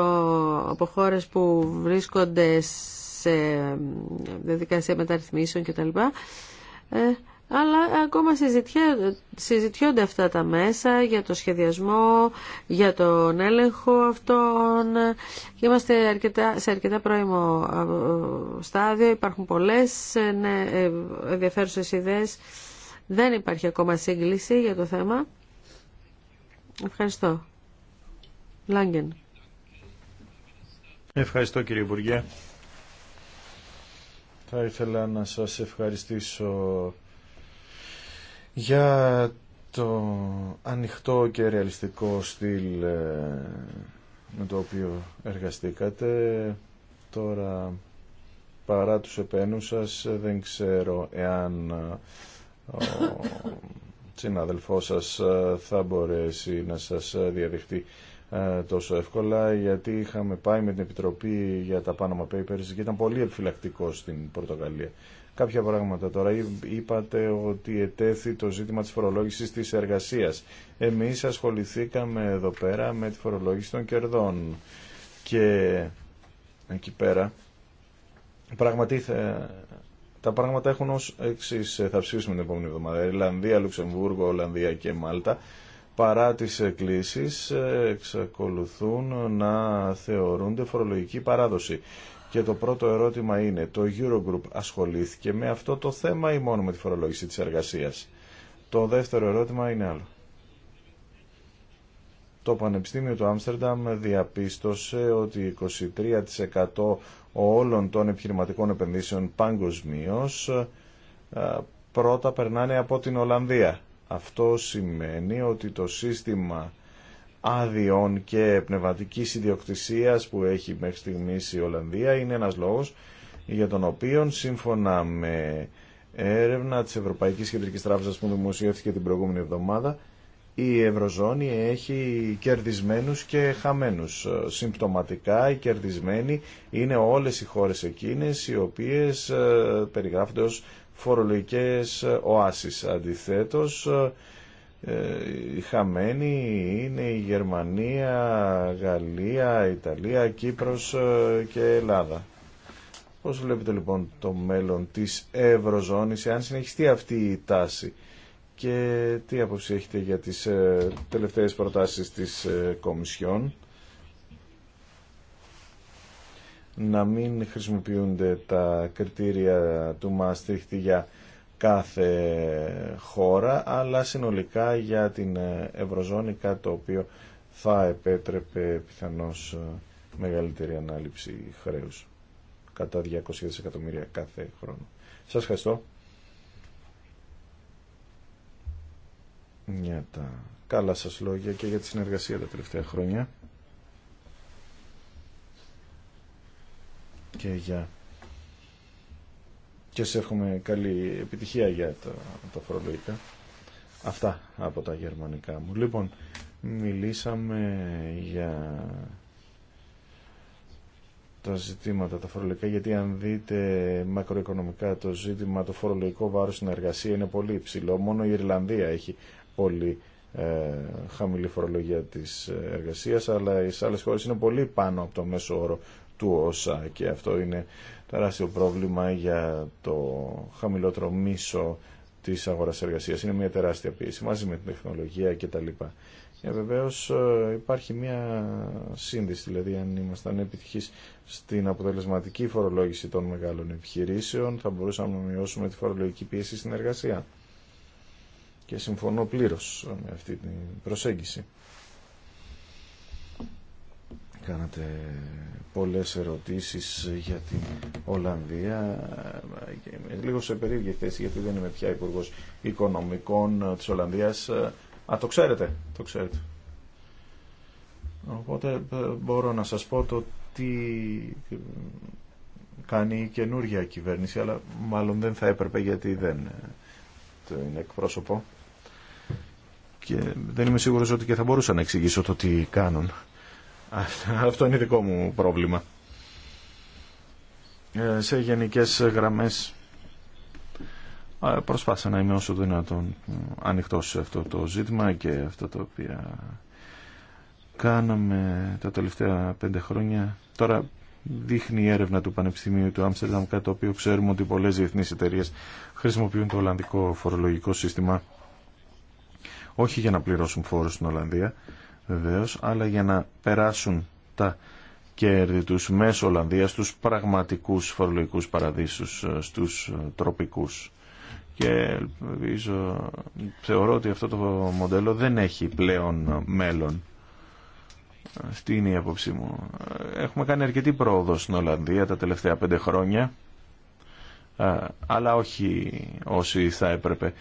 από χώρε που βρίσκονται σε ε, διαδικασία μεταρρυθμίσεων κτλ. Ε, αλλά ακόμα συζητιόνται, αυτά τα μέσα για το σχεδιασμό, για τον έλεγχο αυτών και είμαστε αρκετά, σε αρκετά πρώιμο στάδιο. Υπάρχουν πολλές ε, ναι, ε, ενδιαφέρουσες ιδέες. Δεν υπάρχει ακόμα σύγκληση για το θέμα. Ευχαριστώ. Λάγκεν. Ευχαριστώ κύριε Υπουργέ. Θα ήθελα να σας ευχαριστήσω για το ανοιχτό και ρεαλιστικό στυλ ε, με το οποίο εργαστήκατε, τώρα παρά τους επένους σας δεν ξέρω εάν ε, ο συναδελφός σας ε, θα μπορέσει να σας διαδεχτεί τόσο εύκολα γιατί είχαμε πάει με την Επιτροπή για τα Panama Papers και ήταν πολύ επιφυλακτικό στην Πορτογαλία κάποια πράγματα τώρα. Είπατε ότι ετέθη το ζήτημα της φορολόγησης της εργασίας. Εμείς ασχοληθήκαμε εδώ πέρα με τη φορολόγηση των κερδών και εκεί πέρα πραγματί τα πράγματα έχουν ως εξής θα ψήσουμε την επόμενη εβδομάδα Ιρλανδία, Λουξεμβούργο, Ολλανδία και Μάλτα παρά τις εκκλήσεις εξακολουθούν να θεωρούνται φορολογική παράδοση. Και το πρώτο ερώτημα είναι, το Eurogroup ασχολήθηκε με αυτό το θέμα ή μόνο με τη φορολόγηση της εργασίας. Το δεύτερο ερώτημα είναι άλλο. Το Πανεπιστήμιο του Άμστερνταμ διαπίστωσε ότι 23% όλων των επιχειρηματικών επενδύσεων παγκοσμίω πρώτα περνάνε από την Ολλανδία. Αυτό σημαίνει ότι το σύστημα άδειών και πνευματική ιδιοκτησίας που έχει μέχρι στιγμής η Ολλανδία είναι ένας λόγος για τον οποίο σύμφωνα με έρευνα της Ευρωπαϊκής Κεντρικής Τράπεζας που δημοσιεύθηκε την προηγούμενη εβδομάδα η Ευρωζώνη έχει κερδισμένους και χαμένους. Συμπτωματικά οι κερδισμένοι είναι όλες οι χώρες εκείνες οι οποίες ε, περιγράφονται ως φορολογικές οάσεις. Αντιθέτως ε, η ε, χαμένη είναι η Γερμανία, Γαλλία, Ιταλία, Κύπρος ε, και Ελλάδα. Πώς βλέπετε λοιπόν το μέλλον της Ευρωζώνης, αν συνεχιστεί αυτή η τάση και τι άποψη έχετε για τις ε, τελευταίες προτάσεις της Κομισιόν να μην χρησιμοποιούνται τα κριτήρια του Μαστρίχτη για κάθε χώρα, αλλά συνολικά για την ε, Ευρωζώνη, κάτι το οποίο θα επέτρεπε πιθανώς ε, μεγαλύτερη ανάληψη χρέους κατά 200 δισεκατομμύρια κάθε χρόνο. Σας ευχαριστώ για τα καλά σας λόγια και για τη συνεργασία τα τελευταία χρόνια και για και σε εύχομαι καλή επιτυχία για τα, τα φορολογικά. Αυτά από τα γερμανικά μου. Λοιπόν, μιλήσαμε για τα ζητήματα τα φορολογικά, γιατί αν δείτε μακροοικονομικά το ζήτημα, το φορολογικό βάρος στην εργασία είναι πολύ υψηλό. Μόνο η Ιρλανδία έχει πολύ ε, χαμηλή φορολογία της εργασίας, αλλά οι άλλες χώρες είναι πολύ πάνω από το μέσο όρο του ΩΣΑ και αυτό είναι τεράστιο πρόβλημα για το χαμηλότερο μίσο της αγοράς εργασίας. Είναι μια τεράστια πίεση μαζί με την τεχνολογία κτλ. Και ε, βεβαίω ε, υπάρχει μια σύνδεση, δηλαδή αν ήμασταν επιτυχεί στην αποτελεσματική φορολόγηση των μεγάλων επιχειρήσεων θα μπορούσαμε να μειώσουμε τη φορολογική πίεση στην εργασία. Και συμφωνώ πλήρω με αυτή την προσέγγιση. Κάνατε πολλές ερωτήσεις για την Ολλανδία. Λίγο σε περίεργη θέση γιατί δεν είμαι πια υπουργό Οικονομικών της Ολλανδίας. Α, το ξέρετε, το ξέρετε. Οπότε ε, μπορώ να σας πω το τι κάνει η καινούργια κυβέρνηση, αλλά μάλλον δεν θα έπρεπε γιατί δεν ε, το είναι εκπρόσωπο. Και δεν είμαι σίγουρος ότι και θα μπορούσα να εξηγήσω το τι κάνουν. Αυτό είναι δικό μου πρόβλημα. Ε, σε γενικές γραμμές ε, προσπάθησα να είμαι όσο δυνατόν ανοιχτός σε αυτό το ζήτημα και αυτό το οποίο κάναμε τα τελευταία πέντε χρόνια. Τώρα δείχνει η έρευνα του Πανεπιστημίου του Άμστερνταμ, κάτι το οποίο ξέρουμε ότι πολλές διεθνείς εταιρείες χρησιμοποιούν το Ολλανδικό φορολογικό σύστημα όχι για να πληρώσουν φόρους στην Ολλανδία, βεβαίως, αλλά για να περάσουν τα κέρδη τους μέσω Ολλανδίας στους πραγματικούς φορολογικούς παραδείσους, ε, στους ε, τροπικούς. Και ελπίζω, θεωρώ ότι αυτό το μοντέλο δεν έχει πλέον μέλλον. Αυτή είναι η απόψη μου. Έχουμε κάνει αρκετή πρόοδο στην Ολλανδία τα τελευταία πέντε χρόνια, ε, αλλά όχι όσοι θα έπρεπε.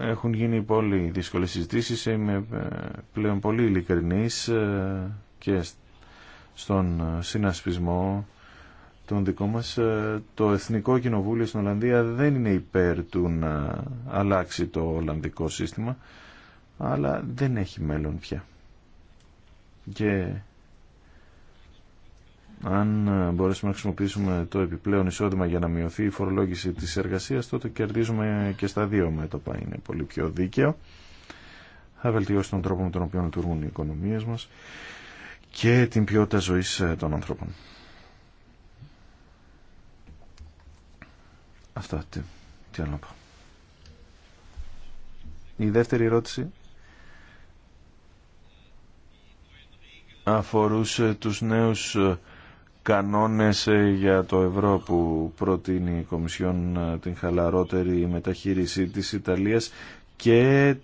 Έχουν γίνει πολύ δύσκολες συζητήσεις, είμαι ε, πλέον πολύ ειλικρινής ε, και στον ε, συνασπισμό των δικών μας. Το Εθνικό Κοινοβούλιο στην Ολλανδία δεν είναι υπέρ του να αλλάξει το Ολλανδικό σύστημα, αλλά δεν έχει μέλλον πια. Και αν ε, μπορέσουμε να χρησιμοποιήσουμε το επιπλέον εισόδημα για να μειωθεί η φορολόγηση της εργασίας, τότε κερδίζουμε και στα δύο μέτωπα. Είναι πολύ πιο δίκαιο. Θα βελτιώσει τον τρόπο με τον οποίο λειτουργούν οι οικονομίες μας και την ποιότητα ζωής ε, των ανθρώπων. Αυτά. Τι, άλλο να πω. Η δεύτερη ερώτηση αφορούσε τους νέους ε, κανόνες ε, για το ευρώ που προτείνει η Κομισιόν ε, την χαλαρότερη μεταχείριση της Ιταλίας και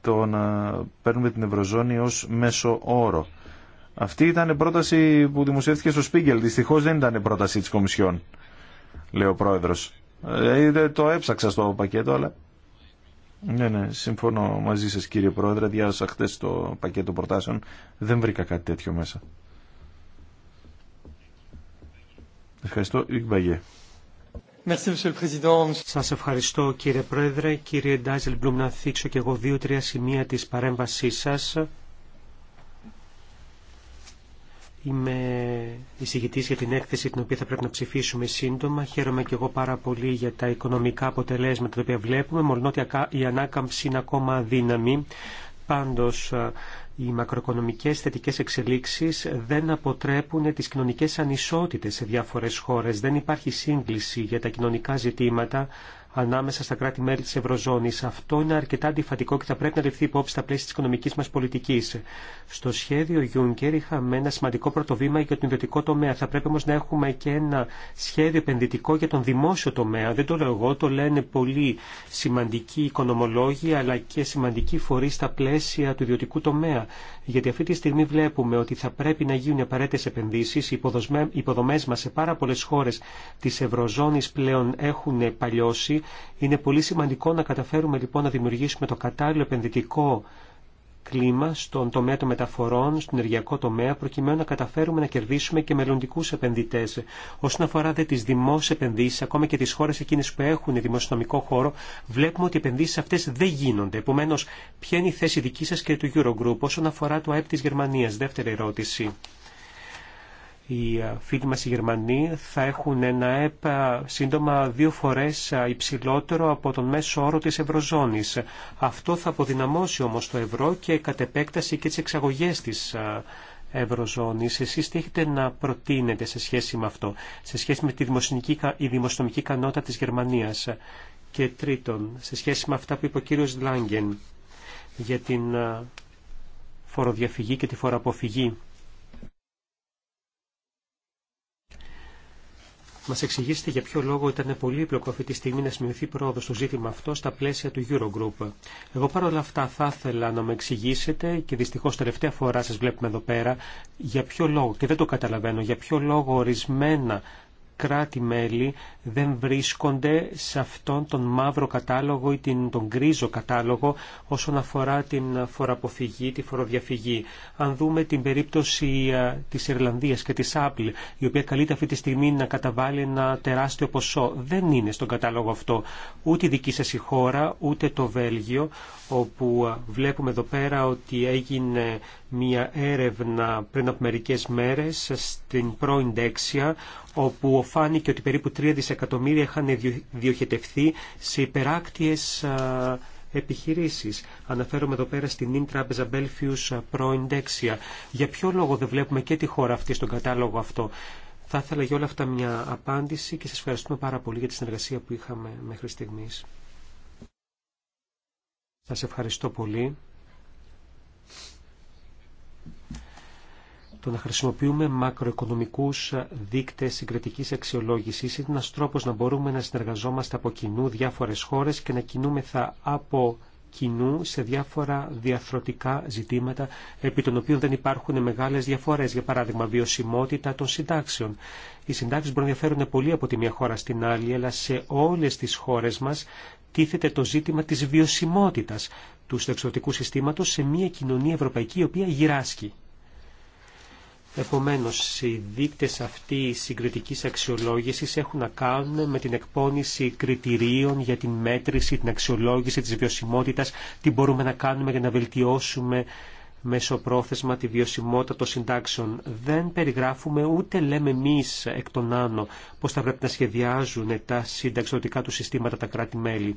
το να παίρνουμε την Ευρωζώνη ως μέσο όρο. Αυτή ήταν πρόταση που δημοσιεύτηκε στο Σπίγκελ. Δυστυχώς δεν ήταν πρόταση της Κομισιόν, λέει ο Πρόεδρος. Ε, το έψαξα στο πακέτο, αλλά... Ναι, ναι, συμφωνώ μαζί σας κύριε Πρόεδρε. Διάβασα χτες το πακέτο προτάσεων. Δεν βρήκα κάτι τέτοιο μέσα. Ευχαριστώ, Ιγμπαγέ. Σας ευχαριστώ κύριε Πρόεδρε. Κύριε Ντάιζελ Μπλουμ, να θίξω και εγώ δύο-τρία σημεία της παρέμβασή σας. Είμαι εισηγητή για την έκθεση την οποία θα πρέπει να ψηφίσουμε σύντομα. Χαίρομαι και εγώ πάρα πολύ για τα οικονομικά αποτελέσματα τα οποία βλέπουμε, μολονότι η ανάκαμψη είναι ακόμα αδύναμη. Πάντως οι μακροοικονομικές θετικές εξελίξεις δεν αποτρέπουν τις κοινωνικές ανισότητες σε διάφορες χώρες. Δεν υπάρχει σύγκληση για τα κοινωνικά ζητήματα ανάμεσα στα κράτη-μέλη τη Ευρωζώνης. Αυτό είναι αρκετά αντιφατικό και θα πρέπει να ληφθεί υπόψη στα πλαίσια της οικονομικής μας πολιτικής. Στο σχέδιο Juncker είχαμε ένα σημαντικό πρωτοβήμα για τον ιδιωτικό τομέα. Θα πρέπει όμως να έχουμε και ένα σχέδιο επενδυτικό για τον δημόσιο τομέα. Δεν το λέω εγώ, το λένε πολύ σημαντικοί οικονομολόγοι αλλά και σημαντικοί φορείς στα πλαίσια του ιδιωτικού τομέα γιατί αυτή τη στιγμή βλέπουμε ότι θα πρέπει να γίνουν απαραίτητε επενδύσει, Οι υποδομέ μας σε πάρα πολλέ χώρε τη Ευρωζώνης πλέον έχουν παλιώσει. Είναι πολύ σημαντικό να καταφέρουμε λοιπόν να δημιουργήσουμε το κατάλληλο επενδυτικό κλίμα στον τομέα των μεταφορών, στον ενεργειακό τομέα, προκειμένου να καταφέρουμε να κερδίσουμε και μελλοντικού επενδυτέ. Όσον αφορά δε τι δημόσιε επενδύσει, ακόμα και τι χώρε εκείνε που έχουν δημοσιονομικό χώρο, βλέπουμε ότι οι επενδύσει αυτέ δεν γίνονται. Επομένω, ποια είναι η θέση δική σα και του Eurogroup όσον αφορά το ΑΕΠ τη Γερμανία. Δεύτερη ερώτηση οι ε, φίλοι μας οι Γερμανοί θα έχουν ένα ΕΠ ε, σύντομα δύο φορές ε, υψηλότερο από τον μέσο όρο της Ευρωζώνης. Αυτό θα αποδυναμώσει όμως το ευρώ και κατ' επέκταση και τις εξαγωγές της Ευρωζώνης. Εσείς τι έχετε να προτείνετε σε σχέση με αυτό, σε σχέση με τη δημοσιονομική ικανότητα της Γερμανίας. Και τρίτον, σε σχέση με αυτά που είπε ο κύριος Λάγκεν για την φοροδιαφυγή και τη φοροαποφυγή Μα εξηγήσετε για ποιο λόγο ήταν πολύπλοκο αυτή τη στιγμή να σημειωθεί πρόοδο στο ζήτημα αυτό στα πλαίσια του Eurogroup. Εγώ παρόλα αυτά θα ήθελα να με εξηγήσετε και δυστυχώ τελευταία φορά σα βλέπουμε εδώ πέρα για ποιο λόγο, και δεν το καταλαβαίνω, για ποιο λόγο ορισμένα κράτη-μέλη δεν βρίσκονται σε αυτόν τον μαύρο κατάλογο ή τον γκρίζο κατάλογο όσον αφορά την φοροαποφυγή, τη φοροδιαφυγή. Αν δούμε την περίπτωση ε, της Ιρλανδίας και της Apple, η οποία καλείται αυτή τη στιγμή να καταβάλει ένα τεράστιο ποσό, δεν είναι στον κατάλογο αυτό ούτε η δική σας η χώρα, ούτε το Βέλγιο, όπου βλέπουμε εδώ πέρα ότι έγινε μια έρευνα πριν από μερικές μέρες στην πρώην Δέξια, όπου φάνηκε ότι περίπου 3 δισεκατομμύρια είχαν διοχετευθεί σε υπεράκτιες επιχειρήσεις. Αναφέρομαι εδώ πέρα στην Intra Belfius πρώην Για ποιο λόγο δεν βλέπουμε και τη χώρα αυτή στον κατάλογο αυτό. Θα ήθελα για όλα αυτά μια απάντηση και σας ευχαριστούμε πάρα πολύ για τη συνεργασία που είχαμε μέχρι στιγμής. Σα ευχαριστώ πολύ. Το να χρησιμοποιούμε μακροοικονομικούς δείκτες συγκριτικής αξιολόγησης είναι ένας τρόπος να μπορούμε να συνεργαζόμαστε από κοινού διάφορες χώρες και να κινούμεθα από κοινού σε διάφορα διαθροτικά ζητήματα επί των οποίων δεν υπάρχουν μεγάλες διαφορές. Για παράδειγμα, βιωσιμότητα των συντάξεων. Οι συντάξεις μπορούν να διαφέρουν πολύ από τη μία χώρα στην άλλη, αλλά σε όλες τις χώρες μας τίθεται το ζήτημα της βιωσιμότητας του εξωτικού συστήματος σε μια κοινωνία ευρωπαϊκή η οποία γυράσκει. Επομένως, οι δείκτες αυτοί συγκριτικής αξιολόγησης έχουν να κάνουν με την εκπόνηση κριτηρίων για την μέτρηση, την αξιολόγηση της βιωσιμότητας, τι μπορούμε να κάνουμε για να βελτιώσουμε πρόθεσμα τη βιωσιμότητα των συντάξεων. Δεν περιγράφουμε ούτε λέμε εμεί εκ των άνω πώς θα πρέπει να σχεδιάζουν τα συνταξιδοτικά του συστήματα τα κράτη-μέλη.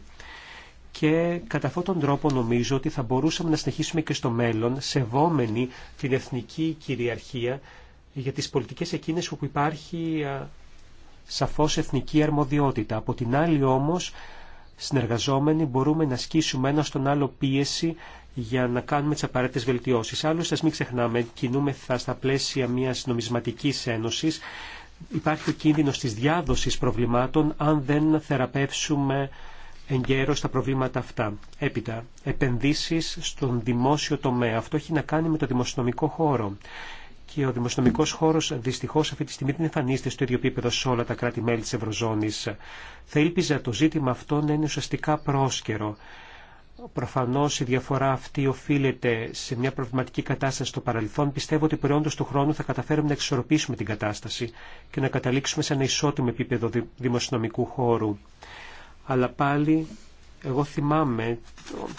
Και κατά αυτόν τον τρόπο νομίζω ότι θα μπορούσαμε να συνεχίσουμε και στο μέλλον σεβόμενοι την εθνική κυριαρχία για τις πολιτικές εκείνες όπου υπάρχει σαφώς εθνική αρμοδιότητα. Από την άλλη όμως συνεργαζόμενοι μπορούμε να ασκήσουμε ένα στον άλλο πίεση για να κάνουμε τι απαραίτητε βελτιώσει. Άλλωστε, μην ξεχνάμε, κινούμεθα στα πλαίσια μια νομισματική ένωση. Υπάρχει ο κίνδυνο τη διάδοση προβλημάτων αν δεν θεραπεύσουμε εγκαίρω τα προβλήματα αυτά. Έπειτα, επενδύσει στον δημόσιο τομέα. Αυτό έχει να κάνει με το δημοσιονομικό χώρο. Και ο δημοσιονομικό χώρο δυστυχώ αυτή τη στιγμή δεν εμφανίζεται στο ίδιο επίπεδο σε όλα τα κράτη-μέλη τη Ευρωζώνη. Θα ήλπιζα το ζήτημα αυτό να είναι ουσιαστικά πρόσκαιρο Προφανώς η διαφορά αυτή οφείλεται σε μια προβληματική κατάσταση στο παρελθόν. Πιστεύω ότι προϊόντος του χρόνου θα καταφέρουμε να εξορροπήσουμε την κατάσταση και να καταλήξουμε σε ένα ισότιμο επίπεδο δημοσιονομικού χώρου. Αλλά πάλι εγώ θυμάμαι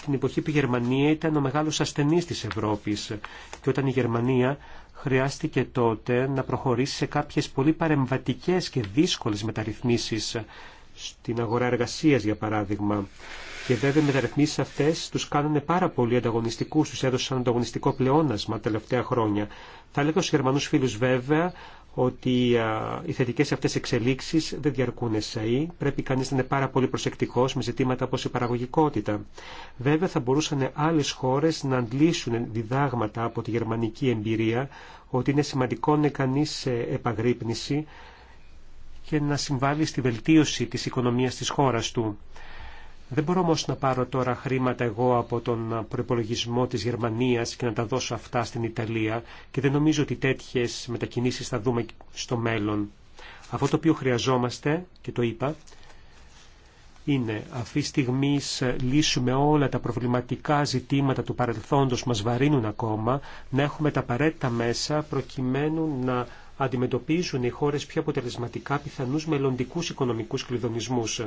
την εποχή που η Γερμανία ήταν ο μεγάλος ασθενής της Ευρώπης και όταν η Γερμανία χρειάστηκε τότε να προχωρήσει σε κάποιες πολύ παρεμβατικές και δύσκολες μεταρρυθμίσεις στην αγορά εργασίας για παράδειγμα. Και βέβαια οι μεταρρυθμίσει αυτέ του κάνουν πάρα πολύ ανταγωνιστικού, του έδωσαν ανταγωνιστικό πλεόνασμα τα τελευταία χρόνια. Θα έλεγα στου Γερμανού φίλου βέβαια ότι α, οι θετικέ αυτέ εξελίξει δεν διαρκούν εσαί. Πρέπει κανεί να είναι πάρα πολύ προσεκτικό με ζητήματα όπω η παραγωγικότητα. Βέβαια θα μπορούσαν άλλε χώρε να αντλήσουν διδάγματα από τη γερμανική εμπειρία ότι είναι σημαντικό να κανεί επαγρύπνηση και να συμβάλλει στη βελτίωση της οικονομίας της χώρας του. Δεν μπορώ όμω να πάρω τώρα χρήματα εγώ από τον προπολογισμό της Γερμανίας και να τα δώσω αυτά στην Ιταλία και δεν νομίζω ότι τέτοιες μετακινήσεις θα δούμε στο μέλλον. Αυτό το οποίο χρειαζόμαστε, και το είπα, είναι αυτή τη στιγμή λύσουμε όλα τα προβληματικά ζητήματα του παρελθόντος μας βαρύνουν ακόμα, να έχουμε τα απαραίτητα μέσα προκειμένου να αντιμετωπίζουν οι χώρες πιο αποτελεσματικά πιθανούς μελλοντικούς οικονομικούς κλειδονισμούς.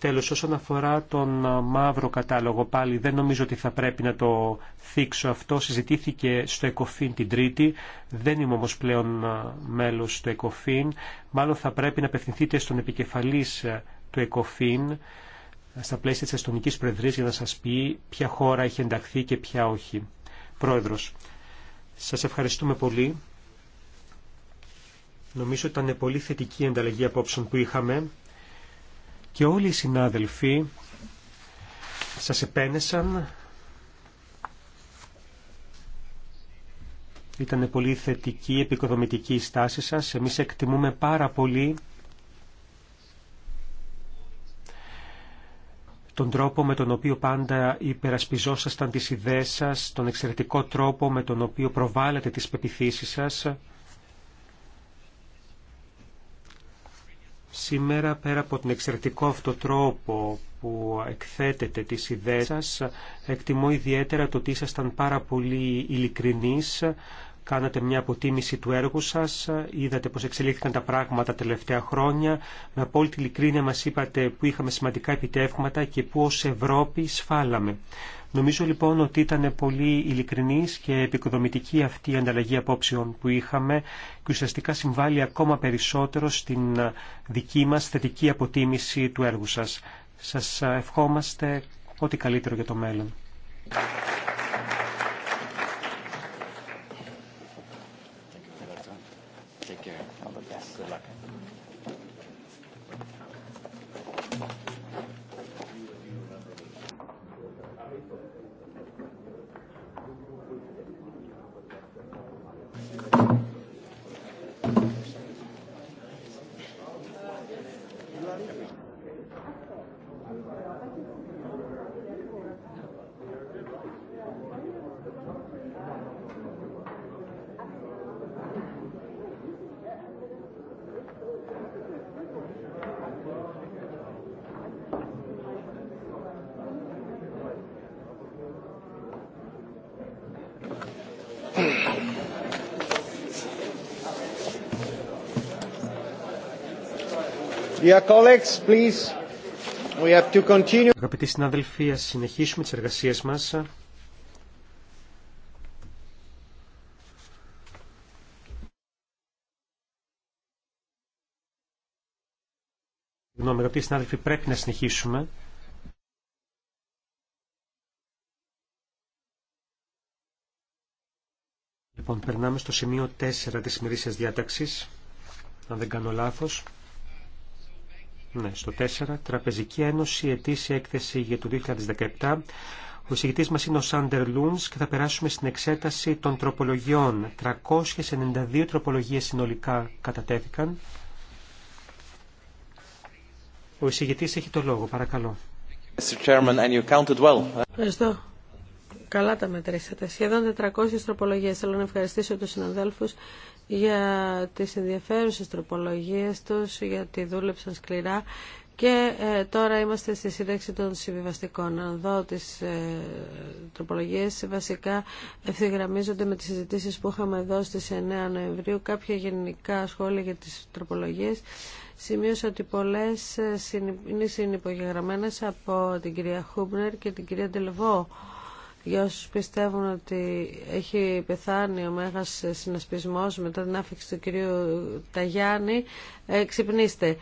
Τέλος, όσον αφορά τον ε, μαύρο κατάλογο, πάλι δεν νομίζω ότι θα πρέπει να το θίξω αυτό. Συζητήθηκε στο ΕΚΟΦΗΝ την Τρίτη. Δεν είμαι όμως πλέον ε, μέλος του ΕΚΟΦΗΝ. Μάλλον θα πρέπει να απευθυνθείτε στον επικεφαλής ε, του ΕΚΟΦΗΝ στα πλαίσια της Εστονικής Προεδρής για να σας πει ποια χώρα έχει ενταχθεί και ποια όχι. Πρόεδρος, σας ευχαριστούμε πολύ. Νομίζω ότι ήταν πολύ θετική η ανταλλαγή απόψεων που είχαμε και όλοι οι συνάδελφοι σας επένεσαν. Ήταν πολύ θετική, επικοδομητική η στάση σας. Εμείς εκτιμούμε πάρα πολύ τον τρόπο με τον οποίο πάντα υπερασπιζόσασταν τις ιδέες σας, τον εξαιρετικό τρόπο με τον οποίο προβάλλατε τις πεπιθήσεις σας. Σήμερα, πέρα από τον εξαιρετικό αυτό τρόπο που εκθέτετε τις ιδέες σας, εκτιμώ ιδιαίτερα το ότι ήσασταν πάρα πολύ ειλικρινείς Κάνατε μια αποτίμηση του έργου σας, είδατε πώς εξελίχθηκαν τα πράγματα τα τελευταία χρόνια. Με απόλυτη ειλικρίνεια μας είπατε που είχαμε σημαντικά επιτεύγματα και που ως Ευρώπη σφάλαμε. Νομίζω λοιπόν ότι ήταν πολύ ειλικρινής και επικοδομητική αυτή η ανταλλαγή απόψεων που είχαμε και ουσιαστικά συμβάλλει ακόμα περισσότερο στην δική μας θετική αποτίμηση του έργου σας. Σας ευχόμαστε ό,τι καλύτερο για το μέλλον. Αγαπητοί συναδελφοί, ας συνεχίσουμε τις εργασίες μας. Συγγνώμη, αγαπητοί συνάδελφοι, πρέπει να συνεχίσουμε. Λοιπόν, περνάμε στο σημείο 4 της ημερήσιας διάταξης, αν δεν κάνω λάθος. Ναι, στο 4. Τραπεζική Ένωση, ετήσια έκθεση για το 2017. Ο εισηγητής μας είναι ο Σάντερ Λούνς και θα περάσουμε στην εξέταση των τροπολογιών. 392 τροπολογίες συνολικά κατατέθηκαν. Ο εισηγητής έχει το λόγο, παρακαλώ. Ευχαριστώ. Καλά τα μετρήσατε. Σχεδόν 400 τροπολογίες. Θέλω να ευχαριστήσω τους συναδέλφους για τις ενδιαφέρουσες τροπολογίες τους, γιατί δούλεψαν σκληρά και ε, τώρα είμαστε στη σύνταξη των συμβιβαστικών. Αν δω τις ε, τροπολογίες, βασικά ευθυγραμμίζονται με τις συζητήσεις που είχαμε εδώ στις 9 Νοεμβρίου. Κάποια γενικά σχόλια για τις τροπολογίες. Σημείωσα ότι πολλές ε, είναι συνυπογεγραμμένες από την κυρία Χούμπνερ και την κυρία Ντελβό για όσους πιστεύουν ότι έχει πεθάνει ο Μέγας συνασπισμός μετά την άφηξη του κυρίου Ταγιάννη, ε, ξυπνήστε.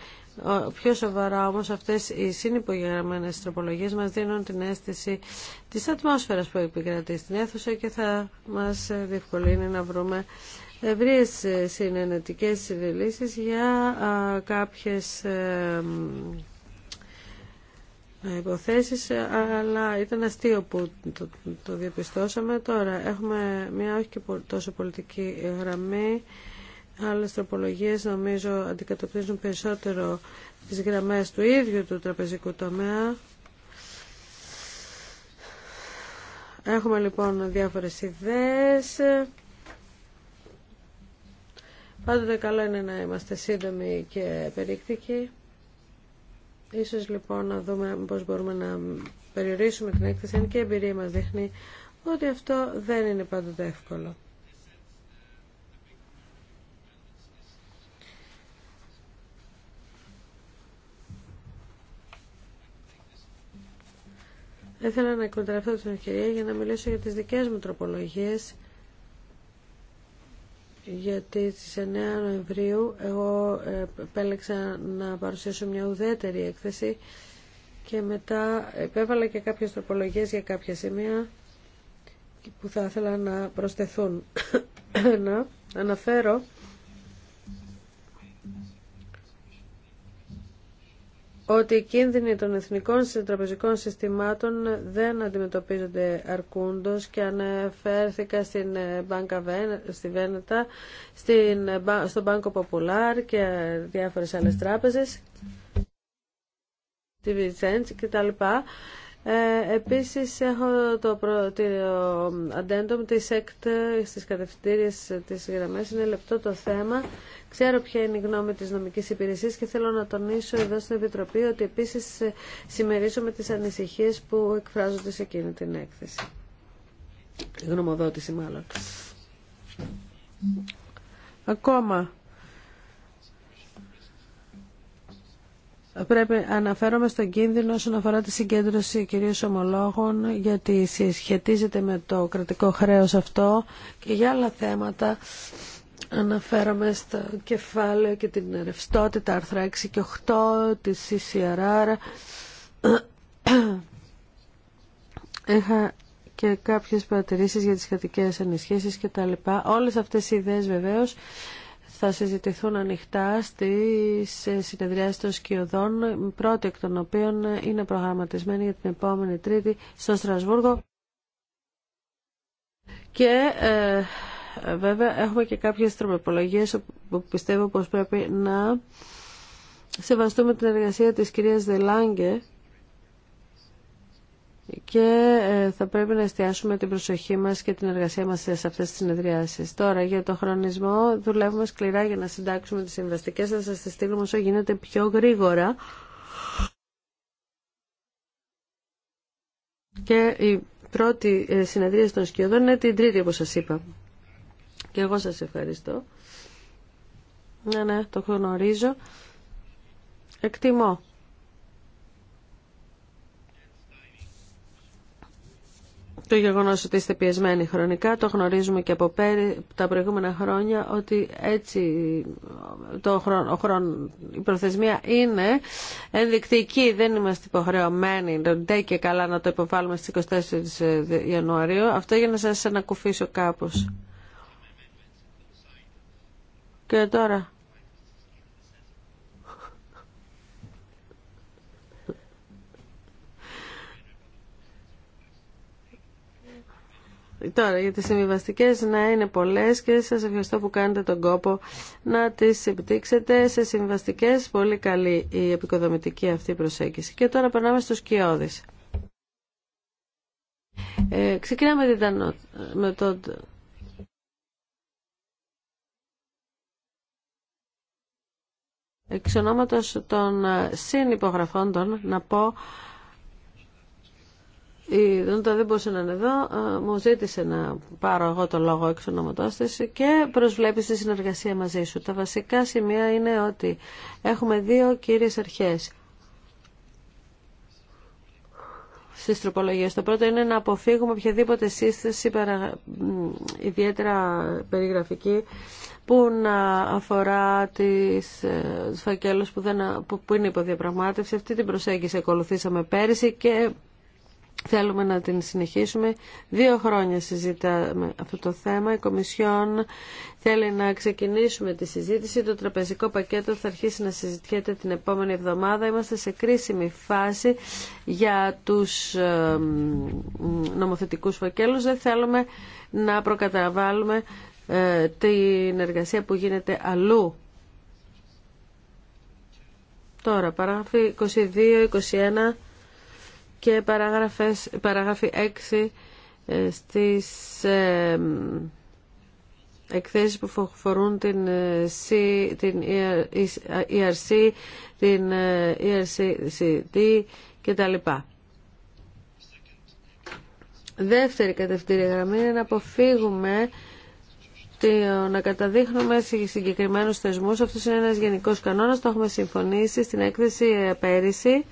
Πιο σοβαρά όμως αυτές οι συνυπογεγραμμένες τροπολογίες μας δίνουν την αίσθηση της ατμόσφαιρας που επικρατεί στην αίθουσα και θα μας διευκολύνει να βρούμε ευρείες συνενετικές λύσεις για κάποιες ε, υποθέσεις, αλλά ήταν αστείο που το, το διαπιστώσαμε. Τώρα έχουμε μια όχι και τόσο πολιτική γραμμή. Άλλες τροπολογίες νομίζω αντικατοπτρίζουν περισσότερο τις γραμμές του ίδιου του τραπεζικού τομέα. Έχουμε λοιπόν διάφορες ιδέες. Πάντοτε καλό είναι να είμαστε σύντομοι και περίκτικοι. Ίσως λοιπόν να δούμε πώς μπορούμε να περιορίσουμε την έκθεση, αν και η εμπειρία μας δείχνει ότι αυτό δεν είναι πάντοτε εύκολο. Ήθελα να εκμεταλλευτώ την ευκαιρία για να μιλήσω για τις δικές μου τροπολογίες γιατί στις 9 Νοεμβρίου εγώ ε, επέλεξα να παρουσιάσω μια ουδέτερη έκθεση και μετά επέβαλα και κάποιες τροπολογίες για κάποια σημεία που θα ήθελα να προσθεθούν. να αναφέρω ότι οι κίνδυνοι των εθνικών τραπεζικών συστημάτων δεν αντιμετωπίζονται αρκούντος και ανέφερθηκα στην ε, Banca στη Βένετα, στην, ε, στο Banco Popular και διάφορες άλλες τράπεζες, τη Βιτσέντς και τα ε, επίσης έχω το, το αντέντομ της ΕΚΤ στις κατευθυντήριες της γραμμές, είναι λεπτό το θέμα. Ξέρω ποια είναι η γνώμη της νομικής υπηρεσίας και θέλω να τονίσω εδώ στην Επιτροπή ότι επίσης ε, συμμερίζομαι τις ανησυχίες που εκφράζονται σε εκείνη την έκθεση. Γνωμοδότηση μάλλον. Ακόμα Πρέπει αναφέρομαι στον κίνδυνο όσον αφορά τη συγκέντρωση κυρίω ομολόγων γιατί συσχετίζεται με το κρατικό χρέο αυτό και για άλλα θέματα αναφέραμε στο κεφάλαιο και την ρευστότητα άρθρα 6 και 8 της CCRR. Έχα και κάποιες παρατηρήσεις για τις σχετικές ενισχύσεις και τα λοιπά. Όλες αυτές οι ιδέες βεβαίως θα συζητηθούν ανοιχτά στις συνεδριάσεις των σκιωδών, πρώτη εκ των οποίων είναι προγραμματισμένη για την επόμενη Τρίτη στο Στρασβούργο. Και ε, Βέβαια έχουμε και κάποιες τρομεπολογίες που πιστεύω πως πρέπει να σεβαστούμε την εργασία της κυρίας Δελάγκε και ε, θα πρέπει να εστιάσουμε την προσοχή μας και την εργασία μας σε αυτές τις συνεδριάσεις. Τώρα για το χρονισμό δουλεύουμε σκληρά για να συντάξουμε τις συμβαστικές, θα σας τις στείλουμε όσο γίνεται πιο γρήγορα. Και η πρώτη ε, συνεδρία των σκιωδών είναι την τρίτη όπως σας είπα. Και εγώ σας ευχαριστώ. Ναι, ναι, το γνωρίζω. Εκτιμώ. Το γεγονό ότι είστε πιεσμένοι χρονικά το γνωρίζουμε και από πέρι, τα προηγούμενα χρόνια ότι έτσι το χρον, η προθεσμία είναι ενδεικτική. Δεν είμαστε υποχρεωμένοι ντε και καλά να το υποβάλουμε στις 24 ε, Ιανουαρίου. Αυτό για να σας ανακουφίσω κάπως. Και τώρα. Τώρα για τις συμβιβαστικέ να είναι πολλές και σας ευχαριστώ που κάνετε τον κόπο να τις επιτύξετε σε συμβιβαστικέ. Πολύ καλή η επικοδομητική αυτή προσέγγιση. Και τώρα περνάμε στους κοιόδης. Ε, ξεκινάμε με τον Εξ ονόματος των ε, συνυπογραφών να πω η Δούντα δεν μπορούσε να είναι εδώ, ε, μου ζήτησε να πάρω εγώ το λόγο εξ ονόματός της και προσβλέπει στη συνεργασία μαζί σου. Τα βασικά σημεία είναι ότι έχουμε δύο κύριες αρχές. Στι τροπολογίε. Το πρώτο είναι να αποφύγουμε οποιαδήποτε σύσταση ιδιαίτερα περιγραφική που να αφορά τις, ε, τους φακέλους που, δεν, που, είναι υποδιαπραγμάτευση. Αυτή την προσέγγιση ακολουθήσαμε πέρυσι και Θέλουμε να την συνεχίσουμε. Δύο χρόνια συζητάμε αυτό το θέμα. Η Κομισιόν θέλει να ξεκινήσουμε τη συζήτηση. Το τραπεζικό πακέτο θα αρχίσει να συζητιέται την επόμενη εβδομάδα. Είμαστε σε κρίσιμη φάση για τους νομοθετικούς φακέλους. Δεν θέλουμε να προκαταβάλουμε ε, την εργασία που γίνεται αλλού. Τώρα, παράγραφοι 22, 21 και παράγραφες, παράγραφη 6 ε, στις ε, εκθέσεις που φορούν την, ε, C, την ERC, e την ε, ERCD και τα λοιπά. Δεύτερη κατευθύνη γραμμή είναι να αποφύγουμε να καταδείχνουμε συγκεκριμένους θεσμούς. Αυτός είναι ένας γενικός κανόνας, το έχουμε συμφωνήσει στην έκθεση πέρυσι.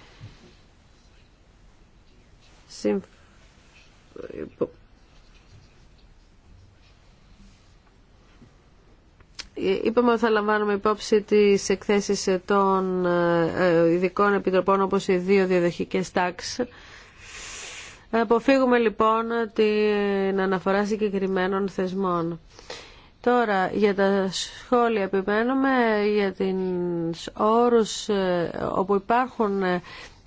Είπαμε ότι θα λαμβάνουμε υπόψη τις εκθέσεις των ε, ειδικών επιτροπών όπως οι δύο διαδοχικές τάξεις. Αποφύγουμε λοιπόν την αναφορά συγκεκριμένων θεσμών. Τώρα για τα σχόλια επιμένουμε για τις όρους ε, όπου υπάρχουν ε,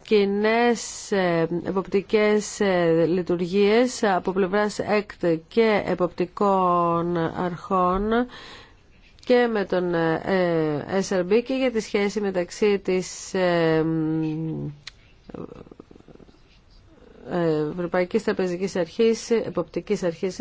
Κοινές ε, εποπτικές ε, λειτουργίες από πλευράς ΕΚΤ και εποπτικών αρχών και με τον ε, SRB και για τη σχέση μεταξύ της Ευρωπαϊκής Τραπεζικής Αρχής, Εποπτικής Αρχής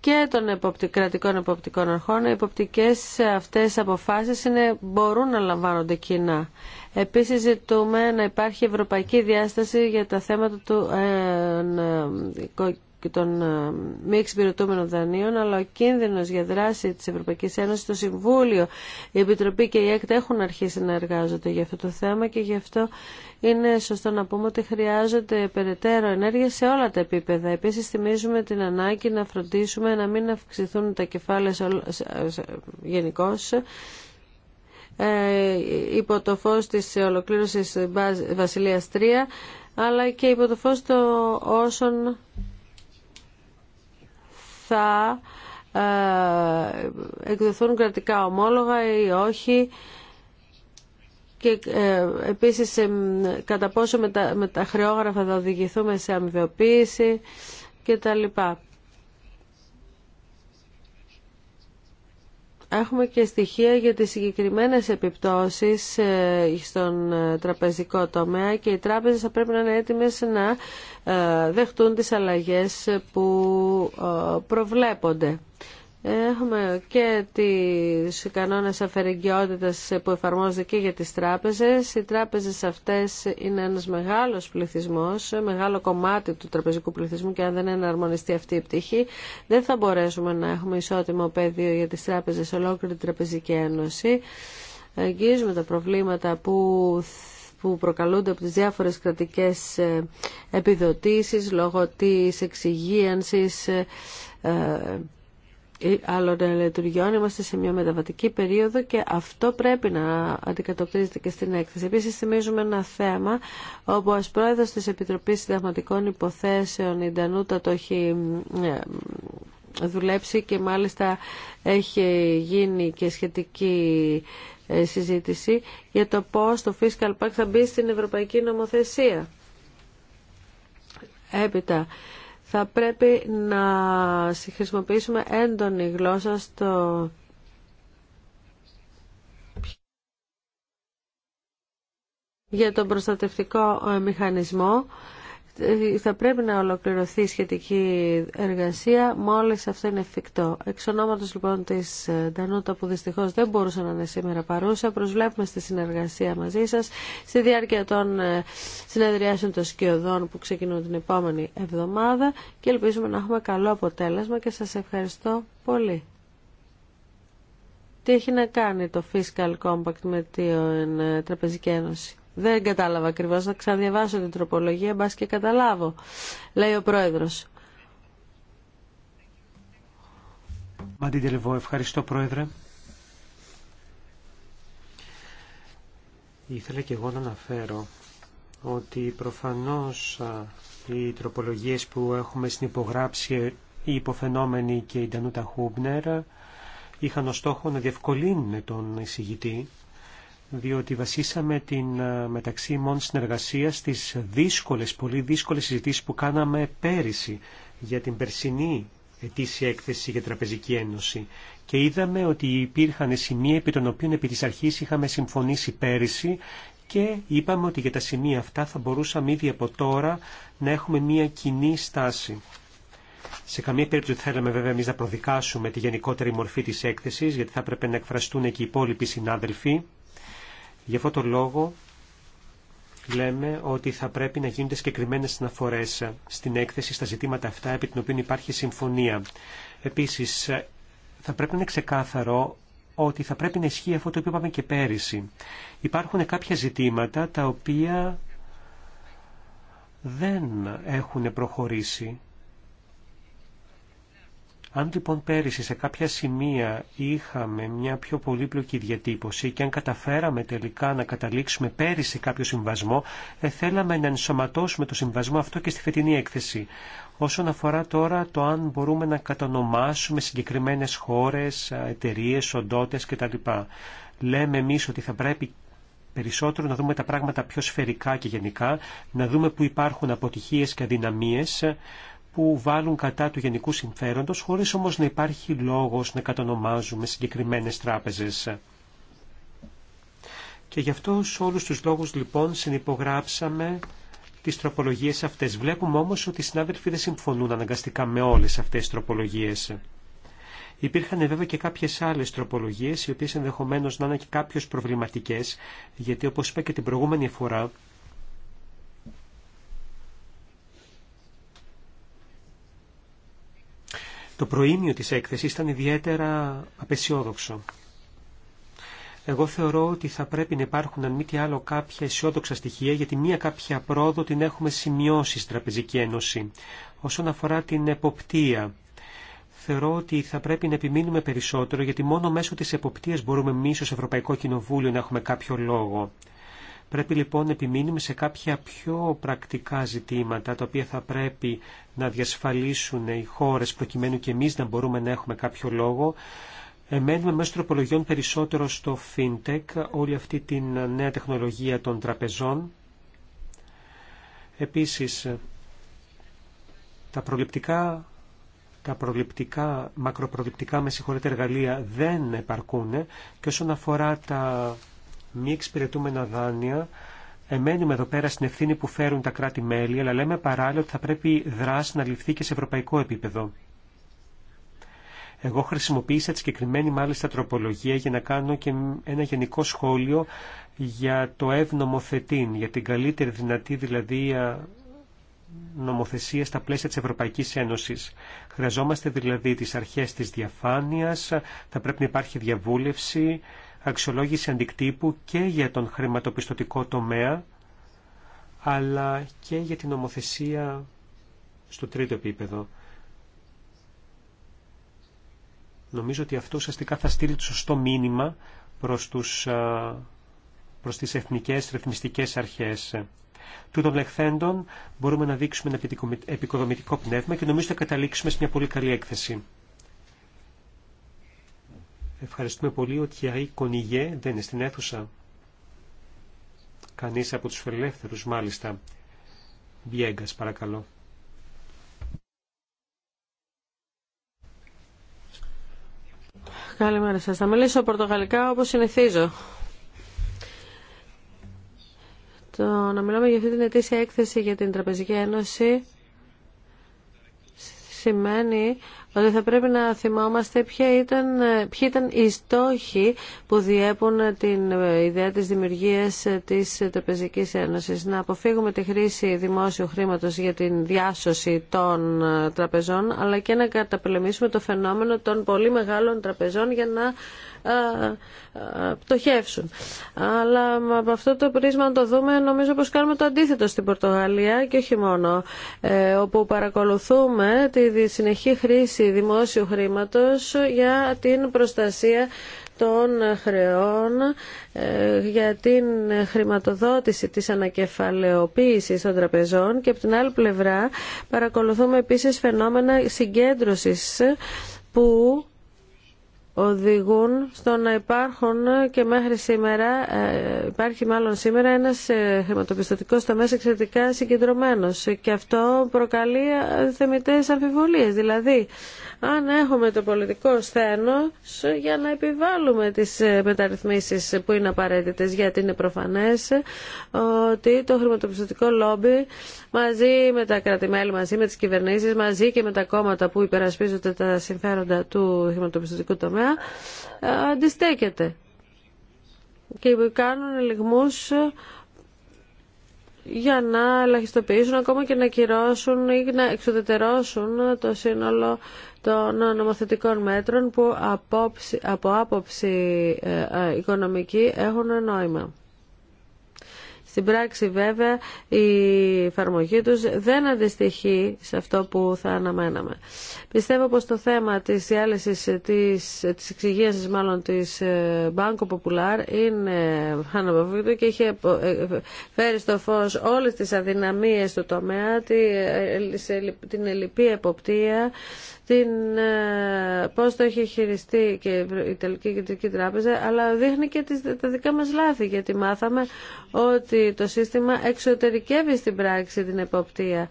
και των κρατικών εποπτικών αρχών, οι εποπτικές αυτές αποφάσεις είναι, μπορούν να λαμβάνονται κοινά. Επίσης ζητούμε να υπάρχει ευρωπαϊκή διάσταση για τα θέματα του ε, και των ε, μη εξυπηρετούμενων δανείων, αλλά ο κίνδυνος για δράση της Ευρωπαϊκής Ένωσης, το Συμβούλιο, η Επιτροπή και η ΕΚΤ έχουν αρχίσει να εργάζονται για αυτό το θέμα και γι' αυτό είναι σωστό να πούμε ότι χρειάζονται περαιτέρω ενέργεια σε όλα τα επίπεδα. Επίσης θυμίζουμε την ανάγκη να φροντίσουμε να μην αυξηθούν τα κεφάλαια γενικώ ε, υπό το φως της ολοκλήρωσης Βασιλείας 3 αλλά και υπό το φως των όσων θα ε, εκδοθούν κρατικά ομόλογα ή όχι και ε, επίσης κατά πόσο με τα, με τα χρεόγραφα θα οδηγηθούμε σε αμοιβιοποίηση και τα λοιπά. έχουμε και στοιχεία για τις συγκεκριμένες επιπτώσεις ε, στον ε, τραπεζικό τομέα και οι τράπεζες θα πρέπει να είναι έτοιμες να ε, δεχτούν τις αλλαγές που προβλέπονται. Έχουμε και τις κανόνες αφαιρεγγιότητας που εφαρμόζονται και για τις τράπεζες. Οι τράπεζες αυτές είναι ένας μεγάλος πληθυσμός, μεγάλο κομμάτι του τραπεζικού πληθυσμού και αν δεν εναρμονιστεί αυτή η πτυχή δεν θα μπορέσουμε να έχουμε ισότιμο πεδίο για τις τράπεζες σε ολόκληρη την Τραπεζική Ένωση. Αγγίζουμε τα προβλήματα που που προκαλούνται από τις διάφορες κρατικές ε, επιδοτήσεις λόγω της εξυγίανσης ε, ε, άλλων λειτουργιών. Είμαστε σε μια μεταβατική περίοδο και αυτό πρέπει να αντικατοπτρίζεται και στην έκθεση. Επίσης θυμίζουμε ένα θέμα όπου ο πρόεδρο τη Επιτροπή Συνταγματικών Υποθέσεων η Ντανούτα το έχει ε, δουλέψει και μάλιστα έχει γίνει και σχετική ε, συζήτηση για το πώς το Fiscal Pact θα μπει στην Ευρωπαϊκή Νομοθεσία. Έπειτα, θα πρέπει να χρησιμοποιήσουμε έντονη γλώσσα στο για τον προστατευτικό ε, μηχανισμό θα πρέπει να ολοκληρωθεί η σχετική εργασία μόλις αυτό είναι εφικτό. Εξ ονόματος λοιπόν της ε, Ντανούτα που δυστυχώς δεν μπορούσε να είναι σήμερα παρούσα, προσβλέπουμε στη συνεργασία μαζί σας στη διάρκεια των ε, συνεδριάσεων των σκιωδών που ξεκινούν την επόμενη εβδομάδα και ελπίζουμε να έχουμε καλό αποτέλεσμα και σας ευχαριστώ πολύ. Τι έχει να κάνει το Fiscal Compact με την ε, Τραπεζική Ένωση. Δεν κατάλαβα ακριβώ. να ξαναδιαβάσω την τροπολογία, μπα και καταλάβω. Λέει ο πρόεδρο. τελεβό, ευχαριστώ πρόεδρε. Ήθελα και εγώ να αναφέρω ότι προφανώς οι τροπολογίες που έχουμε συνυπογράψει οι υποφαινόμενοι και η Ντανούτα Χούμπνερ είχαν ως στόχο να διευκολύνουν τον εισηγητή διότι βασίσαμε την ε, μεταξύ μόν συνεργασία στις δύσκολες, πολύ δύσκολες συζητήσεις που κάναμε πέρυσι για την περσινή ετήσια έκθεση για Τραπεζική Ένωση και είδαμε ότι υπήρχαν σημεία επί των οποίων επί της αρχής είχαμε συμφωνήσει πέρυσι και είπαμε ότι για τα σημεία αυτά θα μπορούσαμε ήδη από τώρα να έχουμε μια κοινή στάση. Σε καμία περίπτωση θέλαμε βέβαια εμεί να προδικάσουμε τη γενικότερη μορφή της έκθεσης, γιατί θα έπρεπε να εκφραστούν και οι υπόλοιποι συνάδελφοι. Γι' αυτό το λόγο λέμε ότι θα πρέπει να γίνονται συγκεκριμένε αναφορέ στην έκθεση στα ζητήματα αυτά επί την οποία υπάρχει συμφωνία. Επίση, θα πρέπει να είναι ξεκάθαρο ότι θα πρέπει να ισχύει αυτό το οποίο είπαμε και πέρυσι. Υπάρχουν κάποια ζητήματα τα οποία δεν έχουν προχωρήσει αν λοιπόν πέρυσι σε κάποια σημεία είχαμε μια πιο πολύπλοκη διατύπωση και αν καταφέραμε τελικά να καταλήξουμε πέρυσι κάποιο συμβασμό, ε, θέλαμε να ενσωματώσουμε το συμβασμό αυτό και στη φετινή έκθεση. Όσον αφορά τώρα το αν μπορούμε να κατονομάσουμε συγκεκριμένες χώρες, εταιρείε, οντότες κτλ. Λέμε εμεί ότι θα πρέπει περισσότερο να δούμε τα πράγματα πιο σφαιρικά και γενικά, να δούμε που υπάρχουν αποτυχίες και αδυναμίες, που βάλουν κατά του γενικού συμφέροντος, χωρίς όμως να υπάρχει λόγος να κατονομάζουμε συγκεκριμένες τράπεζες. Και γι' αυτό σε όλους τους λόγους λοιπόν συνυπογράψαμε τις τροπολογίες αυτές. Βλέπουμε όμως ότι οι συνάδελφοι δεν συμφωνούν αναγκαστικά με όλες αυτές τις τροπολογίες. Υπήρχαν βέβαια και κάποιες άλλες τροπολογίες, οι οποίες, ενδεχομένως, να είναι και κάποιες προβληματικέ, γιατί όπως είπα και την προηγούμενη φορά, Το προήμιο της έκθεσης ήταν ιδιαίτερα απεσιόδοξο. Εγώ θεωρώ ότι θα πρέπει να υπάρχουν αν μη τι άλλο κάποια αισιόδοξα στοιχεία γιατί μία κάποια πρόοδο την έχουμε σημειώσει στην Τραπεζική Ένωση. Όσον αφορά την εποπτεία, θεωρώ ότι θα πρέπει να επιμείνουμε περισσότερο γιατί μόνο μέσω της εποπτείας μπορούμε εμείς ως Ευρωπαϊκό Κοινοβούλιο να έχουμε κάποιο λόγο. Πρέπει λοιπόν να επιμείνουμε σε κάποια πιο πρακτικά ζητήματα τα οποία θα πρέπει να διασφαλίσουν οι χώρες προκειμένου και εμείς να μπορούμε να έχουμε κάποιο λόγο. Εμένουμε μέσω τροπολογιών περισσότερο στο FinTech, όλη αυτή την νέα τεχνολογία των τραπεζών. Επίσης, τα προληπτικά τα προληπτικά, μακροπροληπτικά με συγχωρείτε εργαλεία δεν επαρκούν και όσον αφορά τα μη εξυπηρετούμενα δάνεια, εμένουμε εδώ πέρα στην ευθύνη που φέρουν τα κράτη-μέλη, αλλά λέμε παράλληλα ότι θα πρέπει δράση να ληφθεί και σε ευρωπαϊκό επίπεδο. Εγώ χρησιμοποίησα τη συγκεκριμένη μάλιστα τροπολογία για να κάνω και ένα γενικό σχόλιο για το ευνομοθετήν, για την καλύτερη δυνατή δηλαδή νομοθεσία στα πλαίσια της Ευρωπαϊκής Ένωσης. Χρειαζόμαστε δηλαδή τις αρχές της διαφάνειας, θα πρέπει να υπάρχει διαβούλευση, αξιολόγηση αντικτύπου και για τον χρηματοπιστωτικό τομέα, αλλά και για την νομοθεσία στο τρίτο επίπεδο. Νομίζω ότι αυτό ουσιαστικά θα στείλει το σωστό μήνυμα προς, τους, προς τις εθνικές ρυθμιστικές αρχές. Τούτων λεχθέντων μπορούμε να δείξουμε ένα επικοδομητικό πνεύμα και νομίζω θα καταλήξουμε σε μια πολύ καλή έκθεση. Ευχαριστούμε πολύ. ότι η Κονιγέ δεν είναι στην αίθουσα. Κανείς από τους φελεύθερους μάλιστα. Βιέγκας παρακαλώ. Καλημέρα σας. Θα μιλήσω πορτογαλικά όπως συνηθίζω. Το να μιλάμε για αυτή την ετήσια έκθεση για την Τραπεζική Ένωση σημαίνει ότι θα πρέπει να θυμόμαστε ποια ήταν, ποιοι ήταν οι στόχοι που διέπουν την ιδέα της δημιουργίας της Τραπεζικής Ένωσης. Να αποφύγουμε τη χρήση δημόσιου χρήματος για την διάσωση των τραπεζών, αλλά και να καταπολεμήσουμε το φαινόμενο των πολύ μεγάλων τραπεζών για να πτωχεύσουν. Αλλά από αυτό το πρίσμα να το δούμε νομίζω πως κάνουμε το αντίθετο στην Πορτογαλία και όχι μόνο ε, όπου παρακολουθούμε τη συνεχή χρήση δημόσιου χρήματος για την προστασία των χρεών ε, για την χρηματοδότηση της ανακεφαλαιοποίησης των τραπεζών και από την άλλη πλευρά παρακολουθούμε επίσης φαινόμενα συγκέντρωσης που οδηγούν στο να υπάρχουν και μέχρι σήμερα, ε, υπάρχει μάλλον σήμερα ένας ε, χρηματοπιστωτικός τομέας εξαιρετικά συγκεντρωμένος και αυτό προκαλεί ε, θεμητές αμφιβολίες. Δηλαδή, αν έχουμε το πολιτικό σθένος για να επιβάλλουμε τις ε, μεταρρυθμίσεις που είναι απαραίτητες γιατί είναι προφανές ότι το χρηματοπιστωτικό λόμπι μαζί με τα κρατημέλη, μαζί με τις κυβερνήσεις, μαζί και με τα κόμματα που υπερασπίζονται τα συμφέροντα του χρηματοπιστωτικού τομέα ε, αντιστέκεται και κάνουν λιγμούς για να ελαχιστοποιήσουν ακόμα και να κυρώσουν ή να εξουδετερώσουν το σύνολο των νομοθετικών μέτρων που από άποψη ε, ε, οικονομική έχουν νόημα. Στην πράξη βέβαια η εφαρμογή τους δεν αντιστοιχεί σε αυτό που θα αναμέναμε. Πιστεύω πως το θέμα της διάλυσης της, της μάλλον της ε, Banco Popular είναι αναπαυκτό και είχε φέρει στο φως όλες τις αδυναμίες του τομέα, την ελληπή εποπτεία, στην, ε, πώς το έχει χειριστεί και η Ιταλική Κεντρική Τράπεζα, αλλά δείχνει και τις, τα δικά μας λάθη, γιατί μάθαμε ότι το σύστημα εξωτερικεύει στην πράξη την εποπτεία.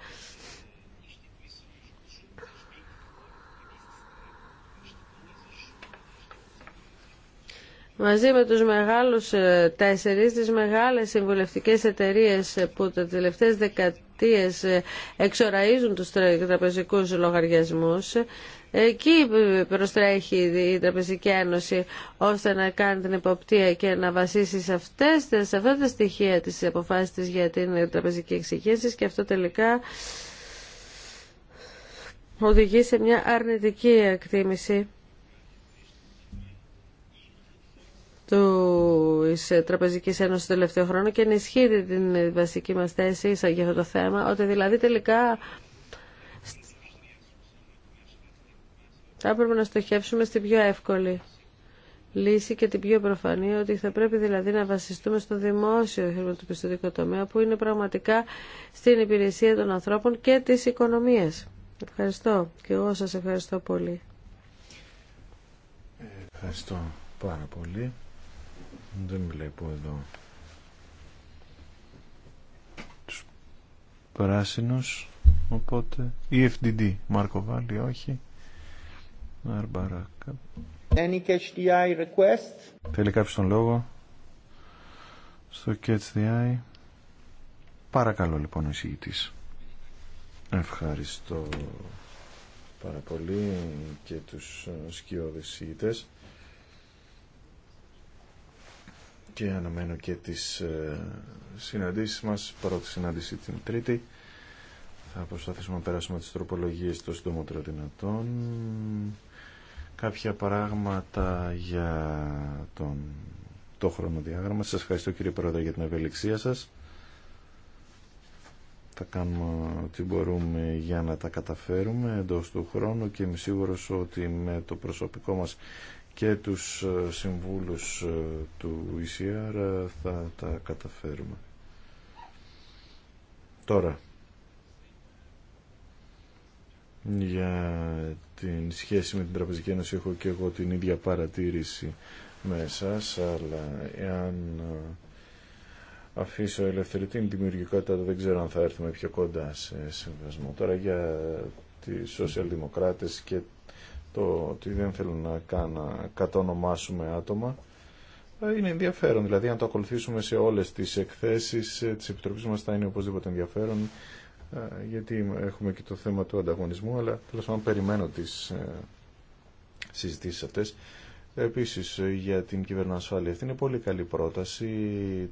μαζί με τους μεγάλους ε, τέσσερις, τις μεγάλες συμβουλευτικές εταιρείες που τα τελευταίες δεκαετία ε, εξοραίζουν τους τραπεζικούς λογαριασμούς. Εκεί προστρέχει η Τραπεζική Ένωση ώστε να κάνει την υποπτία και να βασίσει σε, αυτές, σε αυτά τα στοιχεία της αποφάσης της για την τραπεζική εξηγήση και αυτό τελικά οδηγεί σε μια αρνητική εκτίμηση τη ε, Τραπεζική Ένωση το τελευταίο χρόνο και ενισχύει την βασική μα θέση για αυτό το θέμα, ότι δηλαδή τελικά θα έπρεπε να στοχεύσουμε στην πιο εύκολη λύση και την πιο προφανή, ότι θα πρέπει δηλαδή να βασιστούμε στο δημόσιο χρηματοπιστωτικό τομέα που είναι πραγματικά στην υπηρεσία των ανθρώπων και τη οικονομία. Ευχαριστώ και εγώ σας ευχαριστώ πολύ. Ευχαριστώ πάρα πολύ. Δεν βλέπω εδώ τους πράσινους οπότε EFDD Μάρκο Βάλλη όχι Αρμπαράκα Any catch request Θέλει κάποιος τον λόγο στο catch the eye Παρακαλώ λοιπόν ο εισηγητής Ευχαριστώ πάρα πολύ και τους ε, σκιώδης εισηγητές και αναμένω και τις ε, συναντήσεις μας, πρώτη συνάντηση την Τρίτη. Θα προσπαθήσουμε να περάσουμε τις τροπολογίες των συντομότερο δυνατών. Κάποια πράγματα για τον... το χρονοδιάγραμμα. Σας ευχαριστώ κύριε Πρόεδρε για την ευελιξία σας. Θα κάνουμε ό,τι μπορούμε για να τα καταφέρουμε εντός του χρόνου και είμαι σίγουρος ότι με το προσωπικό μας και τους ε, συμβούλους ε, του ECR ε, θα τα καταφέρουμε. Τώρα, για την σχέση με την Τραπεζική Ένωση έχω και εγώ την ίδια παρατήρηση με εσάς, αλλά εάν αφήσω ελευθερή την δημιουργικότητα δεν ξέρω αν θα έρθουμε πιο κοντά σε συμβασμό. Τώρα για τις σοσιαλδημοκράτες και το ότι δεν θέλουν να, να κατονομάσουμε άτομα ε, είναι ενδιαφέρον. Δηλαδή, αν το ακολουθήσουμε σε όλες τις εκθέσεις ε, της Επιτροπής μας θα είναι οπωσδήποτε ενδιαφέρον ε, γιατί έχουμε και το θέμα του ανταγωνισμού, αλλά τέλος πάντων περιμένω τις συζητήσεις αυτές. Επίσης, για την κυβερνοασφάλεια. Αυτή είναι πολύ καλή πρόταση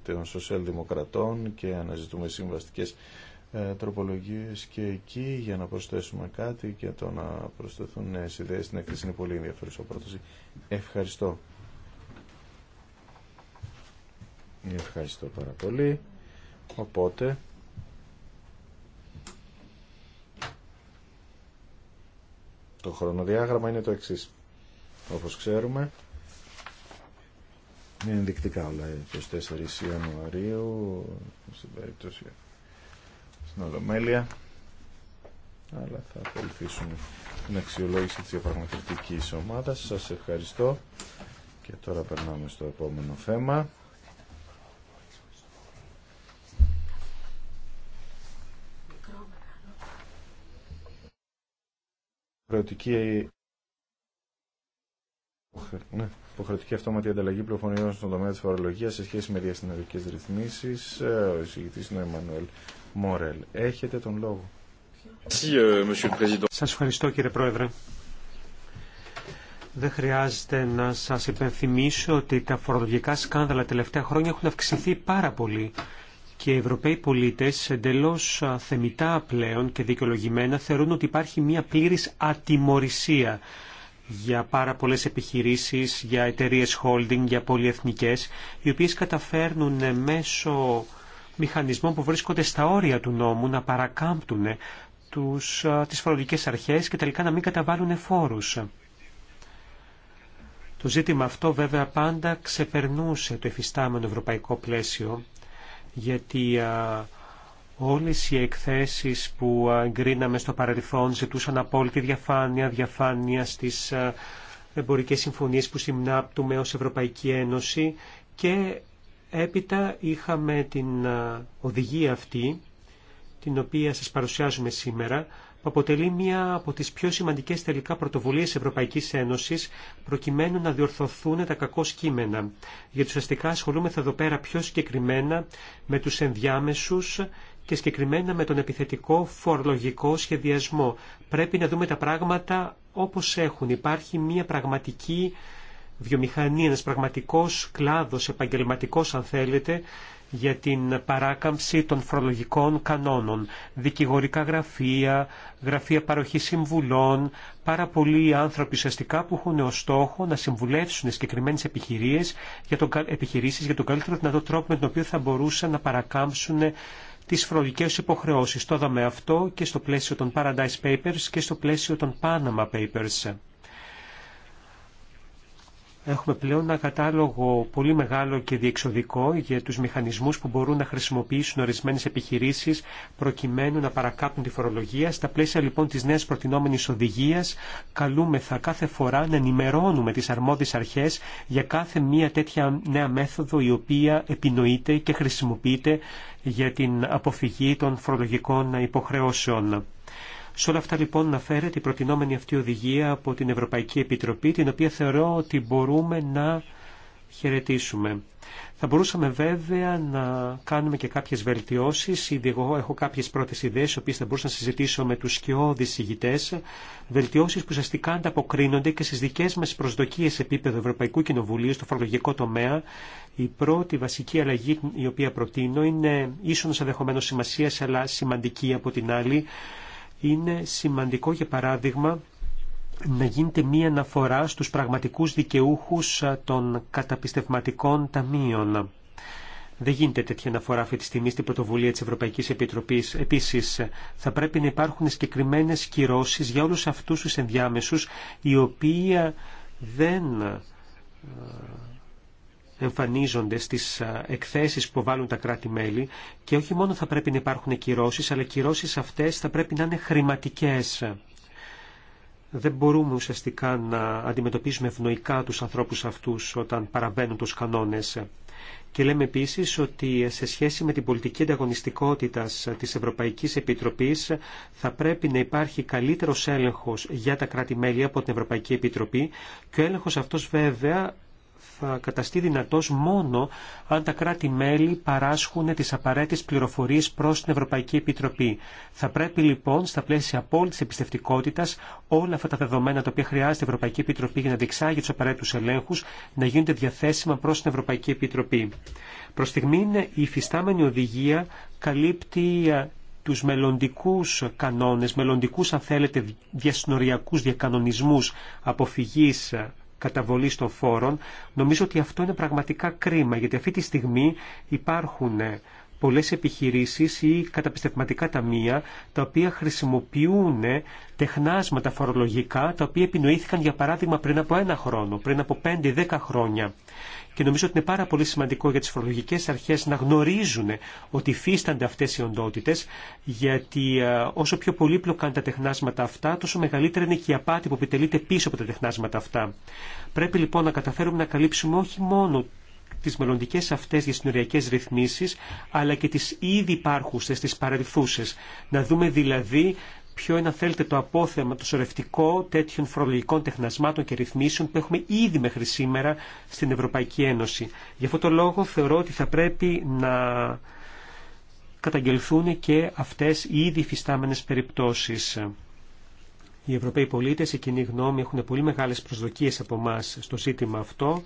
των σοσιαλδημοκρατών και αναζητούμε συμβαστικές ε, τροπολογίες και εκεί για να προσθέσουμε κάτι και το να προσθεθούν νέες ιδέες στην έκθεση είναι πολύ ενδιαφέρουσα πρόταση. Ευχαριστώ. Ευχαριστώ πάρα πολύ. Οπότε... Το χρονοδιάγραμμα είναι το εξής. Όπως ξέρουμε, είναι ενδεικτικά όλα 24 Ιανουαρίου, στην περίπτωση στην Ολομέλεια αλλά θα ακολουθήσουμε την αξιολόγηση της διαπραγματευτικής ομάδας. Σας ευχαριστώ και τώρα περνάμε στο επόμενο θέμα. Υποχρεωτική... Ναι, υποχρεωτική αυτόματη ανταλλαγή πληροφοριών στον τομέα της φορολογίας σε σχέση με διασυνορικές ρυθμίσεις. Ε, ο εισηγητής είναι ο Εμμανουέλ Μόρελ. Έχετε τον λόγο. Euh, σας ευχαριστώ κύριε Πρόεδρε. Δεν χρειάζεται να σας υπενθυμίσω ότι τα φορολογικά σκάνδαλα τελευταία χρόνια έχουν αυξηθεί πάρα πολύ και οι Ευρωπαίοι πολίτες εντελώς θεμητά πλέον και δικαιολογημένα θεωρούν ότι υπάρχει μια πλήρης ατιμορρησία για πάρα πολλές επιχειρήσεις, για εταιρείες holding, για πολυεθνικές, οι οποίες καταφέρνουν μέσω μηχανισμών που βρίσκονται στα όρια του νόμου να παρακάμπτουν τους, τις φορολογικές αρχές και τελικά να μην καταβάλουν φόρους. Το ζήτημα αυτό βέβαια πάντα ξεπερνούσε το εφιστάμενο ευρωπαϊκό πλαίσιο γιατί όλες οι εκθέσεις που εγκρίναμε στο παρελθόν ζητούσαν απόλυτη διαφάνεια, διαφάνεια στις εμπορικές συμφωνίες που συμνάπτουμε ως Ευρωπαϊκή Ένωση και Έπειτα είχαμε την οδηγία αυτή, την οποία σας παρουσιάζουμε σήμερα, που αποτελεί μία από τις πιο σημαντικές τελικά πρωτοβουλίες Ευρωπαϊκής Ένωσης, προκειμένου να διορθωθούν τα κακό κείμενα. Γιατί ουσιαστικά ασχολούμεθα εδώ πέρα πιο συγκεκριμένα με τους ενδιάμεσους και συγκεκριμένα με τον επιθετικό φορολογικό σχεδιασμό. Πρέπει να δούμε τα πράγματα όπως έχουν. Υπάρχει μία πραγματική βιομηχανία, ένας πραγματικός κλάδος επαγγελματικός αν θέλετε, για την παράκαμψη των φρολογικών κανόνων. Δικηγορικά γραφεία, γραφεία παροχής συμβουλών, πάρα πολλοί άνθρωποι ουσιαστικά που έχουν ως στόχο να συμβουλεύσουν συγκεκριμένε επιχειρήσει επιχειρήσεις για τον καλύτερο δυνατό τρόπο με τον οποίο θα μπορούσαν να παρακάμψουν τις φορολογικές υποχρεώσεις. Το είδαμε αυτό και στο πλαίσιο των Paradise Papers και στο πλαίσιο των Panama Papers. Έχουμε πλέον ένα κατάλογο πολύ μεγάλο και διεξοδικό για τους μηχανισμούς που μπορούν να χρησιμοποιήσουν ορισμένες επιχειρήσεις προκειμένου να παρακάπτουν τη φορολογία. Στα πλαίσια λοιπόν της νέας προτινόμενης οδηγίας καλούμεθα κάθε φορά να ενημερώνουμε τις αρμόδιες αρχές για κάθε μία τέτοια νέα μέθοδο η οποία επινοείται και χρησιμοποιείται για την αποφυγή των φορολογικών υποχρεώσεων. Σε όλα αυτά λοιπόν αναφέρεται η προτινόμενη αυτή οδηγία από την Ευρωπαϊκή Επιτροπή, την οποία θεωρώ ότι μπορούμε να χαιρετήσουμε. Θα μπορούσαμε βέβαια να κάνουμε και κάποιες βελτιώσεις. Ήδη εγώ έχω κάποιες πρώτες ιδέες, οποίες θα μπορούσα να συζητήσω με τους σκιώδεις ηγητές. Βελτιώσεις που ουσιαστικά ανταποκρίνονται και στις δικές μας προσδοκίες σε επίπεδο Ευρωπαϊκού Κοινοβουλίου στο φορολογικό τομέα. Η πρώτη βασική αλλαγή η οποία προτείνω είναι ίσονο ενδεχομένω σημασία, αλλά σημαντική από την άλλη είναι σημαντικό για παράδειγμα να γίνεται μία αναφορά στους πραγματικούς δικαιούχους των καταπιστευματικών ταμείων. Δεν γίνεται τέτοια αναφορά αυτή τη στιγμή στην πρωτοβουλία της Ευρωπαϊκής Επιτροπής. Επίσης, θα πρέπει να υπάρχουν συγκεκριμένε κυρώσει για όλους αυτούς τους ενδιάμεσους, οι οποίοι δεν εμφανίζονται στις εκθέσεις που βάλουν τα κράτη-μέλη και όχι μόνο θα πρέπει να υπάρχουν κυρώσεις, αλλά κυρώσεις αυτές θα πρέπει να είναι χρηματικές. Δεν μπορούμε ουσιαστικά να αντιμετωπίσουμε ευνοϊκά τους ανθρώπους αυτούς όταν παραβαίνουν τους κανόνες. Και λέμε επίσης ότι σε σχέση με την πολιτική ανταγωνιστικότητα της Ευρωπαϊκής Επιτροπής θα πρέπει να υπάρχει καλύτερος έλεγχος για τα κράτη-μέλη από την Ευρωπαϊκή Επιτροπή και ο έλεγχος αυτός βέβαια θα καταστεί δυνατός μόνο αν τα κράτη-μέλη παράσχουν τις απαραίτητες πληροφορίες προς την Ευρωπαϊκή Επιτροπή. Θα πρέπει λοιπόν στα πλαίσια απόλυτης εμπιστευτικότητας όλα αυτά τα δεδομένα τα οποία χρειάζεται η Ευρωπαϊκή Επιτροπή για να διεξάγει τους απαραίτητους ελέγχους να γίνονται διαθέσιμα προς την Ευρωπαϊκή Επιτροπή. Προς στιγμή, η υφιστάμενη οδηγία καλύπτει ε, τους μελλοντικούς κανόνες, μελλοντικούς αν θέλετε διασυνοριακούς διακανονισμούς αποφυγής ε, καταβολή των φόρων, νομίζω ότι αυτό είναι πραγματικά κρίμα, γιατί αυτή τη στιγμή υπάρχουν ε, πολλές επιχειρήσεις ή καταπιστευματικά ταμεία τα οποία χρησιμοποιούν ε, τεχνάσματα φορολογικά τα οποία επινοήθηκαν για παράδειγμα πριν από ένα χρόνο, πριν από πέντε-δέκα χρόνια και νομίζω ότι είναι πάρα πολύ σημαντικό για τις φορολογικές αρχές να γνωρίζουν ότι υφίστανται αυτές οι οντότητες γιατί ε, όσο πιο πολύπλοκα είναι τα τεχνάσματα αυτά τόσο μεγαλύτερη είναι και η απάτη που επιτελείται πίσω από τα τεχνάσματα αυτά. Πρέπει λοιπόν να καταφέρουμε να καλύψουμε όχι μόνο τις μελλοντικές αυτές διασυνοριακές ρυθμίσεις, αλλά και τις ήδη υπάρχουσες, τις παρελθούσες. Να δούμε δηλαδή ποιο είναι, αν θέλετε, το απόθεμα, το σωρευτικό τέτοιων φορολογικών τεχνασμάτων και ρυθμίσεων που έχουμε ήδη μέχρι σήμερα στην Ευρωπαϊκή Ένωση. Γι' αυτό το λόγο θεωρώ ότι θα πρέπει να καταγγελθούν και αυτές οι ήδη φυστάμενες περιπτώσεις. Οι Ευρωπαίοι πολίτες, η κοινή γνώμη, έχουν πολύ μεγάλες προσδοκίες από εμά στο ζήτημα αυτό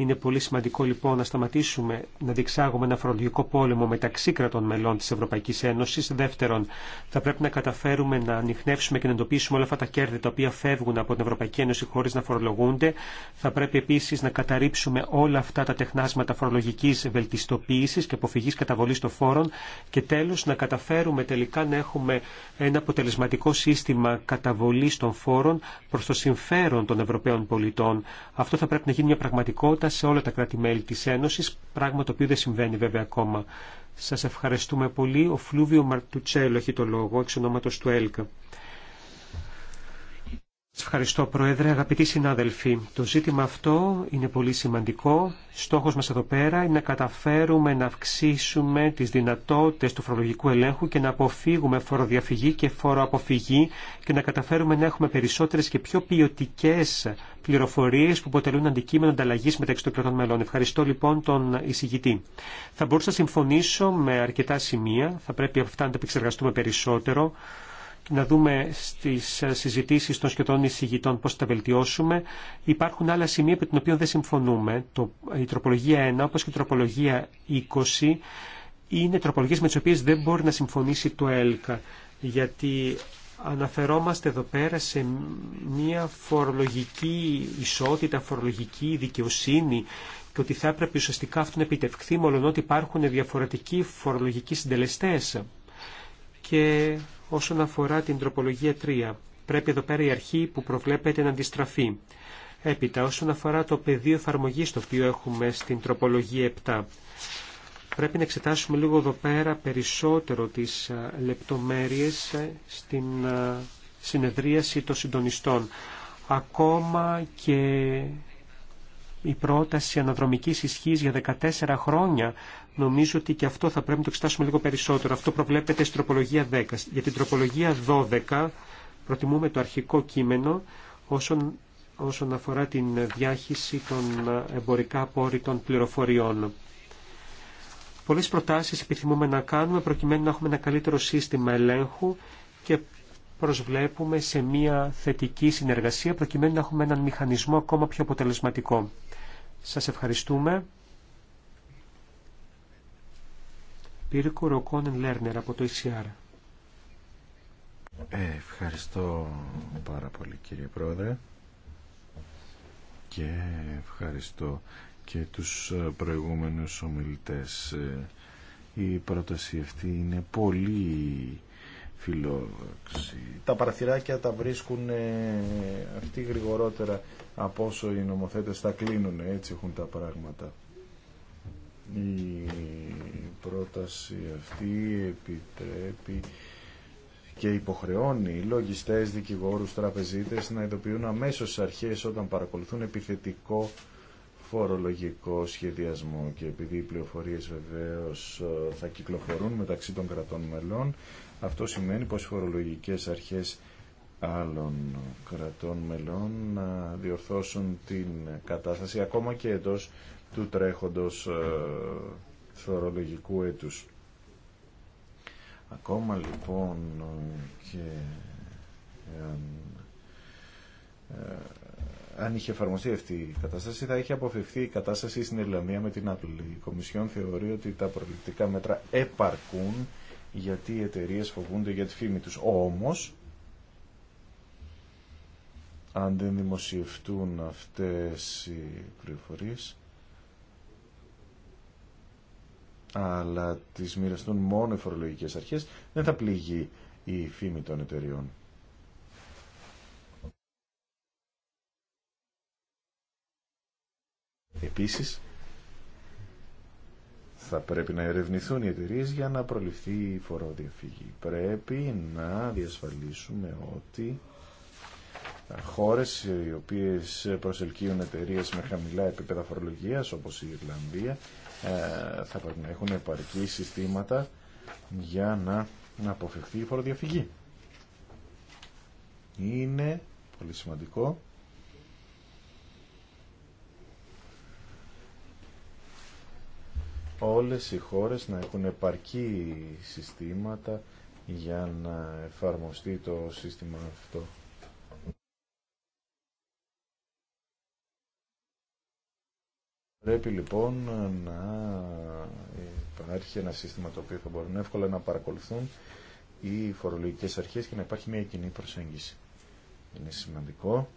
είναι πολύ σημαντικό λοιπόν να σταματήσουμε να διεξάγουμε ένα φορολογικό πόλεμο μεταξύ κρατών μελών τη Ευρωπαϊκή Ένωση. Δεύτερον, θα πρέπει να καταφέρουμε να ανοιχνεύσουμε και να εντοπίσουμε όλα αυτά τα κέρδη τα οποία φεύγουν από την Ευρωπαϊκή Ένωση χωρίς να φορολογούνται. Θα πρέπει επίση να καταρρύψουμε όλα αυτά τα τεχνάσματα φορολογική βελτιστοποίηση και αποφυγή καταβολή των φόρων. Και τέλο, να καταφέρουμε τελικά να έχουμε ένα αποτελεσματικό σύστημα καταβολή των φόρων προ το συμφέρον των Ευρωπαίων πολιτών. Αυτό θα πρέπει να γίνει μια πραγματικότητα σε όλα τα κράτη-μέλη της Ένωσης, πράγμα το οποίο δεν συμβαίνει βέβαια ακόμα. Σας ευχαριστούμε πολύ. Ο Φλούβιο Μαρτουτσέλο έχει το λόγο, εξ ονόματος του ΕΛΚΑ. Σας ευχαριστώ Πρόεδρε, αγαπητοί συνάδελφοι. Το ζήτημα αυτό είναι πολύ σημαντικό. Στόχος μας εδώ πέρα είναι να καταφέρουμε να αυξήσουμε τις δυνατότητες του φορολογικού ελέγχου και να αποφύγουμε φοροδιαφυγή και φοροαποφυγή και να καταφέρουμε να έχουμε περισσότερες και πιο ποιοτικέ πληροφορίες που αποτελούν αντικείμενο ανταλλαγής μεταξύ των κρατών μελών. Ευχαριστώ λοιπόν τον εισηγητή. Θα μπορούσα να συμφωνήσω με αρκετά σημεία, θα πρέπει αυτά να τα επεξεργαστούμε περισσότερο να δούμε στις συζητήσεις των σχεδόν εισηγητών πώς τα βελτιώσουμε. Υπάρχουν άλλα σημεία με την οποία δεν συμφωνούμε. Το, η τροπολογία 1, όπως και η τροπολογία 20, είναι τροπολογίες με τις οποίες δεν μπορεί να συμφωνήσει το ΕΛΚΑ, γιατί αναφερόμαστε εδώ πέρα σε μια φορολογική ισότητα, φορολογική δικαιοσύνη και ότι θα έπρεπε ουσιαστικά αυτό να επιτευχθεί μόλον ότι υπάρχουν διαφορετικοί φορολογικοί συντελεστές και όσον αφορά την τροπολογία 3. Πρέπει εδώ πέρα η αρχή που προβλέπεται να αντιστραφεί. Έπειτα, όσον αφορά το πεδίο εφαρμογή το οποίο έχουμε στην τροπολογία 7, πρέπει να εξετάσουμε λίγο εδώ πέρα περισσότερο τις λεπτομέρειες στην συνεδρίαση των συντονιστών. Ακόμα και η πρόταση αναδρομικής ισχύς για 14 χρόνια νομίζω ότι και αυτό θα πρέπει να το εξετάσουμε λίγο περισσότερο. Αυτό προβλέπεται στην τροπολογία 10. Για την τροπολογία 12 προτιμούμε το αρχικό κείμενο όσον, όσον αφορά την διάχυση των εμπορικά απόρριτων πληροφοριών. Πολλές προτάσεις επιθυμούμε να κάνουμε προκειμένου να έχουμε ένα καλύτερο σύστημα ελέγχου και προσβλέπουμε σε μια θετική συνεργασία προκειμένου να έχουμε έναν μηχανισμό ακόμα πιο αποτελεσματικό. Σας ευχαριστούμε. Πύρκο Ροκόνεν Λέρνερ από το Ε, ευχαριστώ πάρα πολύ κύριε Πρόεδρε και ευχαριστώ και τους ε, προηγούμενους ομιλητές. Ε, η πρόταση αυτή είναι πολύ φιλόδοξη. Τα παραθυράκια τα βρίσκουν ε, αυτοί γρηγορότερα από όσο οι νομοθέτες τα κλείνουν. Έτσι έχουν τα πράγματα. Η πρόταση αυτή επιτρέπει και υποχρεώνει λογιστές, δικηγόρους, τραπεζίτες να ειδοποιούν αμέσως στις αρχές όταν παρακολουθούν επιθετικό φορολογικό σχεδιασμό και επειδή οι πληροφορίες βεβαίως ε, θα κυκλοφορούν μεταξύ των κρατών μελών αυτό σημαίνει πως οι φορολογικές αρχές άλλων κρατών μελών να διορθώσουν την κατάσταση ακόμα και εντός του τρέχοντος ε, φορολογικού έτους. Ακόμα λοιπόν και αν, ε, αν είχε εφαρμοστεί αυτή η κατάσταση θα είχε αποφευθεί η κατάσταση στην Ιρλανδία με την Apple. Η Κομισιόν θεωρεί ότι τα προληπτικά μέτρα επαρκούν γιατί οι εταιρείε φοβούνται για τη φήμη τους. Όμως, αν δεν δημοσιευτούν αυτές οι πληροφορίες αλλά τις μοιραστούν μόνο οι φορολογικές αρχές, δεν θα πληγεί η φήμη των εταιριών. Επίσης, θα πρέπει να ερευνηθούν οι εταιρείε για να προληφθεί η φοροδιαφύγη. Πρέπει να διασφαλίσουμε ότι χώρες οι οποίες προσελκύουν εταιρείε με χαμηλά επίπεδα φορολογίας όπως η Ιρλανδία ε, θα πρέπει να έχουν επαρκή συστήματα για να, να αποφευχθεί η φοροδιαφυγή. Είναι πολύ σημαντικό όλες οι χώρες να έχουν επαρκή συστήματα για να εφαρμοστεί το σύστημα αυτό Πρέπει λοιπόν να υπάρχει ένα σύστημα το οποίο θα μπορούν εύκολα να παρακολουθούν οι φορολογικές αρχές και να υπάρχει μια κοινή προσέγγιση. Είναι σημαντικό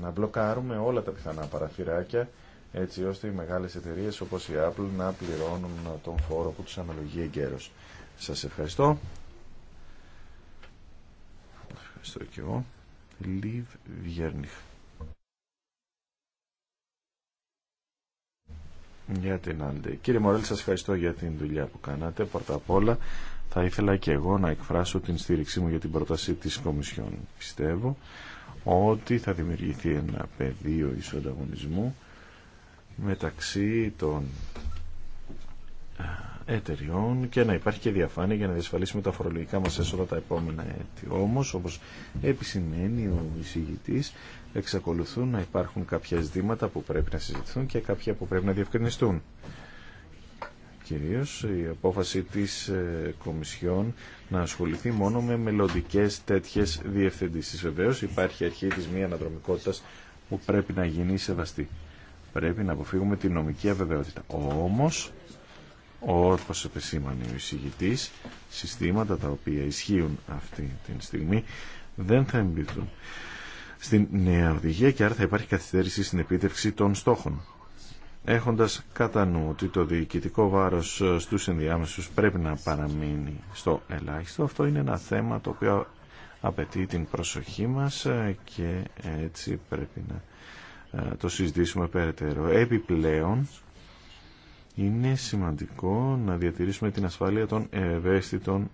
να μπλοκάρουμε όλα τα πιθανά παραθυράκια έτσι ώστε οι μεγάλες εταιρείες όπως η Apple να πληρώνουν τον φόρο που τους αναλογεί εγκαίρως. Σας ευχαριστώ. Ευχαριστώ και εγώ. Λιβ Βιέρνιχ. για την Κύριε Μορέλ, σας ευχαριστώ για την δουλειά που κάνατε. Πρώτα απ' όλα θα ήθελα και εγώ να εκφράσω την στήριξή μου για την πρόταση της Κομισιόν. Πιστεύω ότι θα δημιουργηθεί ένα πεδίο ισοανταγωνισμού μεταξύ των εταιριών και να υπάρχει και διαφάνεια για να διασφαλίσουμε τα φορολογικά μας έσοδα τα επόμενα έτη. Όμως, όπως επισημαίνει ο εισηγητής, εξακολουθούν να υπάρχουν κάποια ζητήματα που πρέπει να συζητηθούν και κάποια που πρέπει να διευκρινιστούν. Κυρίως η απόφαση της ε, Κομισιόν να ασχοληθεί μόνο με μελλοντικέ τέτοιες διευθυντήσεις. Βεβαίως υπάρχει αρχή της μία αναδρομικότητας που πρέπει να γίνει σεβαστή. Πρέπει να αποφύγουμε την νομική αβεβαιότητα. Όμως, όπως επεσήμανε ο εισηγητής, συστήματα τα οποία ισχύουν αυτή τη στιγμή δεν θα εμπιθούν στην νέα οδηγία και άρα θα υπάρχει καθυστέρηση στην επίτευξη των στόχων. Έχοντας κατά νου ότι το διοικητικό βάρος ε, στους ενδιάμεσους πρέπει να παραμείνει στο ελάχιστο, αυτό είναι ένα θέμα το οποίο απαιτεί την προσοχή μας ε, και έτσι πρέπει να ε, το συζητήσουμε περαιτέρω. Επιπλέον, είναι σημαντικό να διατηρήσουμε την ασφάλεια των ευαίσθητων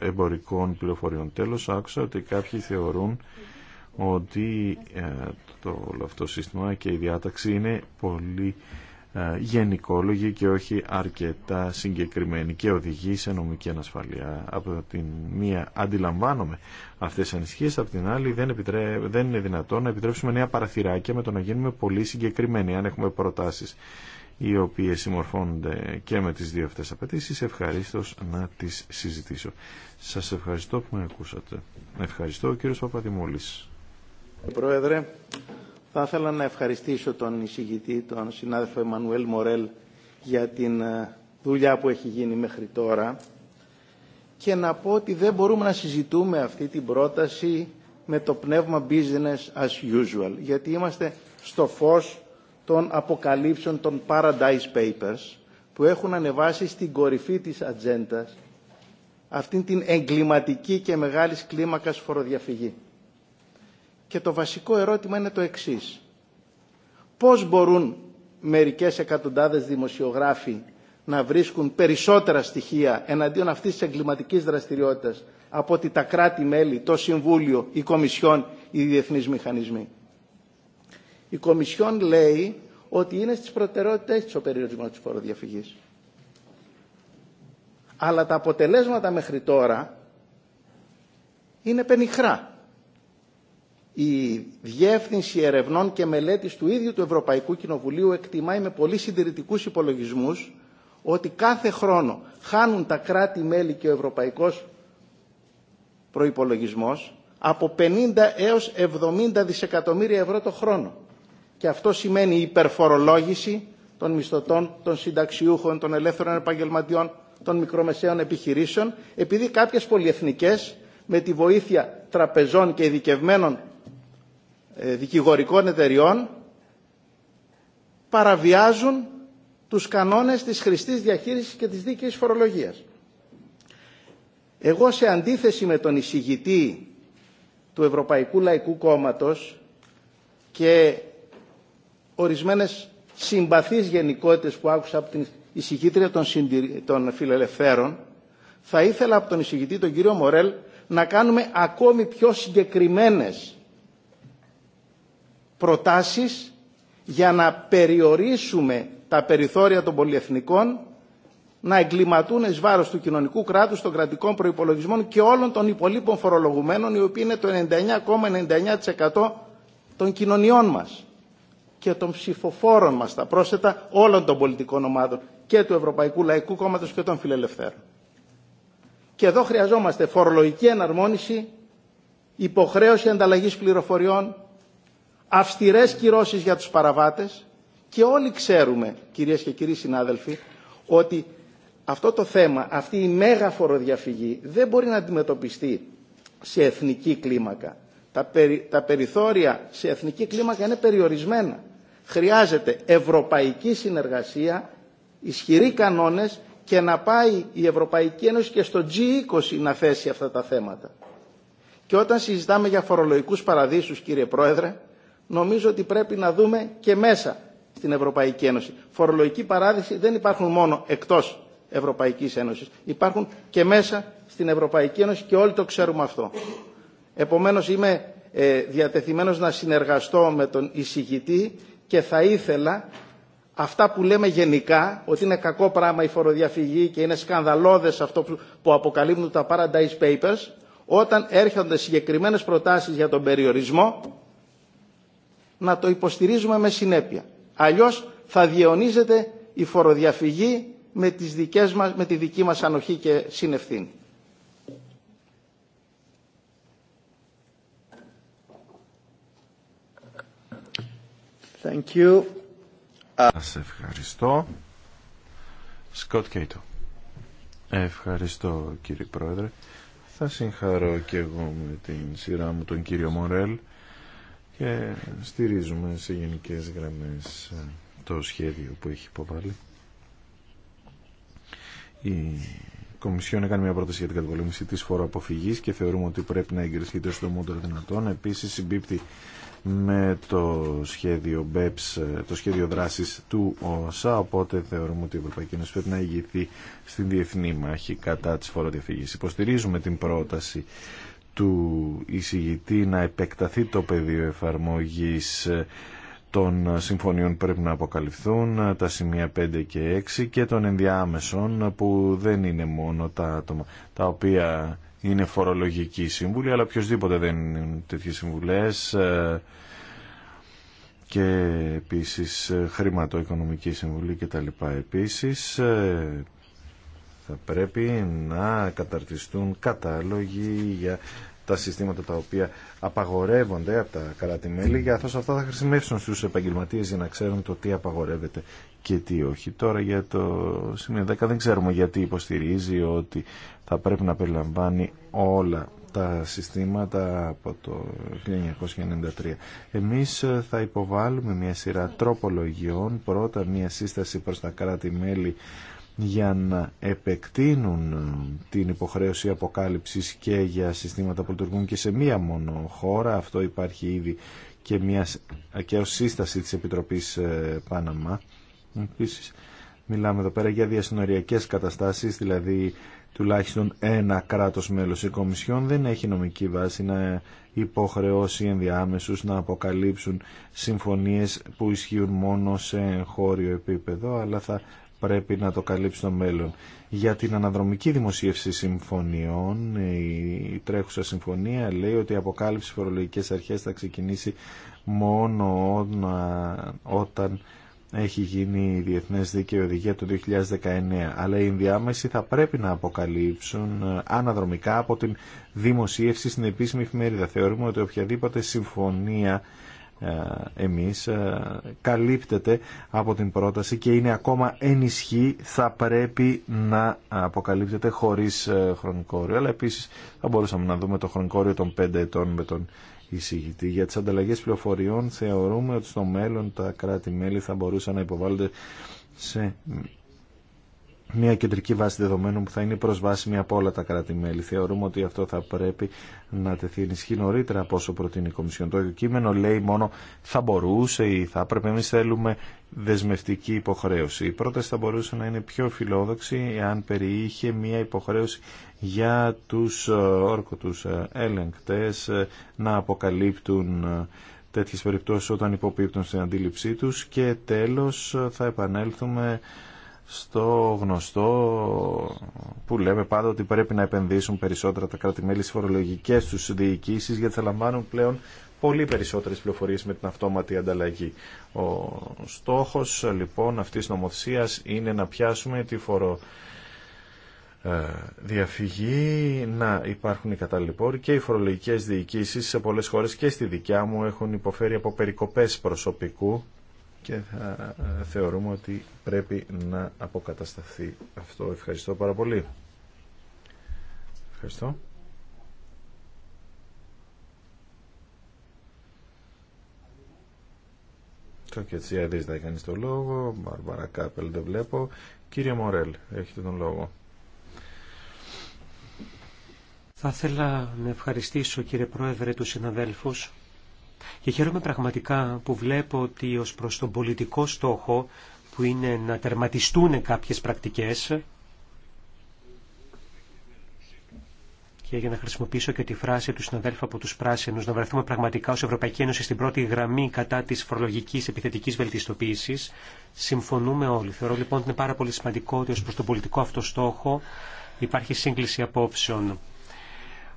εμπορικών πληροφοριών. Τέλος, άκουσα ότι κάποιοι θεωρούν ότι ε, το όλο αυτό σύστημα και η διάταξη είναι πολύ ε, γενικόλογη και όχι αρκετά συγκεκριμένη και οδηγεί σε νομική ανασφαλεία. Από την μία αντιλαμβάνομαι αυτές τις ανησυχίες, από την άλλη δεν, επιτρέ... δεν είναι δυνατόν να επιτρέψουμε νέα παραθυράκια με το να γίνουμε πολύ συγκεκριμένοι, αν έχουμε προτάσεις οι οποίες συμμορφώνονται και με τις δύο αυτές απαιτήσεις. ευχαριστώ να τις συζητήσω. Σας ευχαριστώ που με ακούσατε. Ευχαριστώ ο κύριος Πρόεδρε, θα ήθελα να ευχαριστήσω τον εισηγητή, τον συνάδελφο Εμμανουέλ Μορέλ, για την ε, δουλειά που έχει γίνει μέχρι τώρα και να πω ότι δεν μπορούμε να συζητούμε αυτή την πρόταση με το πνεύμα business as usual, γιατί είμαστε στο φως των αποκαλύψεων των Paradise Papers που έχουν ανεβάσει στην κορυφή της ατζέντα αυτήν την εγκληματική και μεγάλης κλίμακας φοροδιαφυγή. Και το βασικό ερώτημα είναι το εξής. Πώς μπορούν μερικές εκατοντάδες δημοσιογράφοι να βρίσκουν περισσότερα στοιχεία εναντίον αυτής της εγκληματικής δραστηριότητας από ότι τα κράτη-μέλη, το Συμβούλιο, η Κομισιόν, οι διεθνείς μηχανισμοί. Η Κομισιόν λέει ότι είναι στις προτεραιότητες της ο περιορισμός της φοροδιαφυγής. Αλλά τα αποτελέσματα μέχρι τώρα είναι πενιχρά. Η Διεύθυνση Ερευνών και Μελέτης του ίδιου του Ευρωπαϊκού Κοινοβουλίου εκτιμάει με πολύ συντηρητικούς υπολογισμούς ότι κάθε χρόνο χάνουν τα κράτη-μέλη και ο ευρωπαϊκός προϋπολογισμός από 50 έως 70 δισεκατομμύρια ευρώ το χρόνο. Και αυτό σημαίνει υπερφορολόγηση των μισθωτών, των συνταξιούχων, των ελεύθερων επαγγελματιών, των μικρομεσαίων επιχειρήσεων, επειδή κάποιες πολυεθνικές με τη βοήθεια τραπεζών και ειδικευμένων ε, δικηγορικών εταιριών παραβιάζουν τους κανόνες της χρηστής διαχείρισης και της δίκαιης φορολογίας. Εγώ σε αντίθεση με τον εισηγητή του Ευρωπαϊκού Λαϊκού Κόμματος και ορισμένες συμπαθείς γενικότητες που άκουσα από την εισηγήτρια των φιλελευθέρων, θα ήθελα από τον εισηγητή τον κύριο Μορέλ να κάνουμε ακόμη πιο συγκεκριμένες προτάσεις για να περιορίσουμε τα περιθώρια των πολυεθνικών να εγκληματούν εις βάρος του κοινωνικού κράτους, των κρατικών προϋπολογισμών και όλων των υπολείπων φορολογουμένων, οι οποίοι είναι το 99,99% των κοινωνιών μας και των ψηφοφόρων μας, τα πρόσθετα όλων των πολιτικών ομάδων και του Ευρωπαϊκού Λαϊκού Κόμματος και των Φιλελευθέρων. Και εδώ χρειαζόμαστε φορολογική εναρμόνιση, υποχρέωση ανταλλαγής πληροφοριών, αυστηρές κυρώσεις για τους παραβάτες και όλοι ξέρουμε, κυρίες και κύριοι συνάδελφοι, ότι αυτό το θέμα, αυτή η μέγα φοροδιαφυγή δεν μπορεί να αντιμετωπιστεί σε εθνική κλίμακα. Τα, τα περιθώρια σε εθνική κλίμακα είναι περιορισμένα. Χρειάζεται ευρωπαϊκή συνεργασία, ισχυροί κανόνες και να πάει η Ευρωπαϊκή Ένωση και στο G20 να θέσει αυτά τα θέματα. Και όταν συζητάμε για φορολογικούς παραδείσους, κύριε Πρόεδρε, νομίζω ότι πρέπει να δούμε και μέσα στην Ευρωπαϊκή Ένωση. Φορολογική παράδειση δεν υπάρχουν μόνο εκτός Ευρωπαϊκής Ένωσης. Υπάρχουν και μέσα στην Ευρωπαϊκή Ένωση και όλοι το ξέρουμε αυτό. Επομένως είμαι ε, διατεθειμένος να συνεργαστώ με τον εισηγητή και θα ήθελα αυτά που λέμε γενικά, ότι είναι κακό πράγμα η φοροδιαφυγή και είναι σκανδαλώδες αυτό που αποκαλύπτουν τα Paradise Papers, όταν έρχονται συγκεκριμένες προτάσεις για τον περιορισμό, να το υποστηρίζουμε με συνέπεια. Αλλιώς θα διαιωνίζεται η φοροδιαφυγή με, τις δικές μας, με τη δική μας ανοχή και συνευθύνη. Thank you. Σας ευχαριστώ. Σκοτ Κέιτο. Ευχαριστώ κύριε Πρόεδρε. Θα συγχαρώ και εγώ με την σειρά μου τον κύριο Μορέλ και στηρίζουμε σε γενικές γραμμές ε, το σχέδιο που έχει υποβάλει. Η Κομισιόν έκανε μια πρόταση για την καταπολέμηση της φοροαποφυγής και θεωρούμε ότι πρέπει να εγκριθεί το μόνο δυνατόν. Επίσης συμπίπτει με το σχέδιο BEPS, ε, το σχέδιο δράσης του ΟΣΑ, οπότε θεωρούμε ότι η Ευρωπαϊκή Ένωση πρέπει να ηγηθεί στην διεθνή μάχη κατά της φοροδιαφυγής. Υποστηρίζουμε την πρόταση του εισηγητή να επεκταθεί το πεδίο εφαρμογής ε, των συμφωνιών που πρέπει να αποκαλυφθούν, ε, τα σημεία 5 και 6 και των ενδιάμεσων ε, που δεν είναι μόνο τα άτομα τα οποία είναι φορολογικοί σύμβουλοι, αλλά οποιοδήποτε δεν είναι τέτοιες συμβουλές και επίσης χρηματοοικονομική συμβουλή κτλ. Επίσης θα πρέπει να καταρτιστούν κατάλογοι για τα συστήματα τα οποία απαγορεύονται από τα κράτη-μέλη, γιατί αυτά θα χρησιμεύσουν στους επαγγελματίες για να ξέρουν το τι απαγορεύεται και τι όχι. Τώρα για το σημείο 10 δεν ξέρουμε γιατί υποστηρίζει ότι θα πρέπει να περιλαμβάνει όλα τα συστήματα από το 1993. Εμείς θα υποβάλουμε μια σειρά τροπολογιών, πρώτα μια σύσταση προς τα κράτη-μέλη για να επεκτείνουν την υποχρέωση αποκάλυψης και για συστήματα που λειτουργούν και σε μία μόνο χώρα. Αυτό υπάρχει ήδη και, μια, και ως σύσταση της Επιτροπής ε, Πάναμα. Επίσης, μιλάμε εδώ πέρα για διασυνοριακές καταστάσεις, δηλαδή τουλάχιστον ένα κράτος μέλος η Κομισιόν δεν έχει νομική βάση να υποχρεώσει ενδιάμεσους να αποκαλύψουν συμφωνίες που ισχύουν μόνο σε χώριο επίπεδο αλλά θα πρέπει να το καλύψει το μέλλον. Για την αναδρομική δημοσίευση συμφωνιών, η τρέχουσα συμφωνία λέει ότι η αποκάλυψη φορολογικές αρχές θα ξεκινήσει μόνο όταν έχει γίνει η Διεθνές δίκαιο Οδηγία του 2019, αλλά οι ενδιάμεσοι θα πρέπει να αποκαλύψουν ε, αναδρομικά από την δημοσίευση στην επίσημη εφημερίδα. Θεωρούμε ότι οποιαδήποτε συμφωνία ε, εμείς ε, καλύπτεται από την πρόταση και είναι ακόμα ενισχύ θα πρέπει να αποκαλύπτεται χωρίς ε, χρονικό όριο αλλά επίσης θα μπορούσαμε να δούμε το χρονικό όριο των 5 ετών με τον εισηγητή για τις ανταλλαγές πληροφοριών θεωρούμε ότι στο μέλλον τα κράτη-μέλη θα μπορούσαν να υποβάλλονται σε μια κεντρική βάση δεδομένων που θα είναι προσβάσιμη από όλα τα κράτη-μέλη. Θεωρούμε ότι αυτό θα πρέπει να τεθεί ενισχύ νωρίτερα από όσο προτείνει η Κομισιόν. Το κείμενο λέει μόνο θα μπορούσε ή θα έπρεπε. Εμεί θέλουμε δεσμευτική υποχρέωση. Η πρόταση θα μπορούσε να είναι πιο φιλόδοξη αν περιείχε μια υποχρέωση για τους ε, όρκωτους έλεγκτες ε, ε, να αποκαλύπτουν τέτοιες περιπτώσεις όταν υποπίπτουν στην αντίληψή τους και τέλος θα επανέλθουμε στο γνωστό που λέμε πάντα ότι πρέπει να επενδύσουν περισσότερα τα κράτη-μέλη στις φορολογικές τους διοικήσεις γιατί θα λαμβάνουν πλέον πολύ περισσότερες πληροφορίες με την αυτόματη ανταλλαγή. Ο στόχος λοιπόν αυτής της νομοθεσίας είναι να πιάσουμε τη φορο ε, διαφυγή, να υπάρχουν οι καταλληλοί και οι φορολογικές διοικήσεις σε πολλές χώρες και στη δικιά μου έχουν υποφέρει από περικοπές προσωπικού και θα ε, θεωρούμε ότι πρέπει να αποκατασταθεί αυτό. Ευχαριστώ πάρα πολύ. Ευχαριστώ. Το Κετσιαδής δεν κάνει το λόγο, Μπαρμπαρα Κάπελ δεν βλέπω. Κύριε Μορέλ, έχετε τον λόγο. Θα ήθελα να ευχαριστήσω κύριε Πρόεδρε του συναδέλφους και χαίρομαι πραγματικά που βλέπω ότι ως προς τον πολιτικό στόχο που είναι να τερματιστούν κάποιες πρακτικές και για να χρησιμοποιήσω και τη φράση του συναδέλφου από τους πράσινους να βρεθούμε πραγματικά ως Ευρωπαϊκή Ένωση στην πρώτη γραμμή κατά της φορολογικής επιθετικής βελτιστοποίησης συμφωνούμε όλοι. Θεωρώ λοιπόν ότι είναι πάρα πολύ σημαντικό ότι ως προς τον πολιτικό αυτό στόχο υπάρχει σύγκληση απόψεων.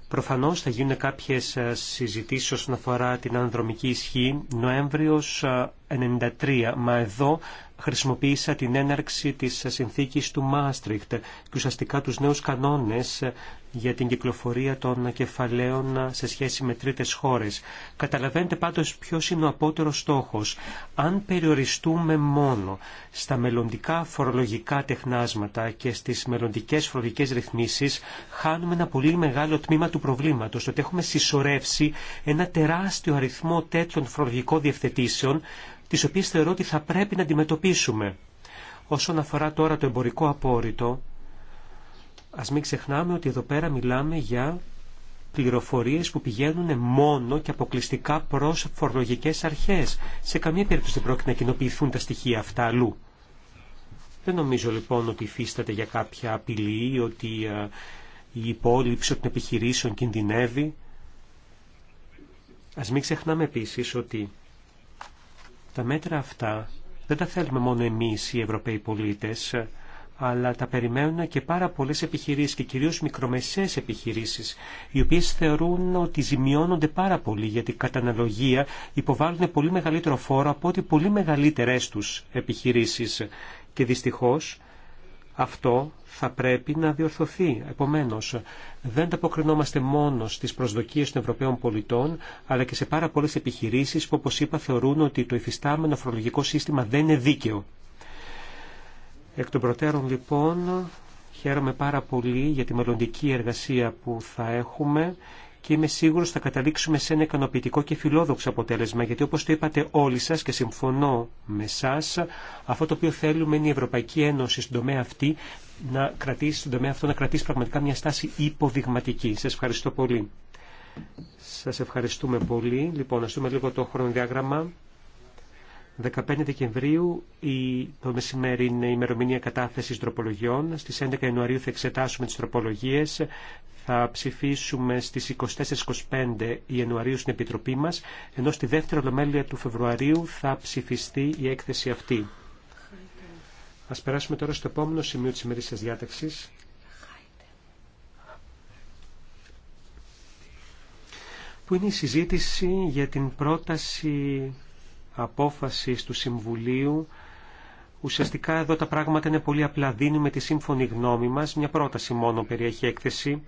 Προφανώς θα γίνουν κάποιες ε, συζητήσεις όσον αφορά την ανδρομική ισχύ Νοέμβριος 93, ε, μα εδώ χρησιμοποίησα την έναρξη της συνθήκης του Μάστριχτ και ουσιαστικά τους νέους κανόνες για την κυκλοφορία των κεφαλαίων σε σχέση με τρίτες χώρες. Καταλαβαίνετε πάντως ποιος είναι ο απότερος στόχος. Αν περιοριστούμε μόνο στα μελλοντικά φορολογικά τεχνάσματα και στις μελλοντικές φορολογικές ρυθμίσεις, χάνουμε ένα πολύ μεγάλο τμήμα του προβλήματος, ότι έχουμε συσσωρεύσει ένα τεράστιο αριθμό τέτοιων φορολογικών διευθετήσεων, τις οποίες θεωρώ ότι θα πρέπει να αντιμετωπίσουμε. Όσον αφορά τώρα το εμπορικό απόρριτο, ας μην ξεχνάμε ότι εδώ πέρα μιλάμε για πληροφορίες που πηγαίνουν μόνο και αποκλειστικά προς φορολογικές αρχές. Σε καμία περίπτωση δεν πρόκειται να κοινοποιηθούν τα στοιχεία αυτά αλλού. Δεν νομίζω λοιπόν ότι υφίσταται για κάποια απειλή, ότι ε, η υπόλοιψη των επιχειρήσεων κινδυνεύει. Ας μην ξεχνάμε επίσης ότι τα μέτρα αυτά δεν τα θέλουμε μόνο εμείς οι Ευρωπαίοι πολίτες, αλλά τα περιμένουν και πάρα πολλές επιχειρήσεις και κυρίως μικρομεσαίες επιχειρήσεις, οι οποίες θεωρούν ότι ζημιώνονται πάρα πολύ γιατί κατά αναλογία υποβάλλουν πολύ μεγαλύτερο φόρο από ό,τι πολύ μεγαλύτερες τους επιχειρήσεις. Και δυστυχώς αυτό θα πρέπει να διορθωθεί. Επομένως, δεν ταποκρινόμαστε μόνο στις προσδοκίες των Ευρωπαίων πολιτών, αλλά και σε πάρα πολλές επιχειρήσεις που, όπως είπα, θεωρούν ότι το υφιστάμενο φορολογικό σύστημα δεν είναι δίκαιο. Εκ των προτέρων, λοιπόν, χαίρομαι πάρα πολύ για τη μελλοντική εργασία που θα έχουμε και είμαι σίγουρος θα καταλήξουμε σε ένα ικανοποιητικό και φιλόδοξο αποτέλεσμα, γιατί όπως το είπατε όλοι σας και συμφωνώ με σας, αυτό το οποίο θέλουμε είναι η Ευρωπαϊκή Ένωση στον τομέα αυτή να κρατήσει, στον τομέα αυτό να κρατήσει πραγματικά μια στάση υποδειγματική. Σας ευχαριστώ πολύ. Σα ευχαριστούμε πολύ. Λοιπόν, α δούμε λίγο το χρονοδιάγραμμα. 15 Δεκεμβρίου η, το μεσημέρι είναι η ημερομηνία κατάθεσης τροπολογιών. Στις 11 Ιανουαρίου θα εξετάσουμε τις τροπολογίες. Θα ψηφίσουμε στις 24-25 Ιανουαρίου στην Επιτροπή μας, ενώ στη δεύτερη ολομέλεια του Φεβρουαρίου θα ψηφιστεί η έκθεση αυτή. Ας περάσουμε τώρα στο επόμενο σημείο της ημερήσιας διάταξης. που είναι η συζήτηση για την πρόταση απόφασης του Συμβουλίου Ουσιαστικά εδώ τα πράγματα είναι πολύ απλά. Δίνουμε τη σύμφωνη γνώμη μας, μια πρόταση μόνο περιέχει έκθεση,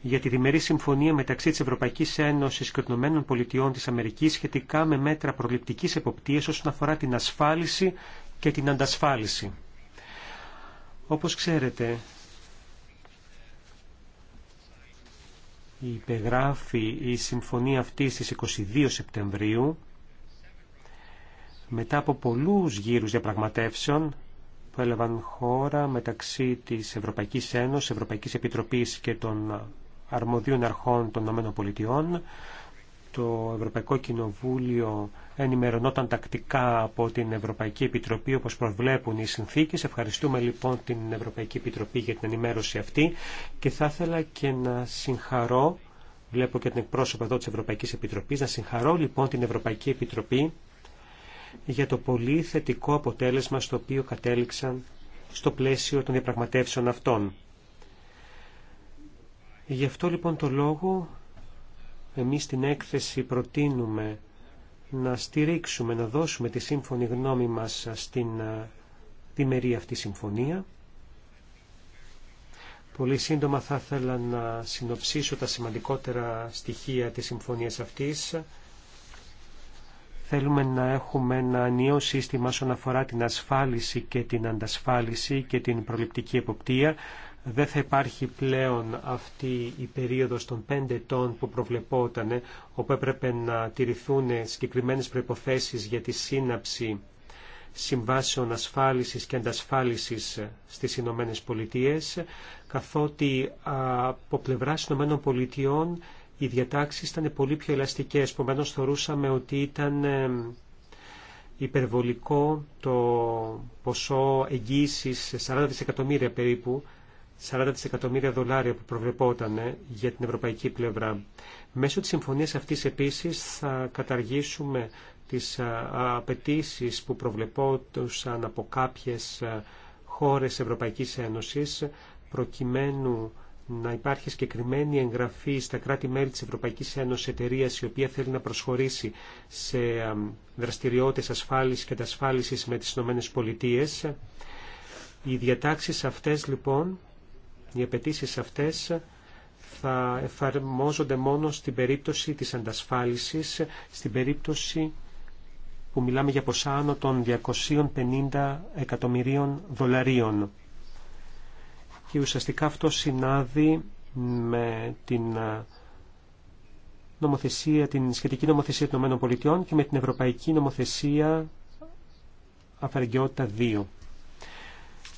για τη διμερή συμφωνία μεταξύ της Ευρωπαϊκής Ένωσης και των ΗΠΑ της Αμερικής σχετικά με μέτρα προληπτικής εποπτείας όσον αφορά την ασφάλιση και την αντασφάλιση. Όπως ξέρετε, υπεγράφει η συμφωνία αυτή στις 22 Σεπτεμβρίου μετά από πολλούς γύρους διαπραγματεύσεων που έλαβαν χώρα μεταξύ της Ευρωπαϊκής Ένωσης, Ευρωπαϊκής Επιτροπής και των αρμοδίων αρχών των ΗΠΑ, το Ευρωπαϊκό Κοινοβούλιο ενημερωνόταν τακτικά από την Ευρωπαϊκή Επιτροπή όπως προβλέπουν οι συνθήκες. Ευχαριστούμε λοιπόν την Ευρωπαϊκή Επιτροπή για την ενημέρωση αυτή και θα ήθελα και να συγχαρώ, βλέπω και την εκπρόσωπο εδώ της Ευρωπαϊκής Επιτροπής, να συγχαρώ λοιπόν την Ευρωπαϊκή Επιτροπή για το πολύ θετικό αποτέλεσμα στο οποίο κατέληξαν στο πλαίσιο των διαπραγματεύσεων αυτών. Γι' αυτό λοιπόν το λόγο εμείς στην έκθεση προτείνουμε να στηρίξουμε, να δώσουμε τη σύμφωνη γνώμη μας στην διμερή ε, αυτή συμφωνία. Πολύ σύντομα θα ήθελα να συνοψίσω τα σημαντικότερα στοιχεία της συμφωνίας αυτής. Θέλουμε να έχουμε ένα νέο σύστημα όσον αφορά την ασφάλιση και την αντασφάλιση και την προληπτική εποπτεία. Δεν θα υπάρχει πλέον αυτή η περίοδος των πέντε ετών που προβλεπόταν, ε, όπου έπρεπε να τηρηθούν συγκεκριμένες προϋποθέσεις για τη σύναψη συμβάσεων ασφάλισης και αντασφάλισης στις Ηνωμένες Πολιτείες, καθότι από πλευράς Ηνωμένων Πολιτειών οι διατάξει ήταν πολύ πιο ελαστικέ. επομένω θεωρούσαμε ότι ήταν υπερβολικό το ποσό εγγύησης σε 40 δισεκατομμύρια περίπου, 40 δισεκατομμύρια δολάρια που προβλεπόταν για την ευρωπαϊκή πλευρά. Μέσω της συμφωνίας αυτής επίσης θα καταργήσουμε τις απαιτήσει που προβλεπόταν από κάποιες χώρες Ευρωπαϊκής Ένωσης προκειμένου να υπάρχει συγκεκριμένη εγγραφή στα κράτη-μέλη της Ευρωπαϊκής Ένωσης εταιρεία η οποία θέλει να προσχωρήσει σε δραστηριότητες ασφάλισης και ασφάλισης με τις Ηνωμένες Πολιτείες. Οι διατάξεις αυτές λοιπόν, οι απαιτήσει αυτές θα εφαρμόζονται μόνο στην περίπτωση της αντασφάλισης, στην περίπτωση που μιλάμε για ποσά άνω των 250 εκατομμυρίων δολαρίων και ουσιαστικά αυτό συνάδει με την ε, νομοθεσία, την σχετική νομοθεσία των ΗΠΑ και με την Ευρωπαϊκή Νομοθεσία Αφαρικαιότητα 2.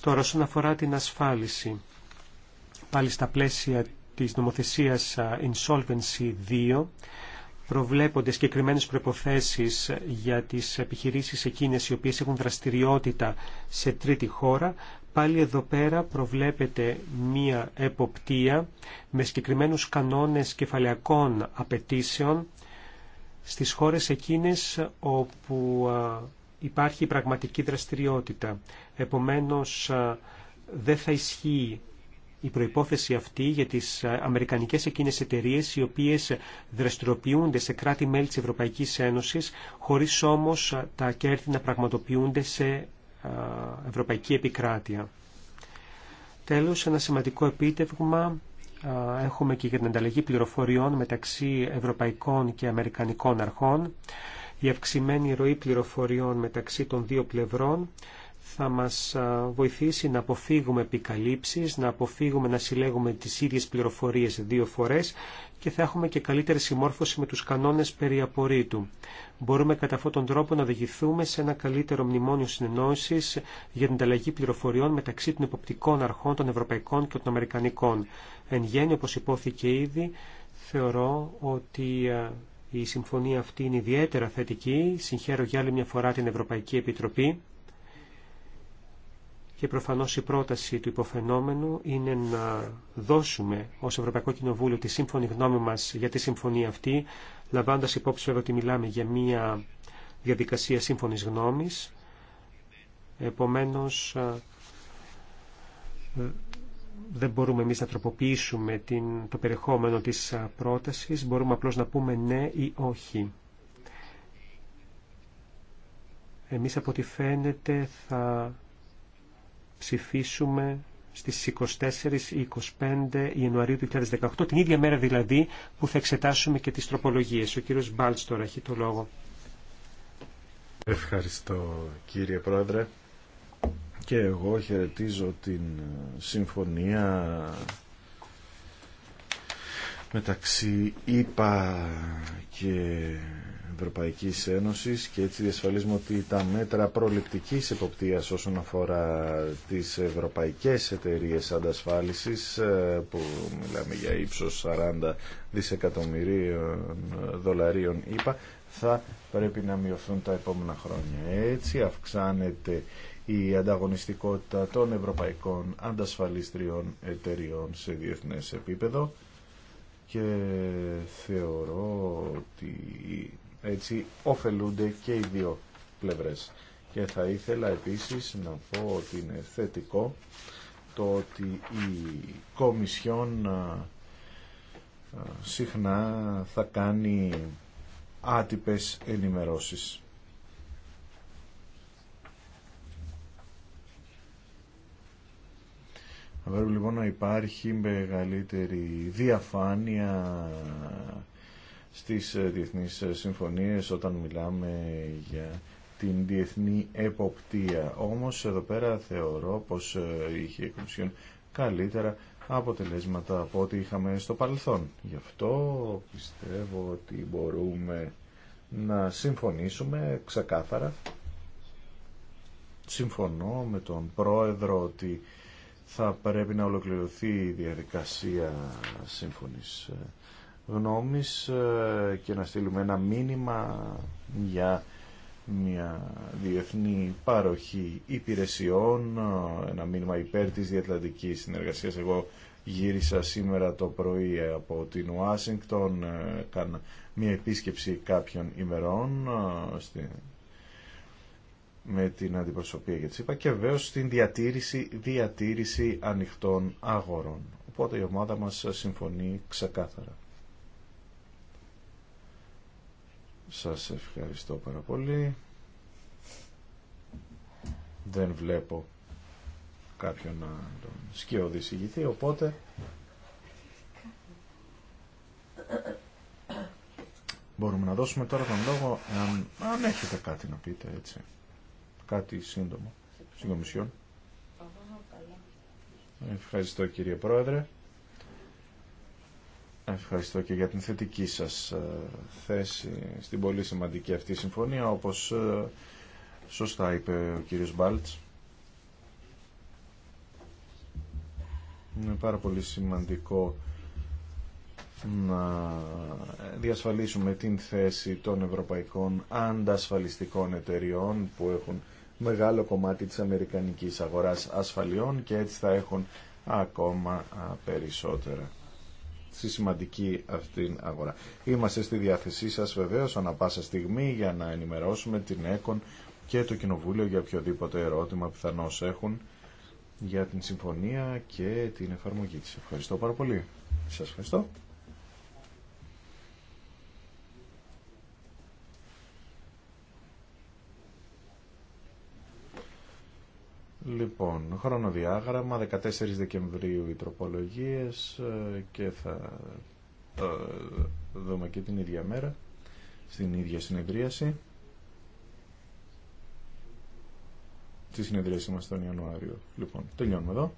Τώρα, όσον αφορά την ασφάλιση, πάλι στα πλαίσια της νομοθεσίας ε, Insolvency 2, προβλέπονται συγκεκριμένες προϋποθέσεις για τις επιχειρήσεις εκείνες οι οποίες έχουν δραστηριότητα σε τρίτη χώρα Πάλι εδώ πέρα προβλέπεται μία εποπτεία με συγκεκριμένους κανόνες κεφαλαιακών απαιτήσεων στις χώρες εκείνες όπου υπάρχει πραγματική δραστηριότητα. Επομένως, δεν θα ισχύει η προϋπόθεση αυτή για τις αμερικανικές εκείνες εταιρείες οι οποίες δραστηριοποιούνται σε κράτη-μέλη της Ευρωπαϊκής Ένωσης χωρίς όμως τα κέρδη να πραγματοποιούνται σε ευρωπαϊκή επικράτεια. Τέλος, ένα σημαντικό επίτευγμα έχουμε και για την ανταλλαγή πληροφοριών μεταξύ ευρωπαϊκών και αμερικανικών αρχών, η αυξημένη ροή πληροφοριών μεταξύ των δύο πλευρών θα μας βοηθήσει να αποφύγουμε επικαλύψεις, να αποφύγουμε να συλλέγουμε τις ίδιες πληροφορίες δύο φορές και θα έχουμε και καλύτερη συμμόρφωση με τους κανόνες περί απορρίτου. Μπορούμε κατά αυτόν τον τρόπο να οδηγηθούμε σε ένα καλύτερο μνημόνιο συνεννόησης για την ανταλλαγή πληροφοριών μεταξύ των υποπτικών αρχών των Ευρωπαϊκών και των Αμερικανικών. Εν γέννη, όπως υπόθηκε ήδη, θεωρώ ότι η συμφωνία αυτή είναι ιδιαίτερα θετική. Συγχαίρω για άλλη μια φορά την Ευρωπαϊκή Επιτροπή και προφανώς η πρόταση του υποφαινόμενου είναι να δώσουμε ως Ευρωπαϊκό Κοινοβούλιο τη σύμφωνη γνώμη μας για τη συμφωνία αυτή, λαμβάνοντας υπόψη ότι μιλάμε για μια διαδικασία σύμφωνης γνώμης. Επομένως, δεν μπορούμε εμείς να τροποποιήσουμε την, το περιεχόμενο της πρότασης, μπορούμε απλώς να πούμε ναι ή όχι. Εμείς από ό,τι θα ψηφίσουμε στις 24-25 Ιανουαρίου του 2018, την ίδια μέρα δηλαδή που θα εξετάσουμε και τις τροπολογίες. Ο κύριος Μπάλτς τώρα έχει το λόγο. Ευχαριστώ κύριε Πρόεδρε. Και εγώ χαιρετίζω την συμφωνία μεταξύ ΙΠΑ και ευρωπαϊκή Ένωσης και έτσι διασφαλίζουμε ότι τα μέτρα προληπτικής εποπτείας όσον αφορά τις ευρωπαϊκές εταιρείες αντασφάλισης ε, που μιλάμε για ύψος 40 δισεκατομμυρίων δολαρίων ήπα θα πρέπει να μειωθούν τα επόμενα χρόνια. Έτσι αυξάνεται η ανταγωνιστικότητα των ευρωπαϊκών αντασφαλιστριών εταιριών σε διεθνές επίπεδο και θεωρώ ότι έτσι ωφελούνται και οι δύο πλευρές. Και θα ήθελα επίσης να πω ότι είναι θετικό το ότι η Κομισιόν συχνά θα κάνει άτυπες ενημερώσεις. Θα πρέπει λοιπόν να υπάρχει μεγαλύτερη διαφάνεια στις ε, διεθνείς ε, συμφωνίες όταν μιλάμε για την διεθνή εποπτεία. Όμως εδώ πέρα θεωρώ πως ε, είχε η Κομισιόν καλύτερα αποτελέσματα από ό,τι είχαμε στο παρελθόν. Γι' αυτό πιστεύω ότι μπορούμε να συμφωνήσουμε ξεκάθαρα. Συμφωνώ με τον Πρόεδρο ότι θα πρέπει να ολοκληρωθεί η διαδικασία σύμφωνης γνώμης ε, και να στείλουμε ένα μήνυμα για μια διεθνή παροχή υπηρεσιών, ε, ένα μήνυμα υπέρ της διατλαντικής συνεργασίας. Εγώ γύρισα σήμερα το πρωί από την Ουάσιγκτον, ε, κάνα μια επίσκεψη κάποιων ημερών με την αντιπροσωπεία για είπα και βέβαια στην διατήρηση, διατήρηση ανοιχτών αγορών. Οπότε η ομάδα μας συμφωνεί ξεκάθαρα. Σας ευχαριστώ πάρα πολύ. Δεν βλέπω κάποιον να τον σκιωδησηγηθεί, οπότε μπορούμε να δώσουμε τώρα τον λόγο αν, αν έχετε κάτι να πείτε έτσι. Κάτι σύντομο συγκομισιόν. Ευχαριστώ κύριε Πρόεδρε. Ευχαριστώ και για την θετική σας ε, θέση στην πολύ σημαντική αυτή συμφωνία, όπως ε, σωστά είπε ο κύριος Μπάλτς. Είναι πάρα πολύ σημαντικό να διασφαλίσουμε την θέση των ευρωπαϊκών αντασφαλιστικών εταιριών που έχουν μεγάλο κομμάτι της αμερικανικής αγοράς ασφαλιών και έτσι θα έχουν ακόμα περισσότερα στη σημαντική αυτήν αγορά. Είμαστε στη διάθεσή σας βεβαίως ανα πάσα στιγμή για να ενημερώσουμε την ΕΚΟΝ και το Κοινοβούλιο για οποιοδήποτε ερώτημα πιθανώ έχουν για την συμφωνία και την εφαρμογή της. Ευχαριστώ πάρα πολύ. Σας ευχαριστώ. Λοιπόν, χρονοδιάγραμμα, 14 Δεκεμβρίου οι τροπολογίες ε, και θα ε, δούμε και την ίδια μέρα, στην ίδια συνεδρίαση. Τη συνεδρίαση μας τον Ιανουάριο. Λοιπόν, τελειώνουμε εδώ.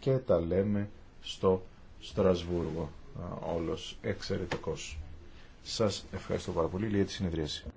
Και τα λέμε στο Στρασβούργο, ε, όλος εξαιρετικός. Σας ευχαριστώ πάρα πολύ για τη συνεδρίαση.